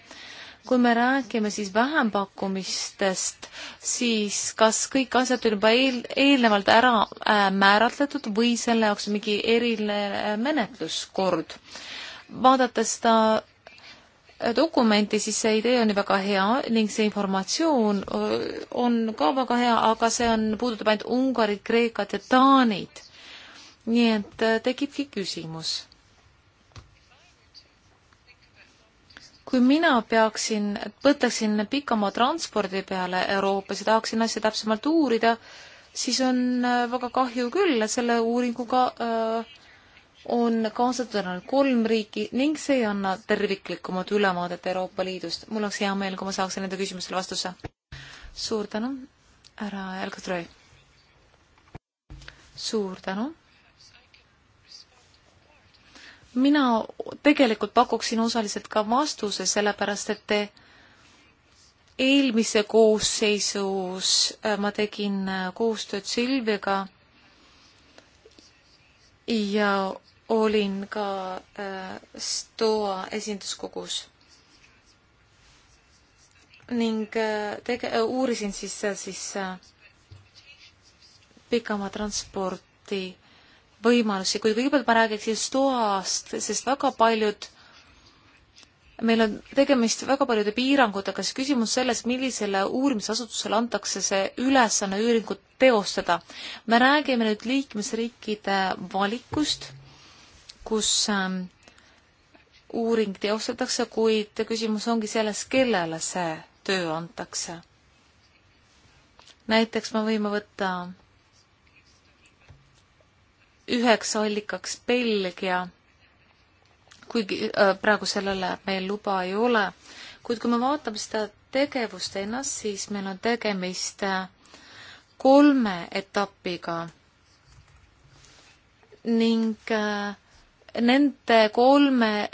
kui me räägime siis vähempakkumistest, siis kas kõik asjad on juba eel, eelnevalt ära äh, määratletud või selle jaoks mingi eriline äh, menetluskord? vaadates seda dokumenti, siis see idee on ju väga hea ning see informatsioon on ka väga hea, aga see on, puudutab ainult Ungarit, Kreekat ja Taanit. nii et äh, tekibki küsimus. kui mina peaksin, võtaksin pikama transpordi peale Euroopas ja tahaksin asja täpsemalt uurida, siis on äh, väga kahju küll, et selle uuringuga äh, on kaasatud ainult kolm riiki ning see ei anna terviklikumat ülevaadet Euroopa Liidust. mul oleks hea meel, kui ma saaksin nende küsimustele vastuse. suur tänu, härra Elka Troi. suur tänu mina tegelikult pakuksin osaliselt ka vastuse, sellepärast et te eelmise koosseisus äh, ma tegin äh, koostööd Silviga ja olin ka äh, STOA esinduskogus ning äh, tege-, äh, uurisin siis, siis pikama transporti võimalusi, kuid kõigepealt ma räägiksin STOA-st, sest väga paljud, meil on tegemist väga paljude piirangutega, siis küsimus selles, millisele uurimisasutusele antakse see ülesanne uuringut teostada. me räägime nüüd liikmesriikide valikust kus ähm, uuring teostatakse, kuid küsimus ongi selles, kellele see töö antakse. näiteks me võime võtta üheks allikaks Belgia, kuigi äh, praegu sellele meil luba ei ole, kuid kui me vaatame seda tegevust ennast, siis meil on tegemist äh, kolme etapiga ning äh, nende kolme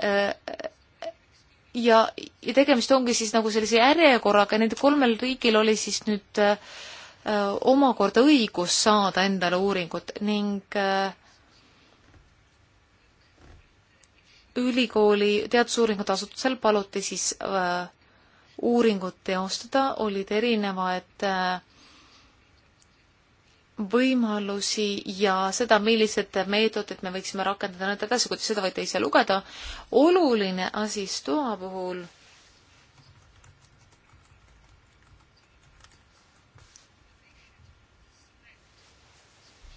ja, ja tegemist ongi siis nagu sellise järjekorraga, nendel kolmel riigil oli siis nüüd öö, omakorda õigus saada endale uuringut ning öö, ülikooli teadusuuringute asutusel paluti siis öö, uuringut teostada, olid erinevad öö, võimalusi ja seda, millised meetodid me võiksime rakendada nüüd edasi, kuidas seda võite ise lugeda. oluline asi STOA puhul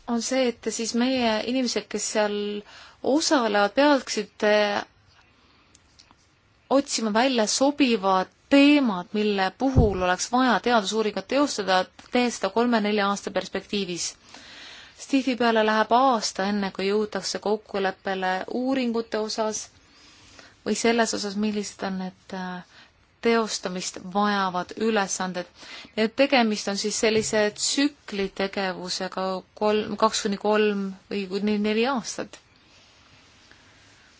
on see, et siis meie inimesed, kes seal osalevad, peaksid eh, otsima välja sobivad teemad, mille puhul oleks vaja teadusuuringut teostada, tee seda kolme-nelja aasta perspektiivis. Stiifi peale läheb aasta, enne kui jõutakse kokkuleppele uuringute osas või selles osas, millised on need äh, teostamist vajavad ülesanded. nii et tegemist on siis sellise tsüklitegevusega kolm, kaks kuni kolm või kuni neli aastat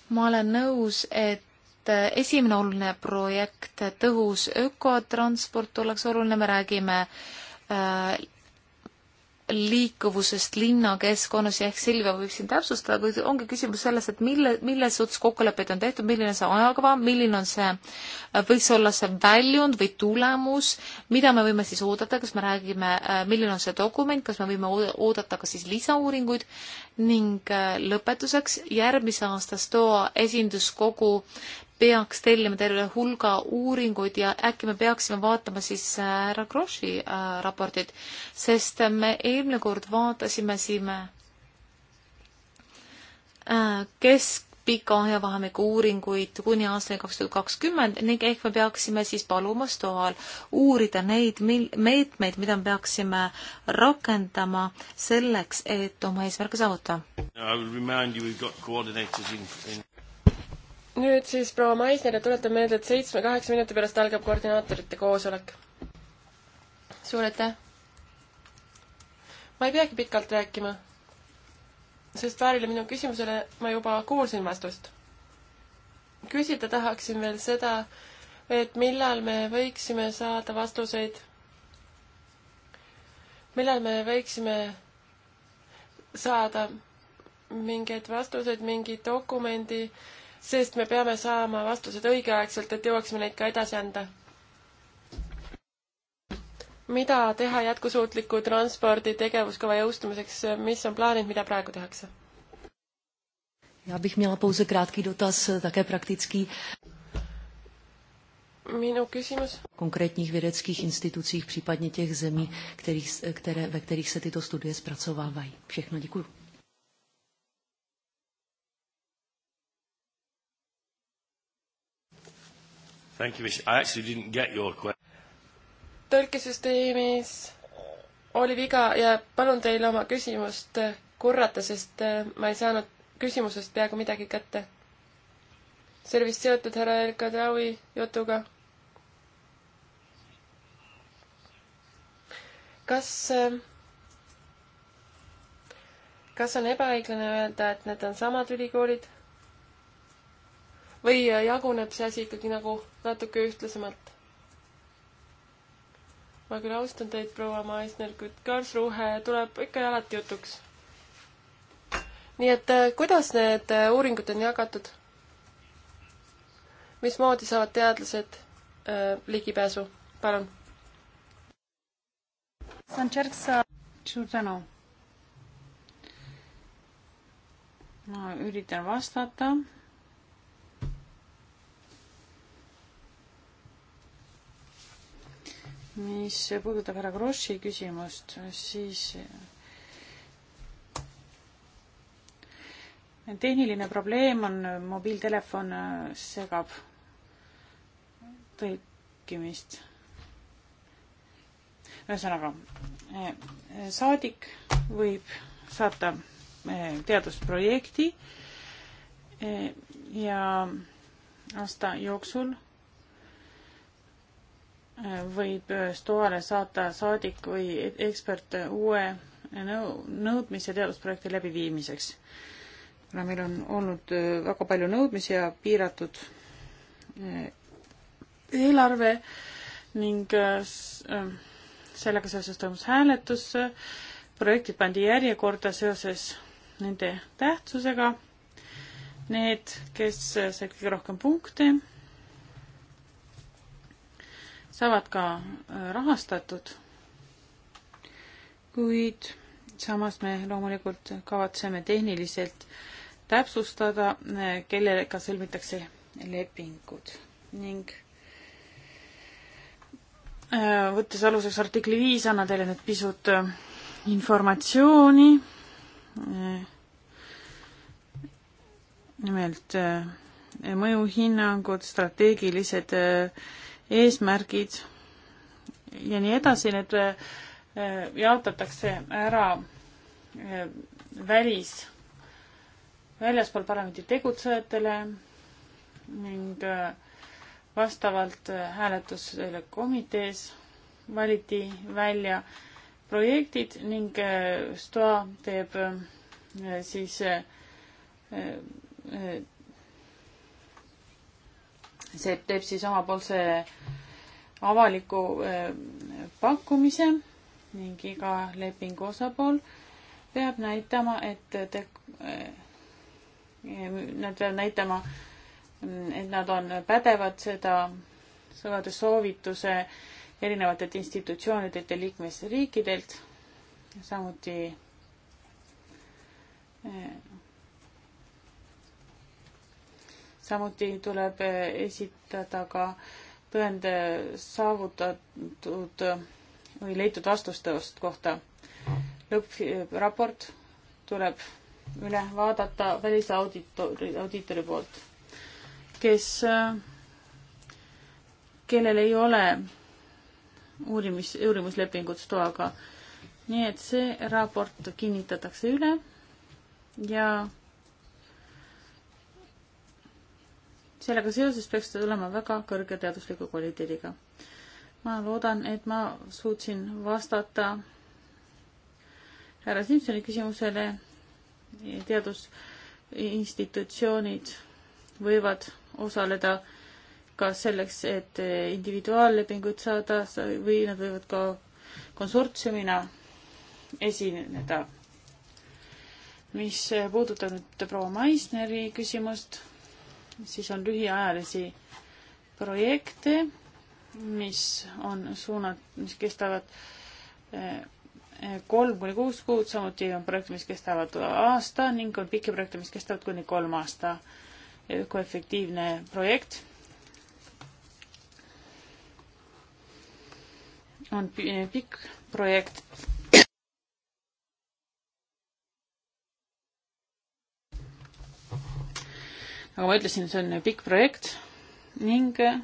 ma olen nõus, et et äh, esimene oluline projekt, äh, tõhus ökotransport oleks oluline, me räägime äh, liikuvusest linnakeskkonnas ja ehk Silvia võib siin täpsustada, kuid ongi küsimus selles, et mille, milles suhtes kokkuleppeid on tehtud, milline on see ajakava, milline on see, äh, võiks olla see väljund või tulemus, mida me võime siis oodata, kas me räägime, milline on see dokument, kas me võime oodata ka siis lisauuringuid ning lõpetuseks järgmise aasta STOA esinduskogu peaks tellima terve hulga uuringuid ja äkki me peaksime vaatama siis äh, härra Grossi äh, raportit, sest me eelmine kord vaatasime siin äh, keskpika ajavahemiku uuringuid kuni aastani kaks tuhat kakskümmend ning ehk me peaksime siis paluma Stoal uurida neid meetmeid, mida me peaksime rakendama selleks, et oma eesmärke saavutada nüüd siis proua Maisner ja tuletan meelde, et seitsme-kaheksa minuti pärast algab koordinaatorite koosolek. suur aitäh! ma ei peagi pikalt rääkima, sest Väärile minu küsimusele ma juba kuulsin vastust. küsida tahaksin veel seda, et millal me võiksime saada vastuseid, millal me võiksime saada mingeid vastuseid mingi dokumendi äh, sest me peame saama vastused õigeaegselt, et jõuaksime neid ka edasi anda. mida teha jätkusuutliku transpordi tegevuskava jõustumiseks, mis on plaanid, mida praegu tehakse? Já bych měla pouze krátký dotaz, také praktický. Minu küsimus. Konkrétních vědeckých institucích, případně těch zemí, kterých, které, ve kterých se tyto studie zpracovávají. Všechno děkuji. Thank you, I actually didn't get your question. tõlkesüsteemis oli viga ja palun teil oma küsimust eh, korrata, sest eh, ma ei saanud küsimusest peaaegu midagi kätte. see oli vist seotud härra El Kadraoui jutuga. kas, eh, kas on ebaõiglane öelda, et need on samad ülikoolid? või äh, jaguneb see asi ikkagi nagu natuke ühtlasemalt? ma küll austan teid, proua Maisner, kuid Karlsruhe tuleb ikka ja alati jutuks. nii et äh, kuidas need äh, uuringud on jagatud? mismoodi saavad teadlased äh, ligipääsu? palun. suur tänu. ma üritan vastata mis puudutab härra Grossi küsimust, siis tehniline probleem on, mobiiltelefon segab tõlkimist. ühesõnaga, saadik võib saata eh, teadusprojekti eh, ja aasta jooksul võib Stoale saata saadik või ekspert uue nõu-, nõudmise teadusprojekti läbiviimiseks. kuna meil on olnud äh, väga palju nõudmisi ja piiratud äh, eelarve ning äh, sellega seoses toimus hääletus, projektid pandi järjekorda seoses nende tähtsusega. Need, kes said kõige rohkem punkte saavad ka äh, rahastatud, kuid samas me loomulikult kavatseme tehniliselt täpsustada, äh, kellega sõlmitakse lepingud ning äh, võttes aluseks artikli viis, annan teile nüüd pisut informatsiooni. nimelt mõjuhinnangud, strateegilised äh, eesmärgid ja nii edasi, need eh, jaotatakse ära eh, välis, väljaspool parlamendi tegutsejatele ning eh, vastavalt hääletusele komitees valiti välja projektid ning STOA teeb siis see teeb siis omapoolse avaliku eh, pakkumise ning iga lepingu osapool peab näitama, et te, eh, nad peavad näitama, et nad on pädevad seda saada soovituse erinevatelt institutsioonidelt ja liikmesriikidelt, samuti eh, samuti tuleb eh, esitada ka tõende saavutatud või leitud vastustest kohta. lõppraport eh, tuleb üle vaadata välisauditori, audiitori poolt, kes, eh, kellel ei ole uurimis, uurimuslepingut STOA-ga. nii et see raport kinnitatakse üle ja sellega seoses peaks ta tulema väga kõrge teadusliku kvaliteediga. ma loodan, et ma suutsin vastata härra Simsoni küsimusele. teadusinstitutsioonid võivad osaleda ka selleks, et individuaallepinguid saada või nad võivad ka konsortsiumina esineda. mis puudutab nüüd proua Maisneri küsimust siis on lühiajalisi projekte, mis on suunad, mis kestavad eh, eh, kolm kuni kuus kuud, samuti on projekte, mis kestavad aasta ning on pikki projekte, mis kestavad kuni kolm aasta. ökoefektiivne projekt on pikk projekt nagu ma ütlesin, see on pikk projekt ning äh,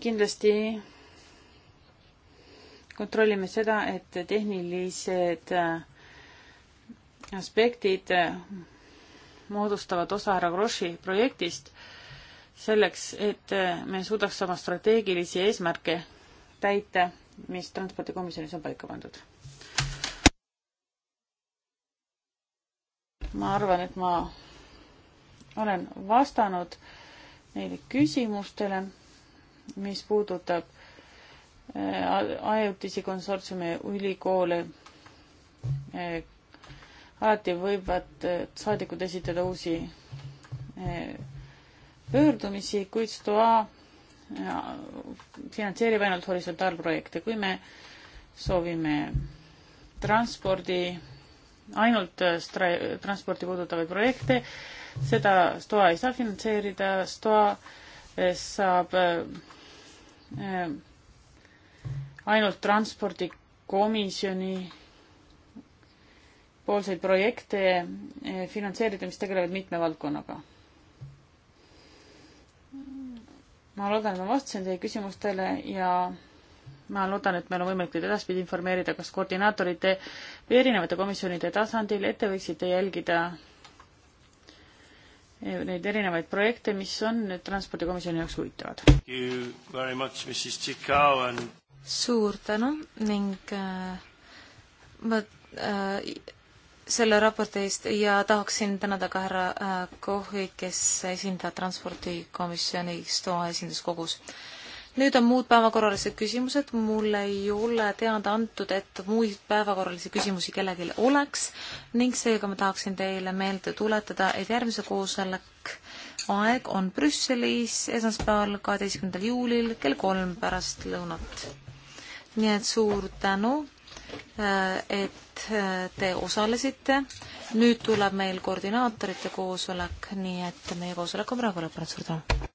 kindlasti kontrollime seda, et tehnilised äh, aspektid äh, moodustavad osa härra Grossi projektist selleks, et me suudaks oma strateegilisi eesmärke täita, mis Transpordikomisjonis on paika pandud ma arvan, et ma olen vastanud neile küsimustele, mis puudutab eh, ajutisi konsortsiumi ülikoole. Eh, alati võivad eh, saadikud esitada uusi pöördumisi, kuid STOA finantseerib ainult horisontaalprojekte. kui me soovime transpordi ainult äh, transporti puudutavaid projekte, seda STOA ei saa finantseerida, STOA äh, saab äh, ainult transpordikomisjoni poolseid projekte finantseerida, mis tegelevad mitme valdkonnaga. ma loodan, et ma vastasin teie küsimustele ja ma loodan, et meil on võimalik teid edaspidi informeerida kas koordinaatorite või erinevate komisjonide tasandil, et te võiksite jälgida eh, neid erinevaid projekte, mis on transpordikomisjoni jaoks huvitavad. suur tänu ning äh, ma äh, selle raporti eest ja tahaksin tänada ka härra äh, Kohvi, kes esindab transpordikomisjoni STOA esinduskogus äh, nüüd on muud päevakorralised küsimused, mulle ei ole teada antud, et muid päevakorralisi küsimusi kellelgi oleks ning seega ma tahaksin teile meelde tuletada, et järgmise koosolek aeg on Brüsselis esmaspäeval, kaheteistkümnendal juulil kell kolm pärast lõunat. nii et suur tänu, äh, et äh, te osalesite. nüüd tuleb meil koordinaatorite koosolek, nii et meie koosolek on praegu lõppenud, suur tänu!